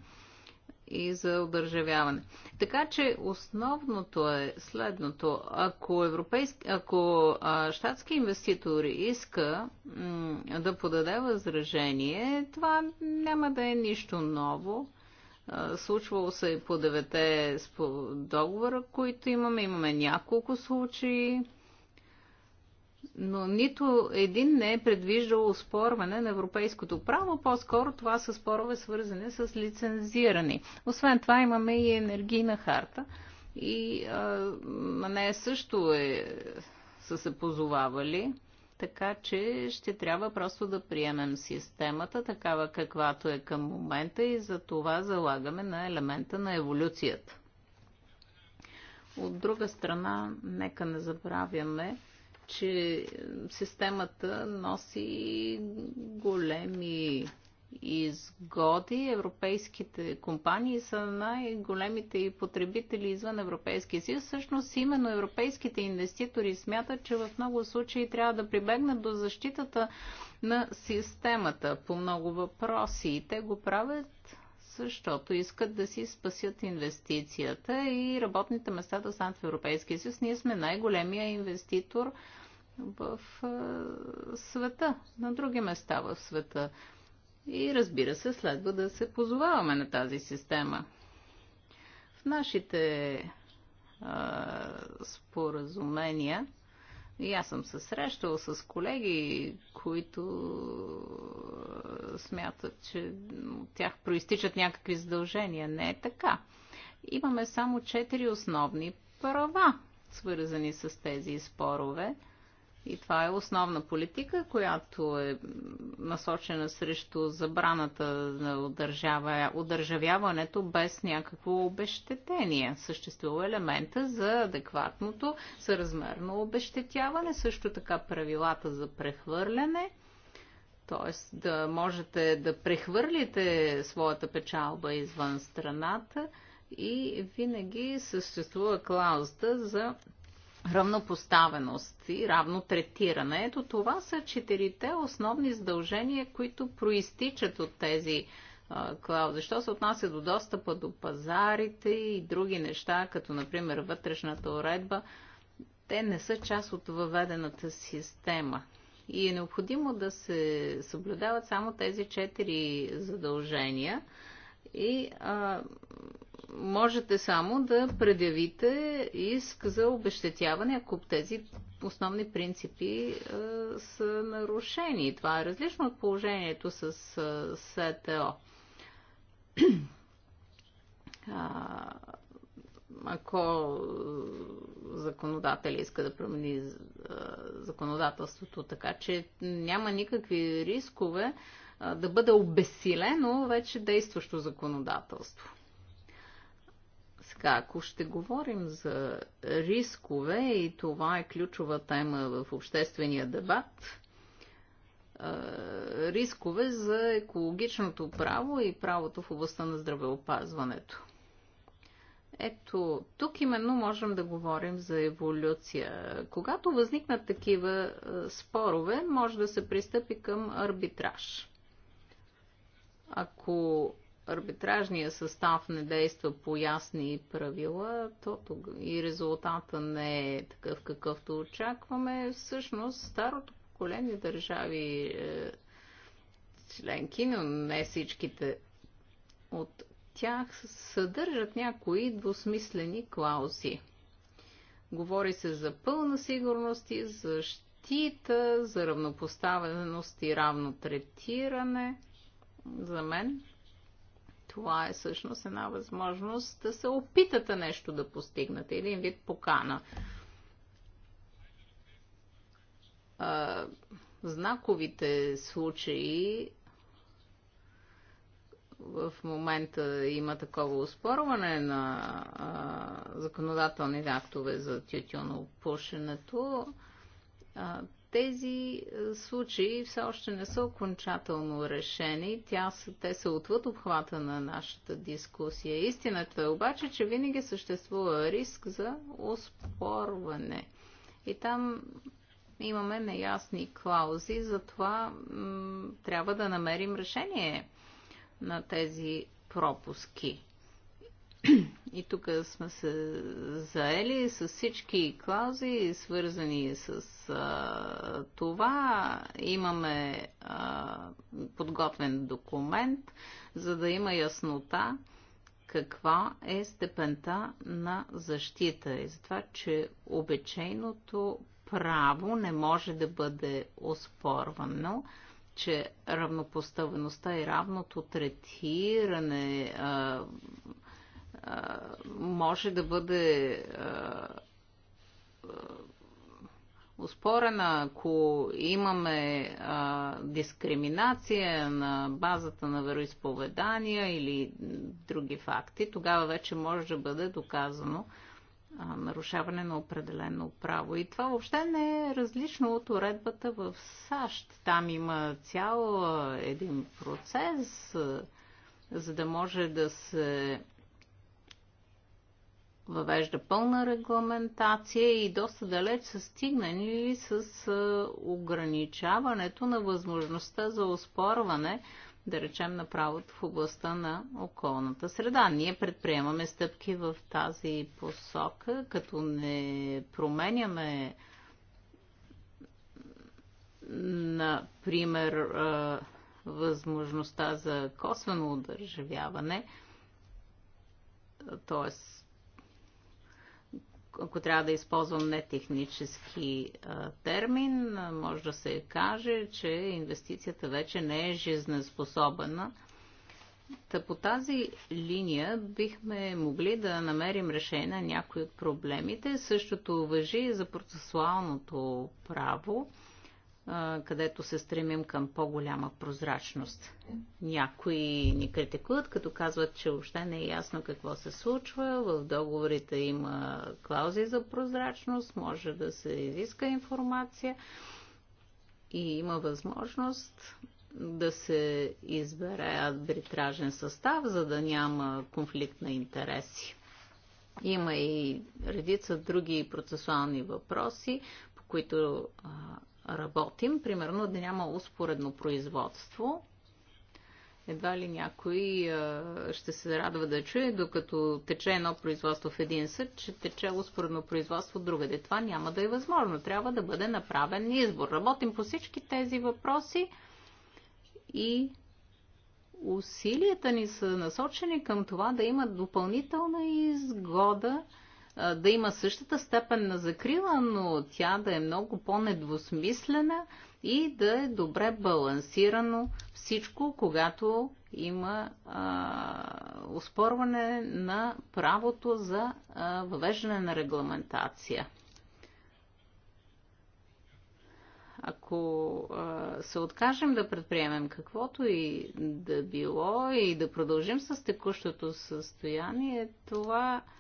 и за удържавяване. Така че основното е следното. Ако, европейски, ако а, щатски инвеститор иска да подаде възражение, това няма да е нищо ново. А, случвало се и по девете договора, които имаме. Имаме няколко случаи но нито един не е предвиждал оспорване на европейското право, по-скоро това са спорове свързани с лицензирани. Освен това имаме и енергийна харта и а, на нея също е, са се позовавали, така че ще трябва просто да приемем системата такава каквато е към момента и за това залагаме на елемента на еволюцията. От друга страна, нека не забравяме, че системата носи големи изгоди. Европейските компании са най-големите и потребители извън Европейския съюз. Всъщност именно европейските инвеститори смятат, че в много случаи трябва да прибегнат до защитата на системата по много въпроси. И те го правят защото искат да си спасят инвестицията и работните места да станат в Европейския съюз. Ние сме най-големия инвеститор в света, на други места в света. И разбира се, следва да се позоваваме на тази система. В нашите а, споразумения и аз съм се срещал с колеги, които смятат, че от тях проистичат някакви задължения. Не е така. Имаме само четири основни права, свързани с тези спорове – и това е основна политика, която е насочена срещу забраната на удържавяването без някакво обещетение. Съществува елемента за адекватното съразмерно обещетяване, също така правилата за прехвърляне. Т.е. да можете да прехвърлите своята печалба извън страната и винаги съществува клаузата за равнопоставеност и равно третиране. Ето това са четирите основни задължения, които проистичат от тези клаузи. Защо се отнася до достъпа до пазарите и други неща, като например вътрешната уредба, те не са част от въведената система. И е необходимо да се съблюдават само тези четири задължения. И а, можете само да предявите иск за обещетяване, ако тези основни принципи а, е, са нарушени. Това е различно от положението с а, е, СТО. А, ако е, законодател иска да промени законодателството, така че няма никакви рискове да бъде обесилено вече действащо законодателство сега, ако ще говорим за рискове, и това е ключова тема в обществения дебат, рискове за екологичното право и правото в областта на здравеопазването. Ето, тук именно можем да говорим за еволюция. Когато възникнат такива спорове, може да се пристъпи към арбитраж. Ако арбитражния състав не действа по ясни правила то, и резултата не е такъв какъвто очакваме, всъщност старото поколение държави е, членки, но не всичките от тях съдържат някои двусмислени клаузи. Говори се за пълна сигурност и защита, за равнопоставеност и равно третиране. За мен това е всъщност една възможност да се опитате нещо да постигнете, един вид покана. А, знаковите случаи в момента има такова успорване на а, законодателните актове за тютюнопушенето. пушенето тези е, случаи все още не са окончателно решени. Тя, те са отвъд обхвата на нашата дискусия. Истината е обаче, че винаги съществува риск за оспорване. И там имаме неясни клаузи, затова трябва да намерим решение на тези пропуски. И тук сме се заели с всички клаузи, свързани с а, това. Имаме а, подготвен документ, за да има яснота каква е степента на защита и затова, че обичайното право не може да бъде оспорвано, че равнопоставеността и равното третиране а, може да бъде успорена, ако имаме дискриминация на базата на вероисповедания или други факти, тогава вече може да бъде доказано нарушаване на определено право. И това въобще не е различно от уредбата в САЩ. Там има цял един процес, за да може да се въвежда пълна регламентация и доста далеч са стигнали с ограничаването на възможността за оспорване, да речем, на правото в областта на околната среда. Ние предприемаме стъпки в тази посока, като не променяме например, възможността за косвено удържавяване, т.е ако трябва да използвам нетехнически термин, може да се каже, че инвестицията вече не е жизнеспособена. Та по тази линия бихме могли да намерим решение на някои от проблемите. Същото въжи и за процесуалното право където се стремим към по-голяма прозрачност. Някои ни критикуват, като казват, че още не е ясно какво се случва. В договорите има клаузи за прозрачност, може да се изиска информация и има възможност да се избере арбитражен състав, за да няма конфликт на интереси. Има и редица други процесуални въпроси, по които работим, примерно да няма успоредно производство, едва ли някой ще се радва да чуе, докато тече едно производство в един съд, че тече успоредно производство другаде. Това няма да е възможно. Трябва да бъде направен избор. Работим по всички тези въпроси и усилията ни са насочени към това да има допълнителна изгода – да има същата степен на закрила, но тя да е много по-недвусмислена и да е добре балансирано всичко, когато има а, успорване на правото за а, въвеждане на регламентация. Ако а, се откажем да предприемем каквото и да било и да продължим с текущото състояние, това а,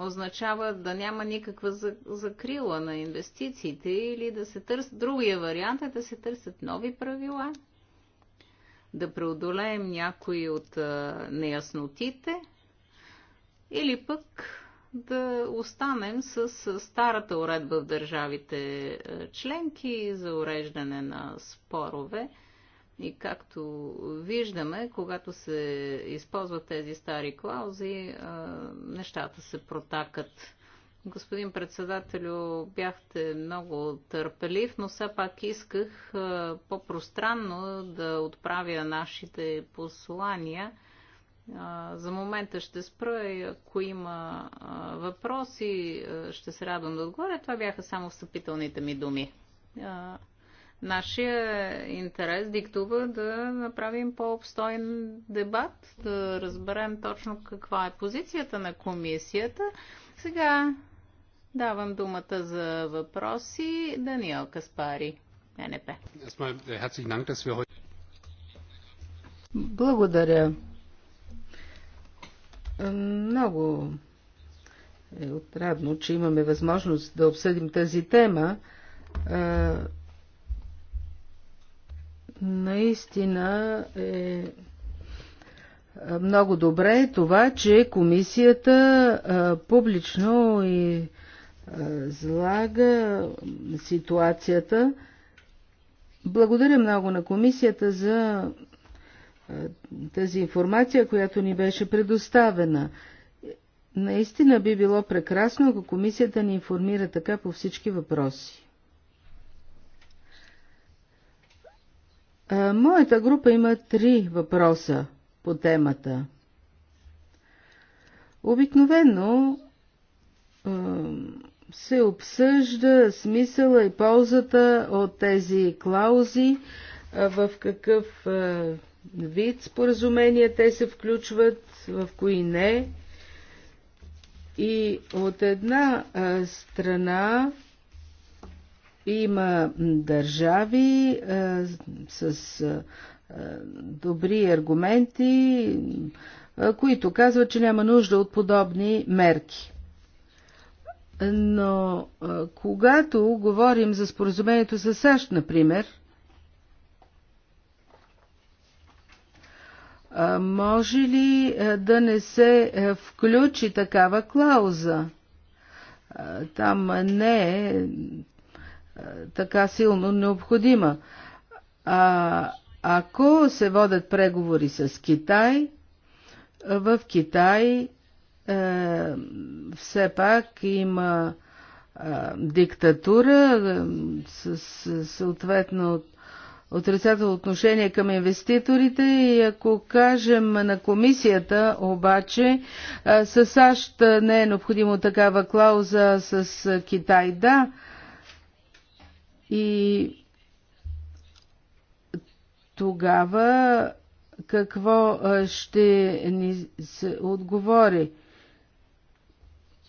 означава да няма никаква закрила на инвестициите или да се търсят. Другия вариант е да се търсят нови правила, да преодолеем някои от неяснотите или пък да останем с старата уредба в държавите членки за уреждане на спорове и както виждаме, когато се използват тези стари клаузи, нещата се протакат. Господин председателю, бяхте много търпелив, но все пак исках по-пространно да отправя нашите послания. За момента ще спра и ако има въпроси, ще се радвам да отговоря. Това бяха само встъпителните ми думи. Нашия интерес диктува да направим по-обстоен дебат, да разберем точно каква е позицията на комисията. Сега давам думата за въпроси. Даниел Каспари, НП. Благодаря. Много е отрадно, че имаме възможност да обсъдим тази тема Наистина е много добре това, че комисията публично и злага ситуацията. Благодаря много на комисията за тази информация, която ни беше предоставена. Наистина би било прекрасно, ако комисията ни информира така по всички въпроси. Е, моята група има три въпроса по темата. Обикновено е, се обсъжда смисъла и ползата от тези клаузи, е, в какъв вид споразумения те се включват, в кои не. И от една страна има държави е, с е, добри аргументи, е, които казват, че няма нужда от подобни мерки. Но когато говорим за споразумението с САЩ, например, може ли да не се включи такава клауза? Там не е така силно необходима. А, ако се водят преговори с Китай, в Китай е, все пак има е, диктатура е, с съответно отрицателно отношение към инвеститорите и ако кажем на комисията обаче, е, с САЩ не е необходимо такава клауза, с е, Китай да. Е, и тогава какво ще ни се отговори?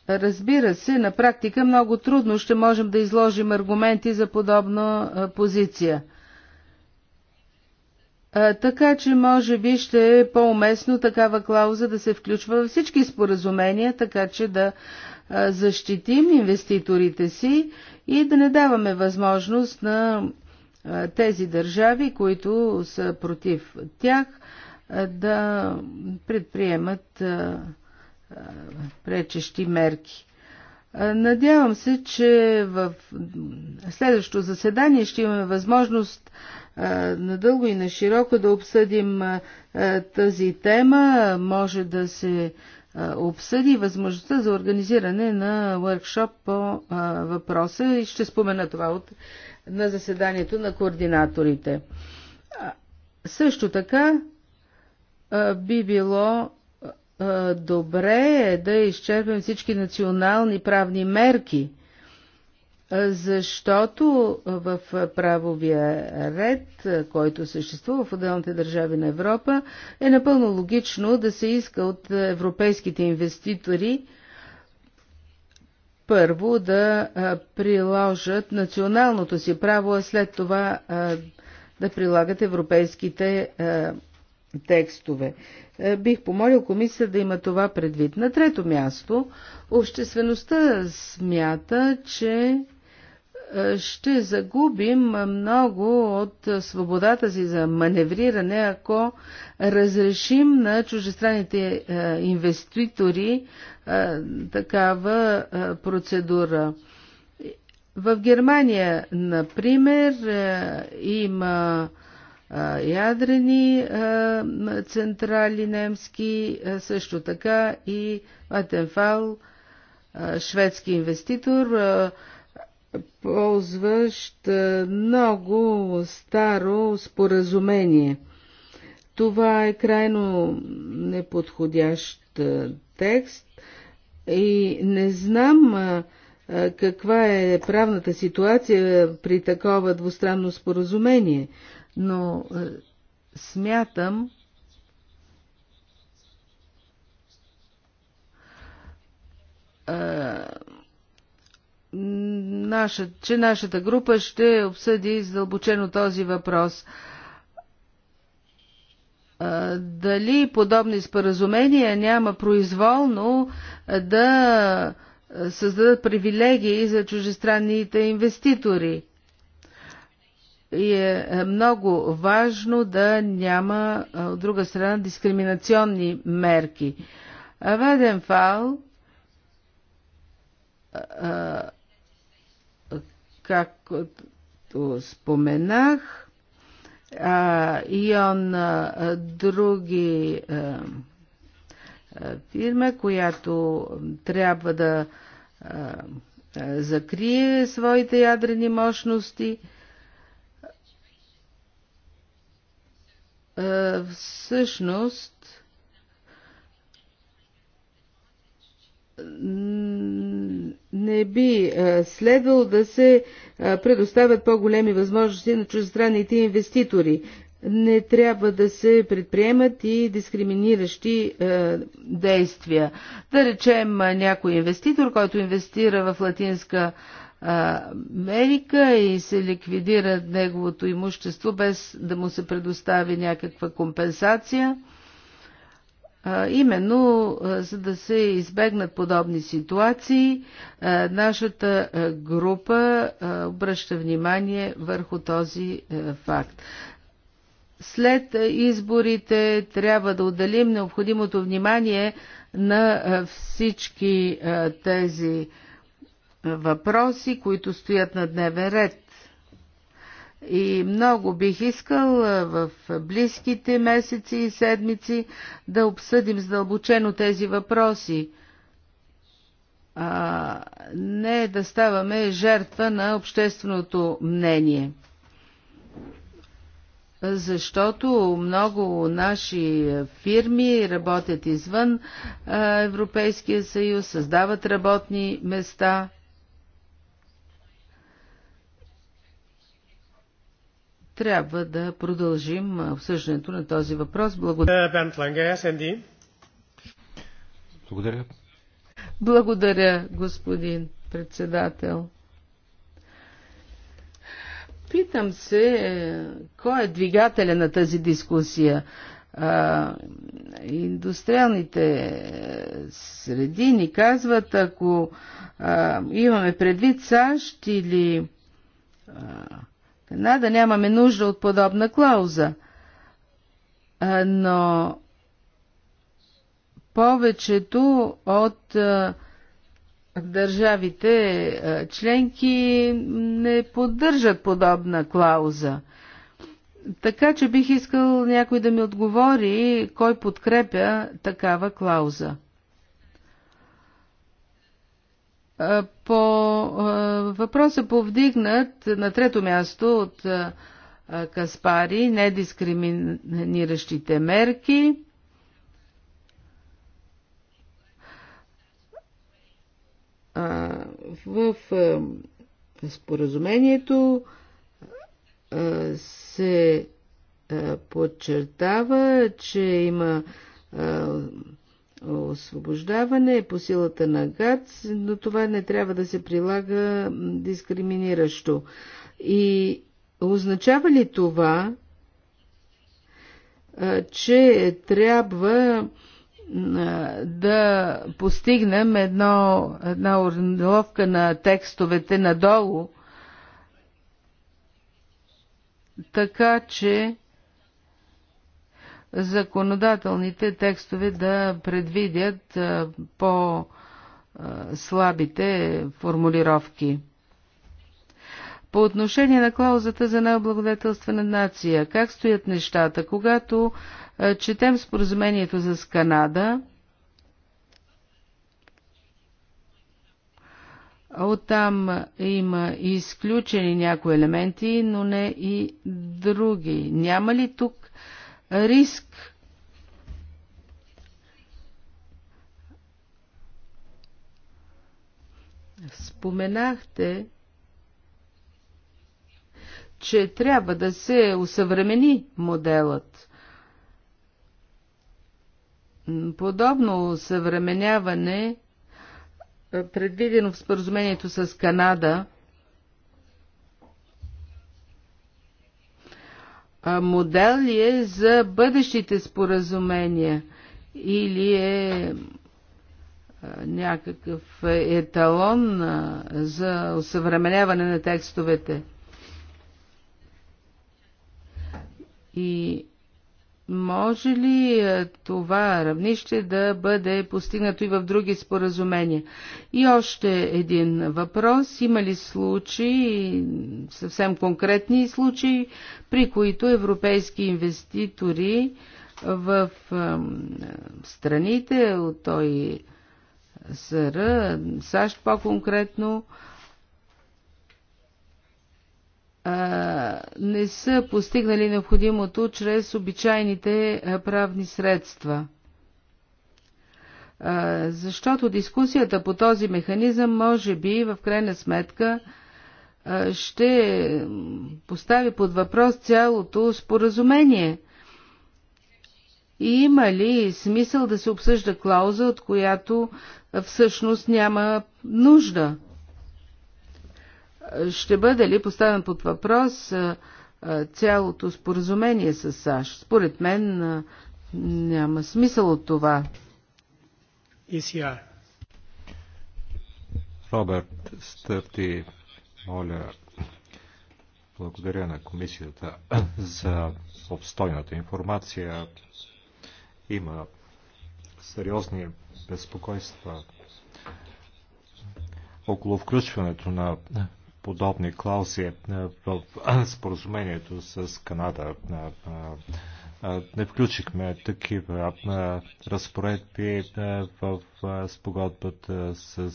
Разбира се, на практика много трудно ще можем да изложим аргументи за подобна позиция – така че може би ще е по-уместно такава клауза да се включва във всички споразумения, така че да защитим инвеститорите си и да не даваме възможност на тези държави, които са против тях, да предприемат пречещи мерки. Надявам се, че в следващото заседание ще имаме възможност надълго и на широко да обсъдим тази тема. Може да се обсъди възможността за организиране на workshop по въпроса и ще спомена това от, на заседанието на координаторите. Също така би било добре да изчерпим всички национални правни мерки защото в правовия ред, който съществува в отделните държави на Европа, е напълно логично да се иска от европейските инвеститори първо да приложат националното си право, а след това да прилагат европейските текстове. Бих помолил комисията да има това предвид. На трето място, обществеността смята, че ще загубим много от свободата си за маневриране, ако разрешим на чужестранните е, инвеститори е, такава е, процедура. В Германия, например, има ядрени централи немски, също така и Атенфал, шведски инвеститор, ползващ много старо споразумение. Това е крайно неподходящ текст и не знам каква е правната ситуация при такова двустранно споразумение, но смятам, Uh наша, че нашата група ще обсъди издълбочено този въпрос. Дали подобни споразумения няма произволно да създадат привилегии за чужестранните инвеститори? И е много важно да няма, от друга страна, дискриминационни мерки. Веден фал както споменах, а, он а, други а, фирма, която трябва да а, закрие своите ядрени мощности. А, всъщност не би е, следвало да се е, предоставят по-големи възможности на чуждестранните инвеститори. Не трябва да се предприемат и дискриминиращи е, действия. Да речем е, някой инвеститор, който инвестира в Латинска Америка и се ликвидира неговото имущество без да му се предостави някаква компенсация. Именно за да се избегнат подобни ситуации, нашата група обръща внимание върху този факт. След изборите трябва да отделим необходимото внимание на всички тези въпроси, които стоят на дневен ред. И много бих искал в близките месеци и седмици да обсъдим задълбочено тези въпроси, а не да ставаме жертва на общественото мнение. Защото много наши фирми работят извън Европейския съюз, създават работни места трябва да продължим обсъждането на този въпрос. Благодаря. Е, Благодаря. Благодаря, господин председател. Питам се, е, кой е двигателя на тази дискусия? А, индустриалните е, среди ни казват, ако а, имаме предвид САЩ или а, Канада нямаме нужда от подобна клауза. Но повечето от държавите членки не поддържат подобна клауза. Така че бих искал някой да ми отговори кой подкрепя такава клауза. По въпроса повдигнат на трето място от Каспари, недискриминиращите мерки. В споразумението се подчертава, че има освобождаване е по силата на ГАЦ, но това не трябва да се прилага дискриминиращо. И означава ли това, че трябва да постигнем едно, една ориентировка на текстовете надолу, така че законодателните текстове да предвидят по-слабите формулировки. По отношение на клаузата за необлагодетелствена нация, как стоят нещата? Когато четем споразумението за с Канада, Оттам има изключени някои елементи, но не и други. Няма ли тук риск. Споменахте, че трябва да се усъвремени моделът. Подобно съвременяване, предвидено в споразумението с Канада, модел ли е за бъдещите споразумения или е някакъв еталон за усъвременяване на текстовете? И може ли е, това равнище да бъде постигнато и в други споразумения? И още един въпрос. Има ли случаи, съвсем конкретни случаи, при които европейски инвеститори в страните от той СР, САЩ по-конкретно, не са постигнали необходимото чрез обичайните правни средства. Защото дискусията по този механизъм може би в крайна сметка ще постави под въпрос цялото споразумение. И има ли смисъл да се обсъжда клауза, от която всъщност няма нужда? ще бъде ли поставен под въпрос цялото споразумение с САЩ? Според мен няма смисъл от това. Е Роберт, Стърти, моля, благодаря на комисията за обстойната информация. Има сериозни безпокойства около включването на подобни клаузи е, в споразумението с Канада. Не включихме такива разпоредби в спогодбата с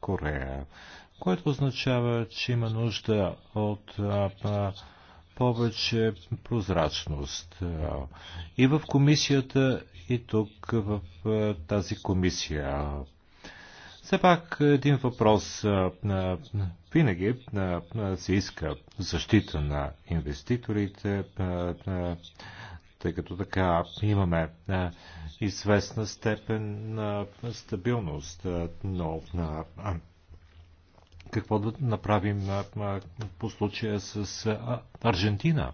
Корея, което означава, че има нужда от повече прозрачност и в комисията, и тук в тази комисия. Все пак един въпрос винаги се иска защита на инвеститорите, тъй като така имаме известна степен на стабилност, но какво да направим по случая с Аржентина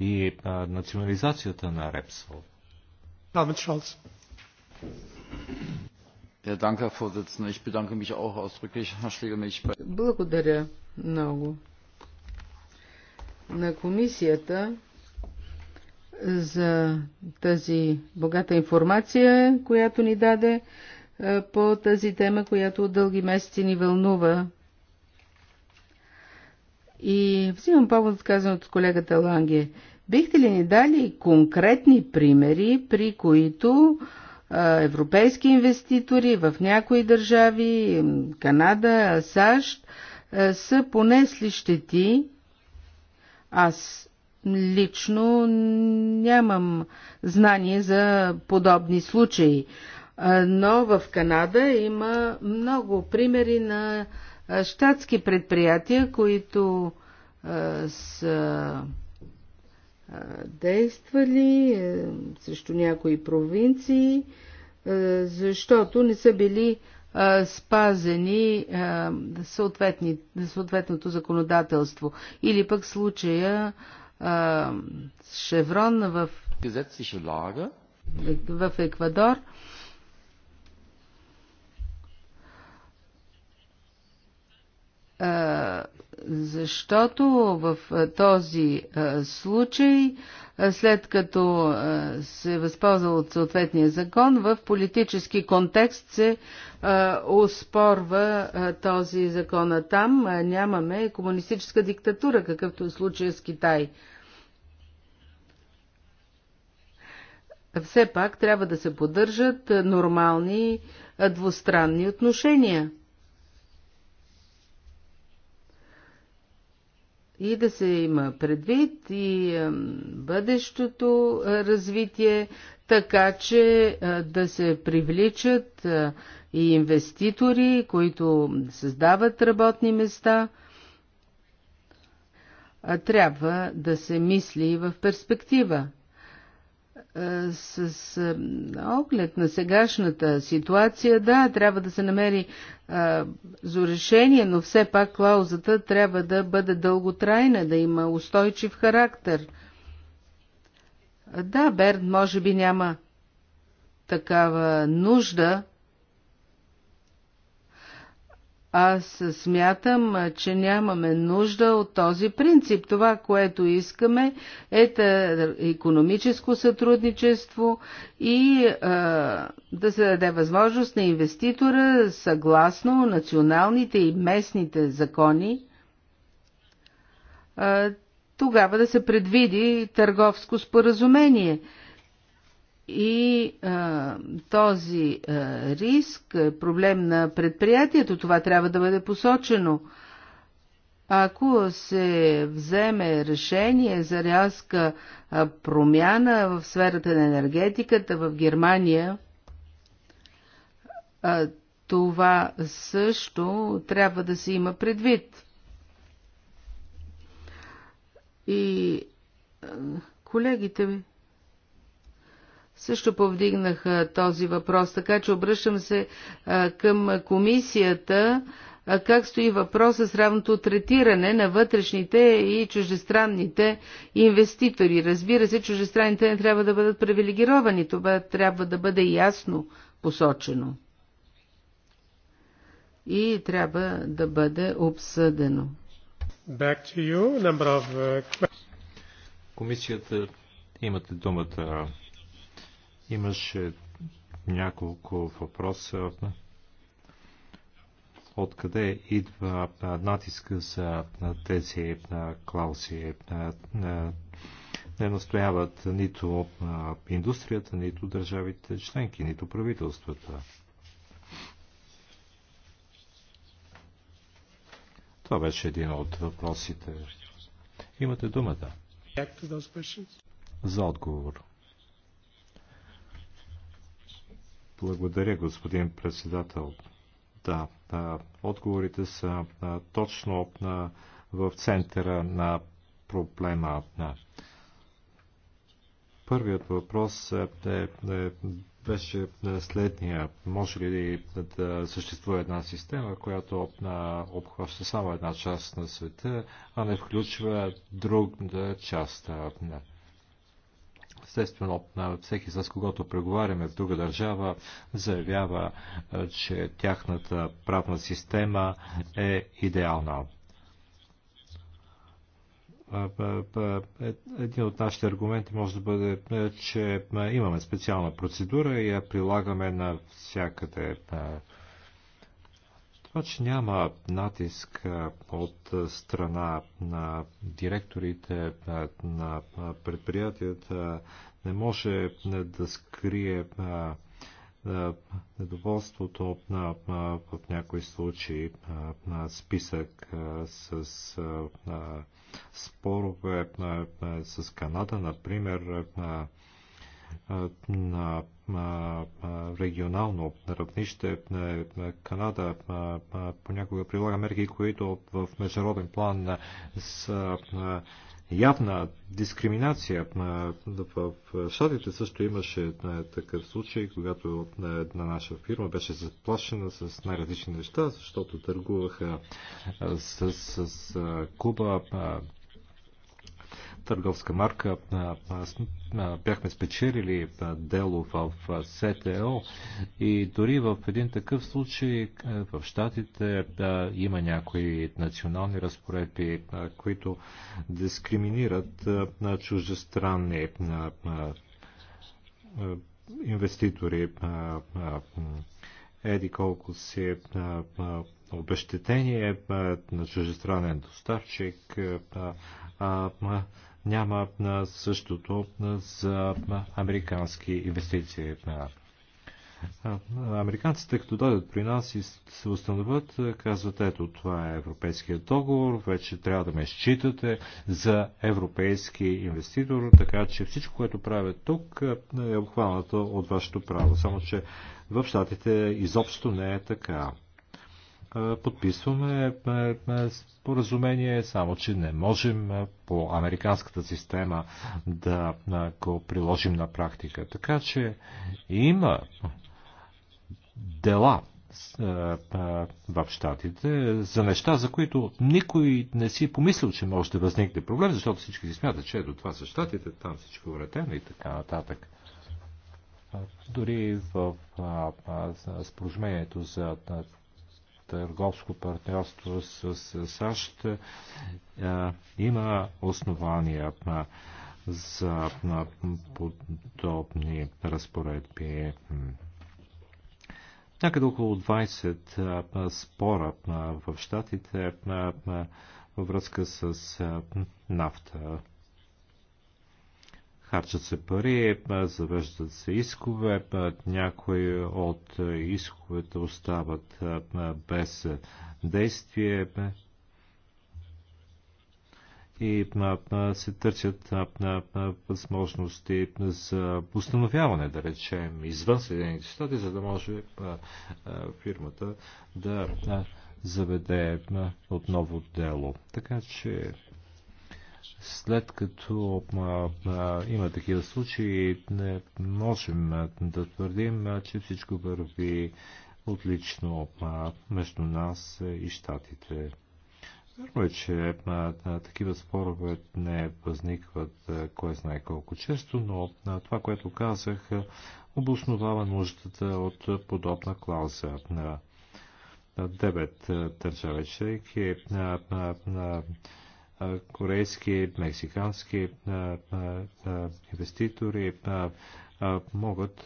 и национализацията на Репсол? Шолц. Благодаря много на комисията за тази богата информация, която ни даде е, по тази тема, която от дълги месеци ни вълнува. И взимам повод казан от колегата Ланге. Бихте ли ни дали конкретни примери, при които европейски инвеститори в някои държави, Канада, САЩ, са понесли щети. Аз лично нямам знание за подобни случаи, но в Канада има много примери на щатски предприятия, които са действали е, срещу някои провинции, е, защото не са били е, спазени съответното законодателство. Или пък случая Шеврон в, в Еквадор. Uh, защото в този случай, след като се е възползвал от съответния закон, в политически контекст се оспорва този закон. А там нямаме комунистическа диктатура, какъвто е случая с Китай. Все пак трябва да се поддържат нормални двустранни отношения и да се има предвид и бъдещото развитие, така че да се привличат и инвеститори, които създават работни места. Трябва да се мисли и в перспектива. Е, с е, оглед на сегашната ситуация, да, трябва да се намери а, е, за решение, но все пак клаузата трябва да бъде дълготрайна, да има устойчив характер. Да, Берн може би няма такава нужда, аз смятам, че нямаме нужда от този принцип. Това, което искаме е економическо сътрудничество и е, да се даде възможност на инвеститора съгласно националните и местните закони е, тогава да се предвиди търговско споразумение – и а, този а, риск е проблем на предприятието, това трябва да бъде посочено. Ако се вземе решение за рязка промяна в сферата на енергетиката в Германия, а, това също трябва да се има предвид. И колегите също повдигнаха този въпрос, така че обръщам се а, към комисията а, как стои въпроса с равното третиране на вътрешните и чуждестранните инвеститори. Разбира се, чуждестранните не трябва да бъдат привилегировани, това трябва да бъде ясно посочено. И трябва да бъде обсъдено. Back to you, of... Uh, комисията имате думата Имаше няколко въпроса. Откъде идва натиска за тези клаузи? Не настояват нито индустрията, нито държавите членки, нито правителствата. Това беше един от въпросите. Имате думата. За отговор. Благодаря, господин председател. Да, отговорите са точно в центъра на проблема. Първият въпрос е, е, беше следния. Може ли да съществува една система, която обхваща само една част на света, а не включва друга част? Не. Естествено, всеки с когото преговаряме в друга държава заявява, че тяхната правна система е идеална. Е, един от нашите аргументи може да бъде, че имаме специална процедура и я прилагаме на всякъде. Това, че няма натиск от страна на директорите на предприятията, не може да скрие недоволството на, в някои случаи на списък с спорове с Канада, например, на регионално равнище на е, е, Канада понякога прилага мерки, които в международен план са явна дискриминация. В Штатите също имаше такъв случай, когато една наша фирма беше заплашена с най-различни неща, защото търгуваха с, с, с Куба, търговска марка. Бяхме спечелили дело в СТО и дори в един такъв случай в Штатите има някои национални разпоредби, които дискриминират на чуждестранни инвеститори еди колко си обещетение на чужестранен доставчик, а, а, няма същото за американски инвестиции. Американците, като дойдат при нас и се установят, казват, ето, това е европейския договор, вече трябва да ме считате за европейски инвеститор, така че всичко, което правят тук, е обхванато от вашето право. Само, че в щатите изобщо не е така. Е, подписваме е, е, споразумение, само че не можем по американската система да го приложим на практика. Така че има дела в щатите за неща, за които никой не си е помислил, че може да възникне проблем, защото всички си смятат, че ето това са щатите, там всичко е уредено и така нататък дори в споразумението за търговско партньорство с САЩ е, има основания за подобни разпоредби. Някъде около 20 спора в щатите във връзка с нафта. Харчат се пари, завеждат се искове, някои от исковете остават без действие и се търсят възможности за установяване, да речем, извън Съединените щати, за да може фирмата да заведе отново дело. Така че след като а, а, има такива случаи, не можем да твърдим, че всичко върви отлично а, между нас и щатите. Вярно е, че а, а, такива спорове не възникват а, кой знае колко често, но а, това, което казах, а, обосновава нуждата от подобна клауза. на Девет държави на корейски, мексикански инвеститори могат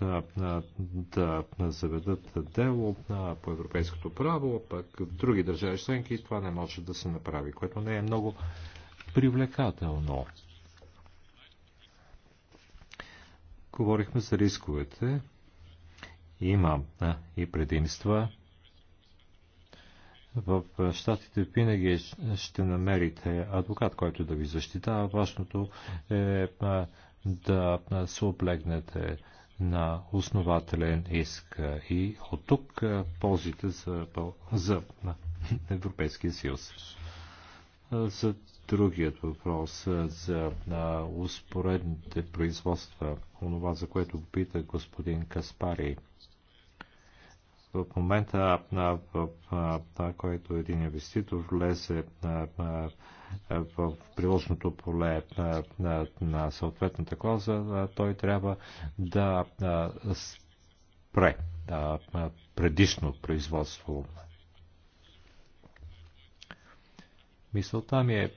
да заведат дело по европейското право, пък в други държави членки това не може да се направи, което не е много привлекателно. Говорихме за рисковете. Има и предимства, в щатите е, винаги е ще намерите адвокат, който да ви защитава. Важното е да се облегнете на основателен иск и от тук ползите за, за Европейския съюз. За другият въпрос за успоредните производства, онова за което попита господин Каспари – в момента, на, в, който един инвеститор влезе в приложното поле на, на съответната клауза, той трябва да спре предишно производство. Мисълта ми е,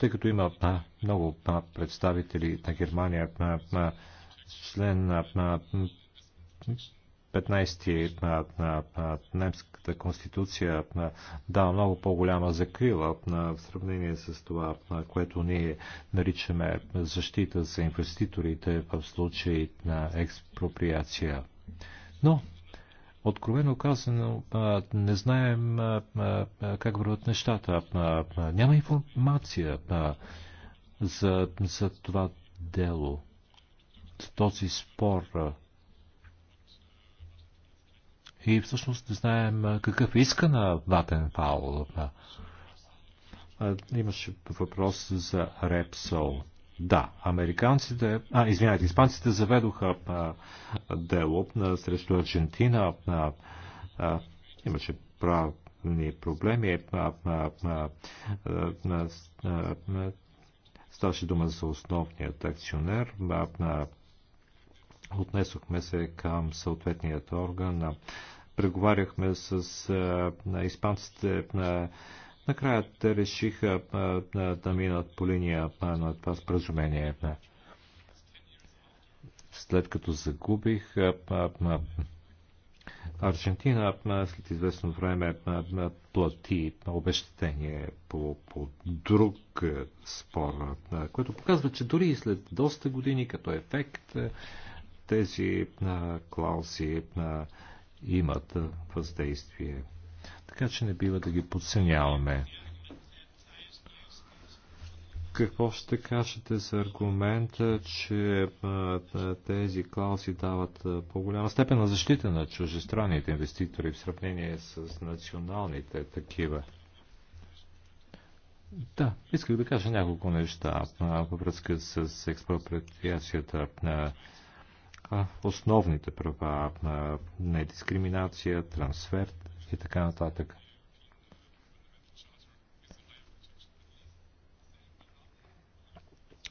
тъй като има много представители на Германия, член на 15 на, на, на немската конституция на, дава много по-голяма закрила на, в сравнение с това, на което ние наричаме защита за инвеститорите в случай на експроприация. Но, откровено казано, не знаем как върват нещата. Няма информация за, за това дело, този спор и всъщност не знаем какъв е иска на Ватенфаул. Имаше въпрос за Репсол. Да, американците, а, извинявайте, испанците заведоха а, дело а, срещу Аржентина. А, а, имаше правни проблеми. А, а, а, а, а, ставаше дума за основният акционер. А, а, отнесохме се към съответният орган. А, преговаряхме с испанците на накрая те решиха да минат по линия на това споразумение. След като загубих Аржентина след известно време плати обещетение по, по друг спор, което показва, че дори и след доста години като ефект тези клаузи имат въздействие. Така че не бива да ги подценяваме. Какво ще кажете за аргумента, че тези клаузи дават по-голяма степен на защита на чужестранните инвеститори в сравнение с националните такива? Да, исках да кажа няколко неща във връзка с експроприацията на основните права на недискриминация, трансфер и така нататък.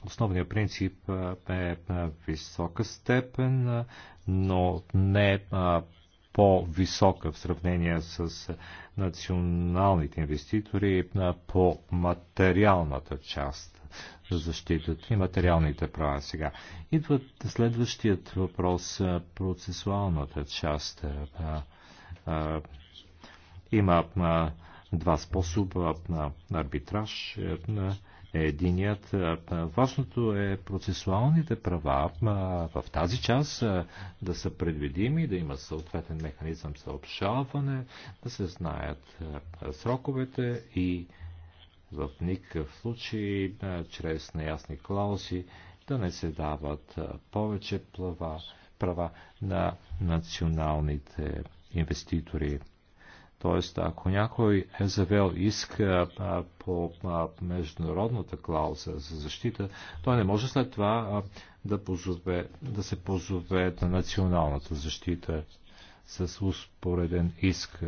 Основният принцип е висока степен, но не по-висока в сравнение с националните инвеститори по материалната част защитат и материалните права сега. Идват следващият въпрос, процесуалната част. Има два способа на арбитраж. Е, е единият. Важното е процесуалните права в тази част да са предвидими, да има съответен механизъм за обжалване, да се знаят сроковете и в никакъв случай чрез неясни клаузи да не се дават повече плава, права на националните инвеститори. Тоест, ако някой е завел иск по международната клауза за защита, той не може след това да, позове, да се позове на националната защита с успореден иск.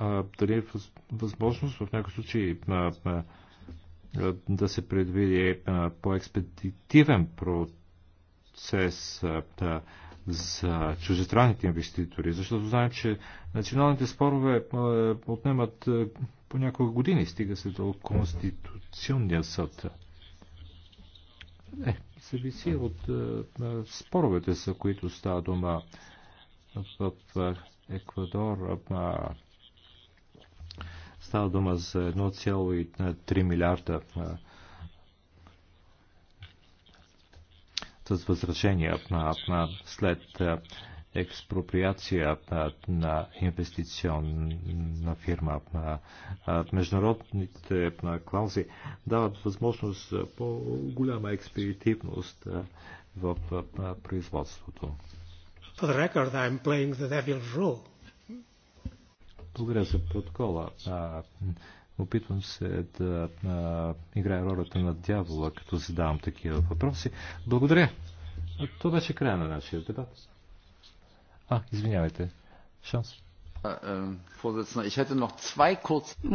а, дали е възможност в някои случай а, а, да се предвиди по-експедитивен процес а, да, за чужестранните инвеститори, защото знаем, че националните спорове а, отнемат а, по няколко години, стига се до Конституционния съд. Е, зависи от а, споровете, за които става дума в Еквадор. А, Става дума за 1,3 милиарда с възражения след експроприация на инвестиционна фирма. Международните клаузи дават възможност за по-голяма експедитивност в производството. For the record, I'm playing the devil's role. Благодаря за протокола. А, опитвам се да а, играя ролята на дявола, като задавам такива въпроси. Благодаря. Това то беше края на нашия дебат. А, извинявайте. Шанс.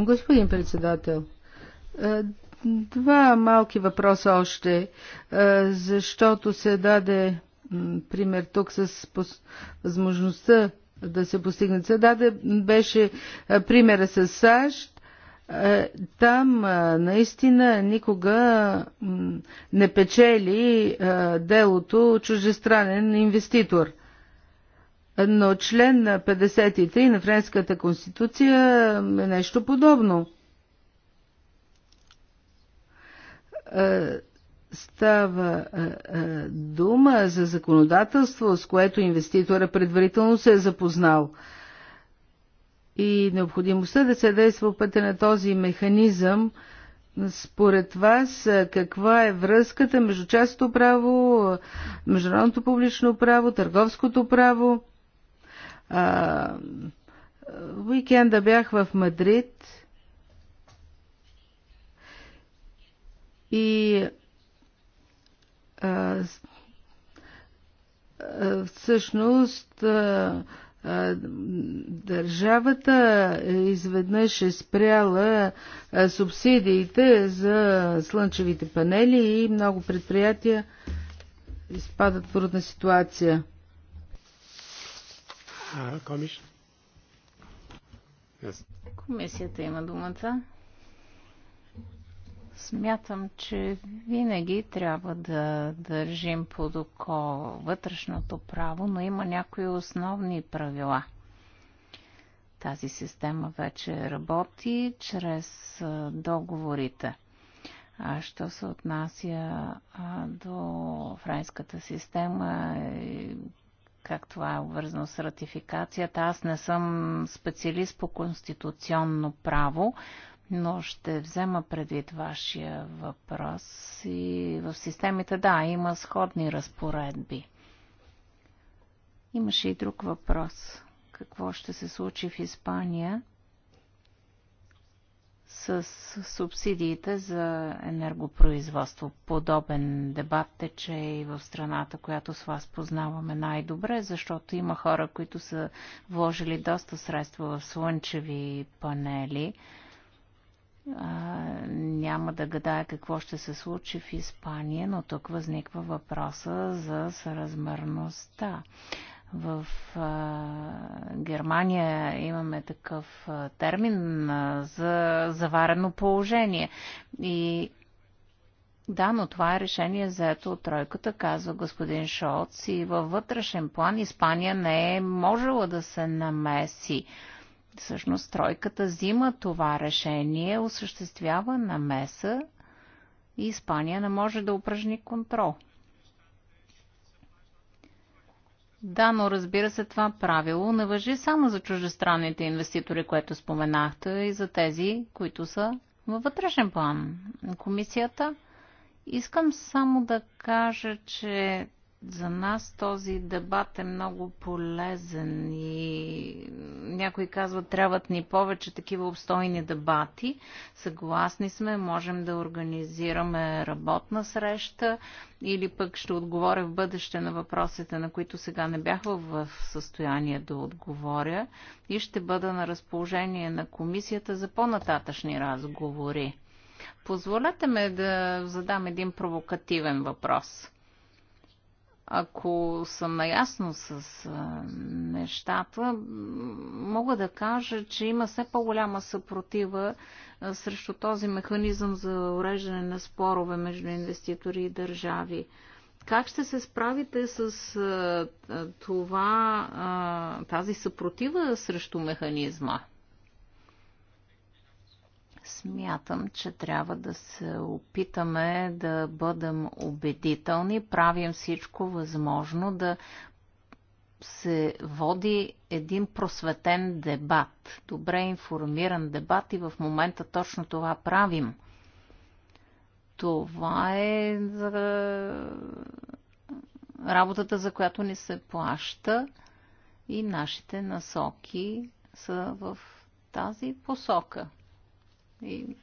Господин председател, два малки въпроса още, защото се даде пример тук с възможността да се цел. Да, да беше примера с САЩ. Там наистина никога не печели делото чужестранен инвеститор. Но член на 53 на Френската конституция е нещо подобно Става а, а, дума за законодателство, с което инвеститора предварително се е запознал. И необходимостта да се действа в пътя на този механизъм, според вас каква е връзката между частното право, международното публично право, търговското право? А, уикенда бях в Мадрид и всъщност държавата изведнъж е спряла субсидиите за слънчевите панели и много предприятия изпадат в трудна ситуация. Комисията има думата. Смятам, че винаги трябва да държим под око вътрешното право, но има някои основни правила. Тази система вече работи чрез договорите. А що се отнася до френската система е, как това е обвързано с ратификацията, аз не съм специалист по конституционно право, но ще взема предвид вашия въпрос и в системите, да, има сходни разпоредби. Имаше и друг въпрос. Какво ще се случи в Испания с субсидиите за енергопроизводство? Подобен дебат тече и в страната, която с вас познаваме най-добре, защото има хора, които са вложили доста средства в слънчеви панели – а, няма да гадая какво ще се случи в Испания, но тук възниква въпроса за съразмерността. В а, Германия имаме такъв а, термин а, за заварено положение. И да, но това е решение заето от тройката, казва господин Шолц и във вътрешен план Испания не е можела да се намеси. А, Всъщност тройката взима това решение, осъществява намеса и Испания не може да упражни контрол. Да, но разбира се, това правило не въжи само за чуждестранните инвеститори, което споменахте, и за тези, които са във вътрешен план. Комисията. Искам само да кажа, че за нас този дебат е много полезен и някои казват, трябват ни повече такива обстойни дебати. Съгласни сме, можем да организираме работна среща или пък ще отговоря в бъдеще на въпросите, на които сега не бях в състояние да отговоря и ще бъда на разположение на комисията за по-нататъчни разговори. Позволете ме да задам един провокативен въпрос – ако съм наясно с нещата, мога да кажа, че има все по-голяма съпротива срещу този механизъм за уреждане на спорове между инвеститори и държави. Как ще се справите с това, тази съпротива срещу механизма? Смятам, че трябва да се опитаме да бъдем убедителни. Правим всичко възможно да се води един просветен дебат, добре информиран дебат и в момента точно това правим. Това е за работата, за която ни се плаща и нашите насоки са в тази посока. И...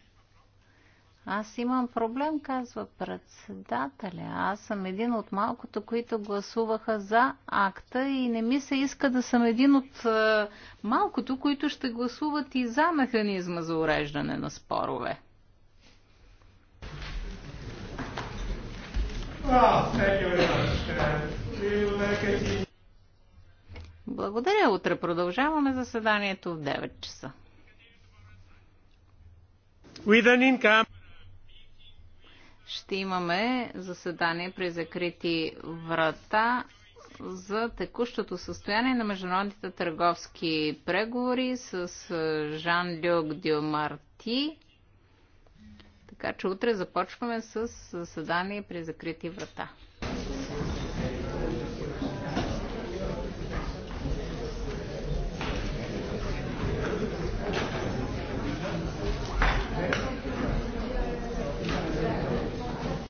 Аз имам проблем, казва председателя. Аз съм един от малкото, които гласуваха за акта и не ми се иска да съм един от е, малкото, които ще гласуват и за механизма за уреждане на спорове. Благодаря. Утре продължаваме заседанието в 9 часа. Ще имаме заседание при закрити врата за текущото състояние на международните търговски преговори с е, Жан-Люк Дюмарти. Така че утре започваме с заседание при закрити врата.